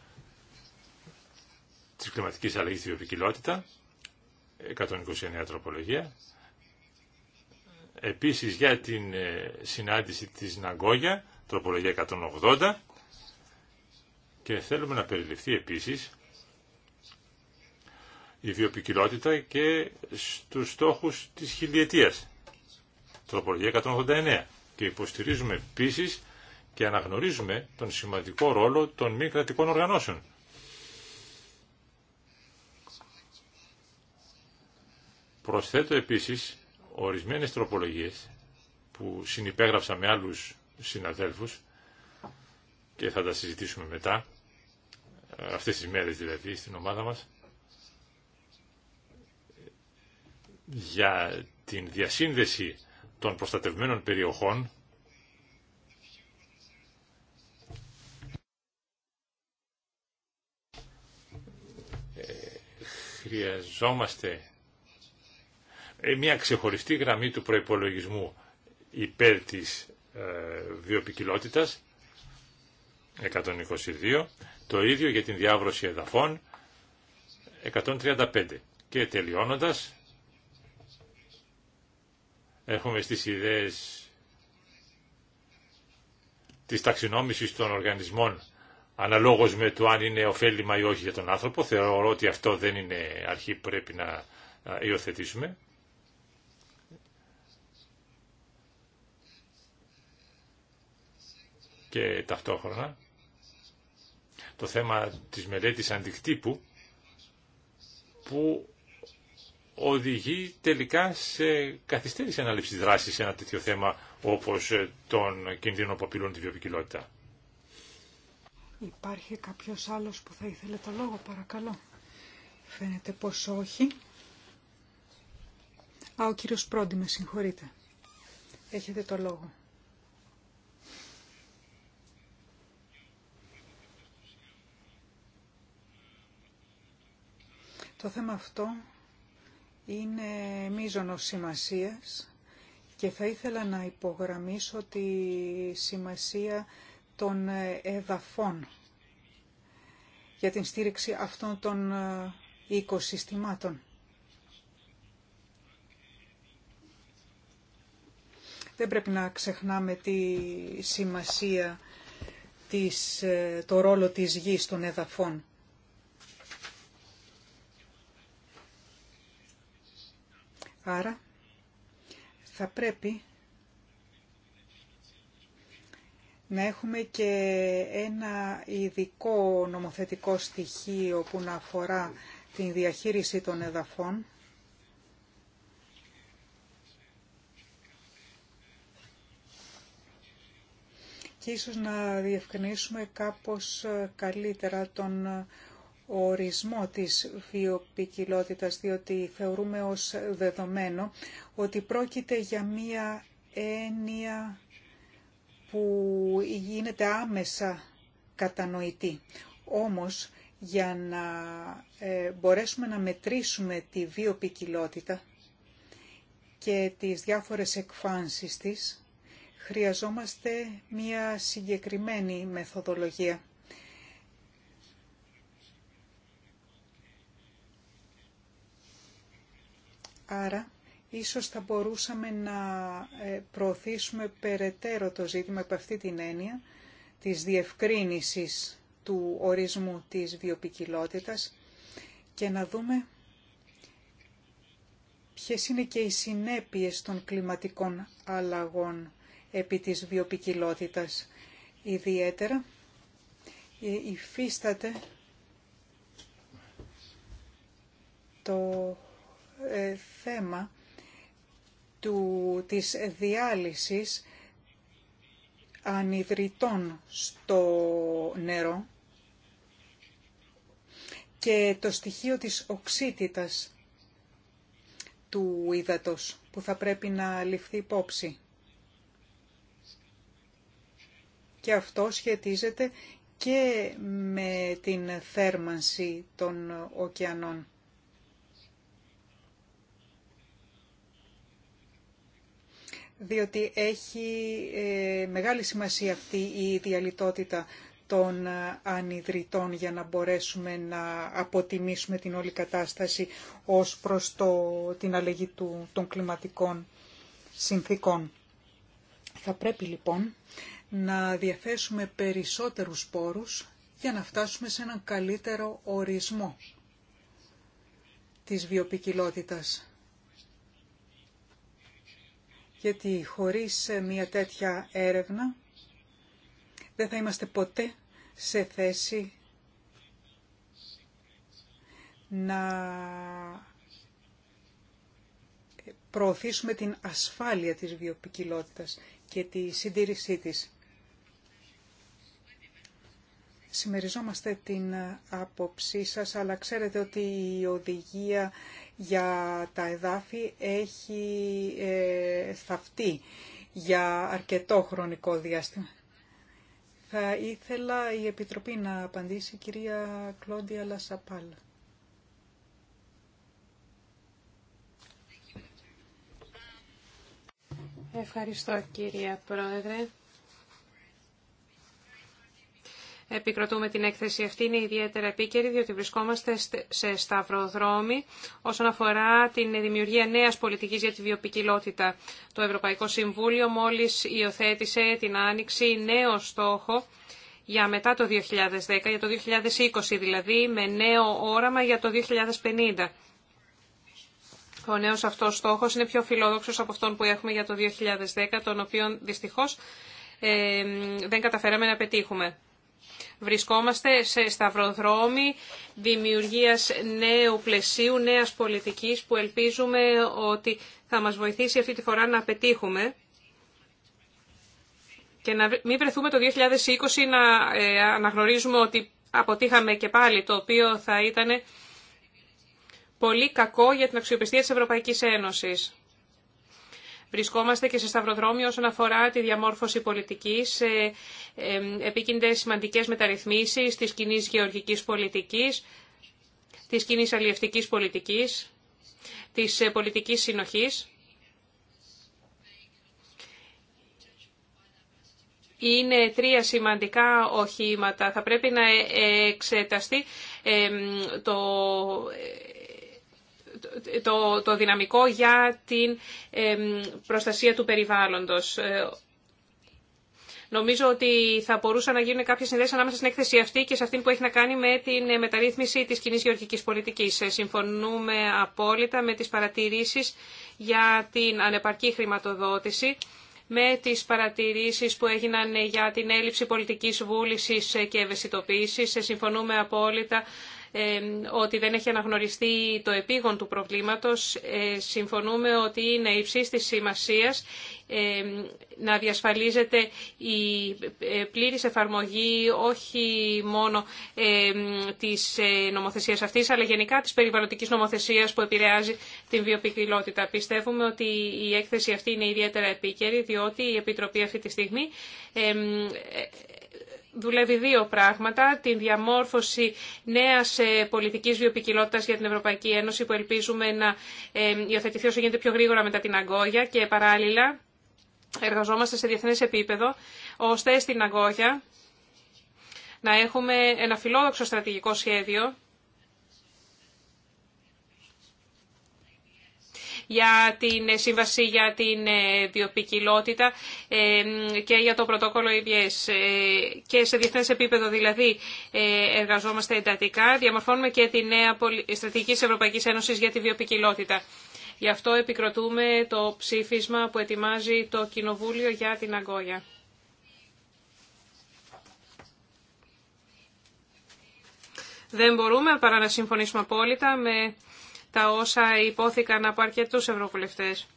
της κλιματικής αλλαγής στη 129 τροπολογία. Επίσης για την ε, συνάντηση της Ναγκόγια, τροπολογία 180, και θέλουμε να περιληφθεί επίσης η βιοπικιλότητα και στους στόχους της χιλιετίας. Τροπολογία 189. Και υποστηρίζουμε επίση και αναγνωρίζουμε τον σημαντικό ρόλο των μη κρατικών οργανώσεων. Προσθέτω επίσης ορισμένες τροπολογίες που συνυπέγραψα με άλλους συναδέλφους και θα τα συζητήσουμε μετά, αυτές τις μέρες δηλαδή στην ομάδα μας, για την διασύνδεση των προστατευμένων περιοχών χρειαζόμαστε ε, μια ξεχωριστή γραμμή του προϋπολογισμού υπέρ της ε, βιοπικιλότητας 122 το ίδιο για την διάβρωση εδαφών 135 και τελειώνοντας Έχουμε στις ιδέες της ταξινόμησης των οργανισμών αναλόγως με το αν είναι ωφέλιμα ή όχι για τον άνθρωπο. Θεωρώ ότι αυτό δεν είναι αρχή που πρέπει να υιοθετήσουμε. Και ταυτόχρονα το θέμα της μελέτης αντικτύπου που οδηγεί τελικά σε καθυστέρηση ανάληψη δράση σε ένα τέτοιο θέμα όπως ε, τον κινδύνο που απειλούν τη βιοποικιλότητα. Υπάρχει κάποιος άλλος που θα ήθελε το λόγο, παρακαλώ. Φαίνεται πως όχι. Α, ο κύριος Πρόντι, με συγχωρείτε. Έχετε το λόγο. Το θέμα αυτό είναι μείζονος σημασίας και θα ήθελα να υπογραμμίσω τη σημασία των εδαφών για την στήριξη αυτών των ε, οικοσυστημάτων. Δεν πρέπει να ξεχνάμε τη σημασία, της, ε, το ρόλο της γης των εδαφών. Άρα θα πρέπει να έχουμε και ένα ειδικό νομοθετικό στοιχείο που να αφορά την διαχείριση των εδαφών και ίσως να διευκρινίσουμε κάπως καλύτερα τον ορισμό της βιοπικιλότητας, διότι θεωρούμε ως δεδομένο ότι πρόκειται για μία έννοια που γίνεται άμεσα κατανοητή. Όμως, για να ε, μπορέσουμε να μετρήσουμε τη βιοπικιλότητα και τις διάφορες εκφάνσεις της, χρειαζόμαστε μία συγκεκριμένη μεθοδολογία Άρα, ίσως θα μπορούσαμε να ε, προωθήσουμε περαιτέρω το ζήτημα από αυτή την έννοια της διευκρίνησης του ορισμού της βιοπικιλότητας και να δούμε ποιες είναι και οι συνέπειες των κλιματικών αλλαγών επί της βιοπικιλότητας. Ιδιαίτερα ε, υφίσταται το ε, θέμα του, της διάλυσης ανιδρυτών στο νερό και το στοιχείο της οξύτητας του ύδατος που θα πρέπει να ληφθεί υπόψη. Και αυτό σχετίζεται και με την θέρμανση των ωκεανών. διότι έχει ε, μεγάλη σημασία αυτή η διαλυτότητα των ε, ανιδρυτών για να μπορέσουμε να αποτιμήσουμε την όλη κατάσταση ως προς το, την αλλαγή του, των κλιματικών συνθήκων. Θα πρέπει λοιπόν να διαθέσουμε περισσότερους πόρους για να φτάσουμε σε έναν καλύτερο ορισμό της βιοπικιλότητας γιατί χωρίς ε, μια τέτοια έρευνα δεν θα είμαστε ποτέ σε θέση να προωθήσουμε την ασφάλεια της βιοπικιλότητας και τη συντήρησή της. Σημεριζόμαστε την ε, άποψή σας, αλλά ξέρετε ότι η οδηγία για τα εδάφη έχει ε, για αρκετό χρονικό διάστημα. Θα ήθελα η Επιτροπή να απαντήσει, κυρία Κλόντια Λασαπάλα. Ευχαριστώ κυρία Πρόεδρε επικροτούμε την έκθεση αυτή. Είναι ιδιαίτερα επίκαιρη διότι βρισκόμαστε σε σταυροδρόμι όσον αφορά την δημιουργία νέας πολιτικής για τη βιοπικιλότητα. Το Ευρωπαϊκό Συμβούλιο μόλις υιοθέτησε την Άνοιξη νέο στόχο για μετά το 2010, για το 2020 δηλαδή, με νέο όραμα για το 2050. Ο νέος αυτός στόχος είναι πιο φιλόδοξος από αυτόν που έχουμε για το 2010, τον οποίο δυστυχώς ε, δεν καταφέραμε να πετύχουμε. Βρισκόμαστε σε σταυροδρόμι δημιουργίας νέου πλαισίου, νέας πολιτικής που ελπίζουμε ότι θα μας βοηθήσει αυτή τη φορά να πετύχουμε και να μην βρεθούμε το 2020 να ε, αναγνωρίζουμε ότι αποτύχαμε και πάλι, το οποίο θα ήταν πολύ κακό για την αξιοπιστία της Ευρωπαϊκής Ένωσης. Βρισκόμαστε και σε σταυροδρόμιο όσον αφορά τη διαμόρφωση πολιτικής, επίκυνται σημαντικές μεταρρυθμίσεις της κοινή γεωργικής πολιτικής, της κοινή αλλιευτικής πολιτικής, της ε, πολιτικής συνοχής. Είναι τρία σημαντικά οχήματα. Θα πρέπει να ε, εξεταστεί το το, το δυναμικό για την προστασία του περιβάλλοντος. Ε, νομίζω ότι θα μπορούσαν να γίνουν κάποιες συνδέσεις ανάμεσα στην έκθεση αυτή και σε αυτή που έχει να κάνει με την ε, μεταρρύθμιση της κοινή πολιτικής. πολιτική. Ε, συμφωνούμε απόλυτα με τις παρατηρήσεις για την ανεπαρκή χρηματοδότηση με τις παρατηρήσεις που έγιναν για την έλλειψη πολιτικής βούλησης και ευαισθητοποίησης. Συμφωνούμε απόλυτα ότι δεν έχει αναγνωριστεί το επίγον του προβλήματος. Ε, συμφωνούμε ότι είναι υψής της σημασίας να διασφαλίζεται η ε, πλήρης εφαρμογή όχι μόνο της ε, νομοθεσίας αυτής, αλλά γενικά της περιβαλλοντικής νομοθεσίας που επηρεάζει την βιοποικιλότητα. Πιστεύουμε ότι η έκθεση αυτή είναι ιδιαίτερα επίκαιρη, διότι η Επιτροπή αυτή τη στιγμή δουλεύει δύο πράγματα. Την διαμόρφωση νέας ε, πολιτικής βιοπικιλότητα για την Ευρωπαϊκή Ένωση που ελπίζουμε να ε, υιοθετηθεί όσο γίνεται πιο γρήγορα μετά την Αγκόγια και παράλληλα εργαζόμαστε σε διεθνές επίπεδο ώστε στην Αγκόγια να έχουμε ένα φιλόδοξο στρατηγικό σχέδιο για την ε, Σύμβαση για την ε, Βιοπικιλότητα ε, και για το πρωτόκολλο EBS. Και σε διεθνές επίπεδο δηλαδή εργαζόμαστε εντατικά, διαμορφώνουμε και τη νέα στρατηγική της Ευρωπαϊκής Ένωσης για τη βιοπικιλότητα. Γι' αυτό επικροτούμε το ψήφισμα που ετοιμάζει το Κοινοβούλιο για την Αγκόγια. Δεν μπορούμε παρά να συμφωνήσουμε απόλυτα με τα όσα υπόθηκαν από αρκετούς ευρωβουλευτές.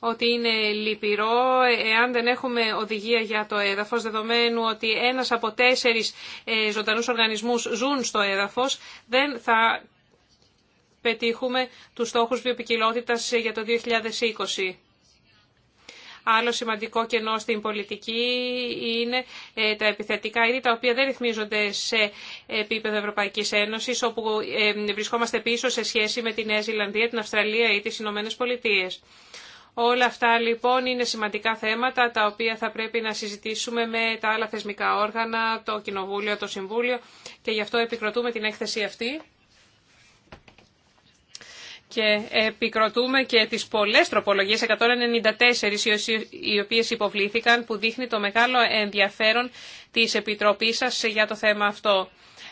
ότι είναι λυπηρό εάν δεν έχουμε οδηγία για το έδαφος, δεδομένου ότι ένας από τέσσερις ε, ζωντανούς οργανισμούς ζουν στο έδαφος, δεν θα πετύχουμε τους στόχους βιοποικιλότητας για το 2020. Άλλο σημαντικό κενό στην πολιτική είναι ε, τα επιθετικά είδη, τα οποία δεν ρυθμίζονται σε επίπεδο Ευρωπαϊκής Ένωσης, όπου ε, βρισκόμαστε πίσω σε σχέση με τη Νέα Ζηλανδία, την Αυστραλία ή τις Ηνωμένε Πολιτείε. Όλα αυτά λοιπόν είναι σημαντικά θέματα τα οποία θα πρέπει να συζητήσουμε με τα άλλα θεσμικά όργανα, το Κοινοβούλιο, το Συμβούλιο και γι' αυτό επικροτούμε την έκθεση αυτή και επικροτούμε και τις πολλές τροπολογίες, 194 οι οποίες υποβλήθηκαν, που δείχνει το μεγάλο ενδιαφέρον της Επιτροπής σας για το θέμα αυτό.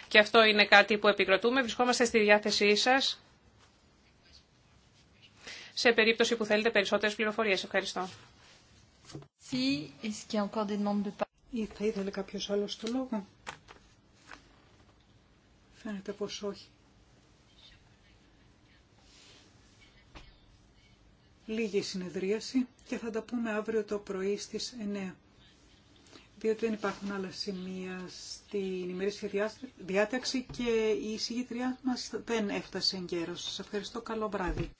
Και αυτό είναι κάτι που επικροτούμε. Βρισκόμαστε στη διάθεσή σας σε περίπτωση που θέλετε περισσότερες πληροφορίες. Ευχαριστώ. Θα ήθελε κάποιος άλλος το λόγο. Φαίνεται πως όχι. Λίγη συνεδρίαση και θα τα πούμε αύριο το πρωί στις 9. Διότι δεν υπάρχουν άλλα σημεία στην ημερήσια διάταξη και η εισηγητριά μας δεν έφτασε εγκαίρως. Σας ευχαριστώ. Καλό βράδυ.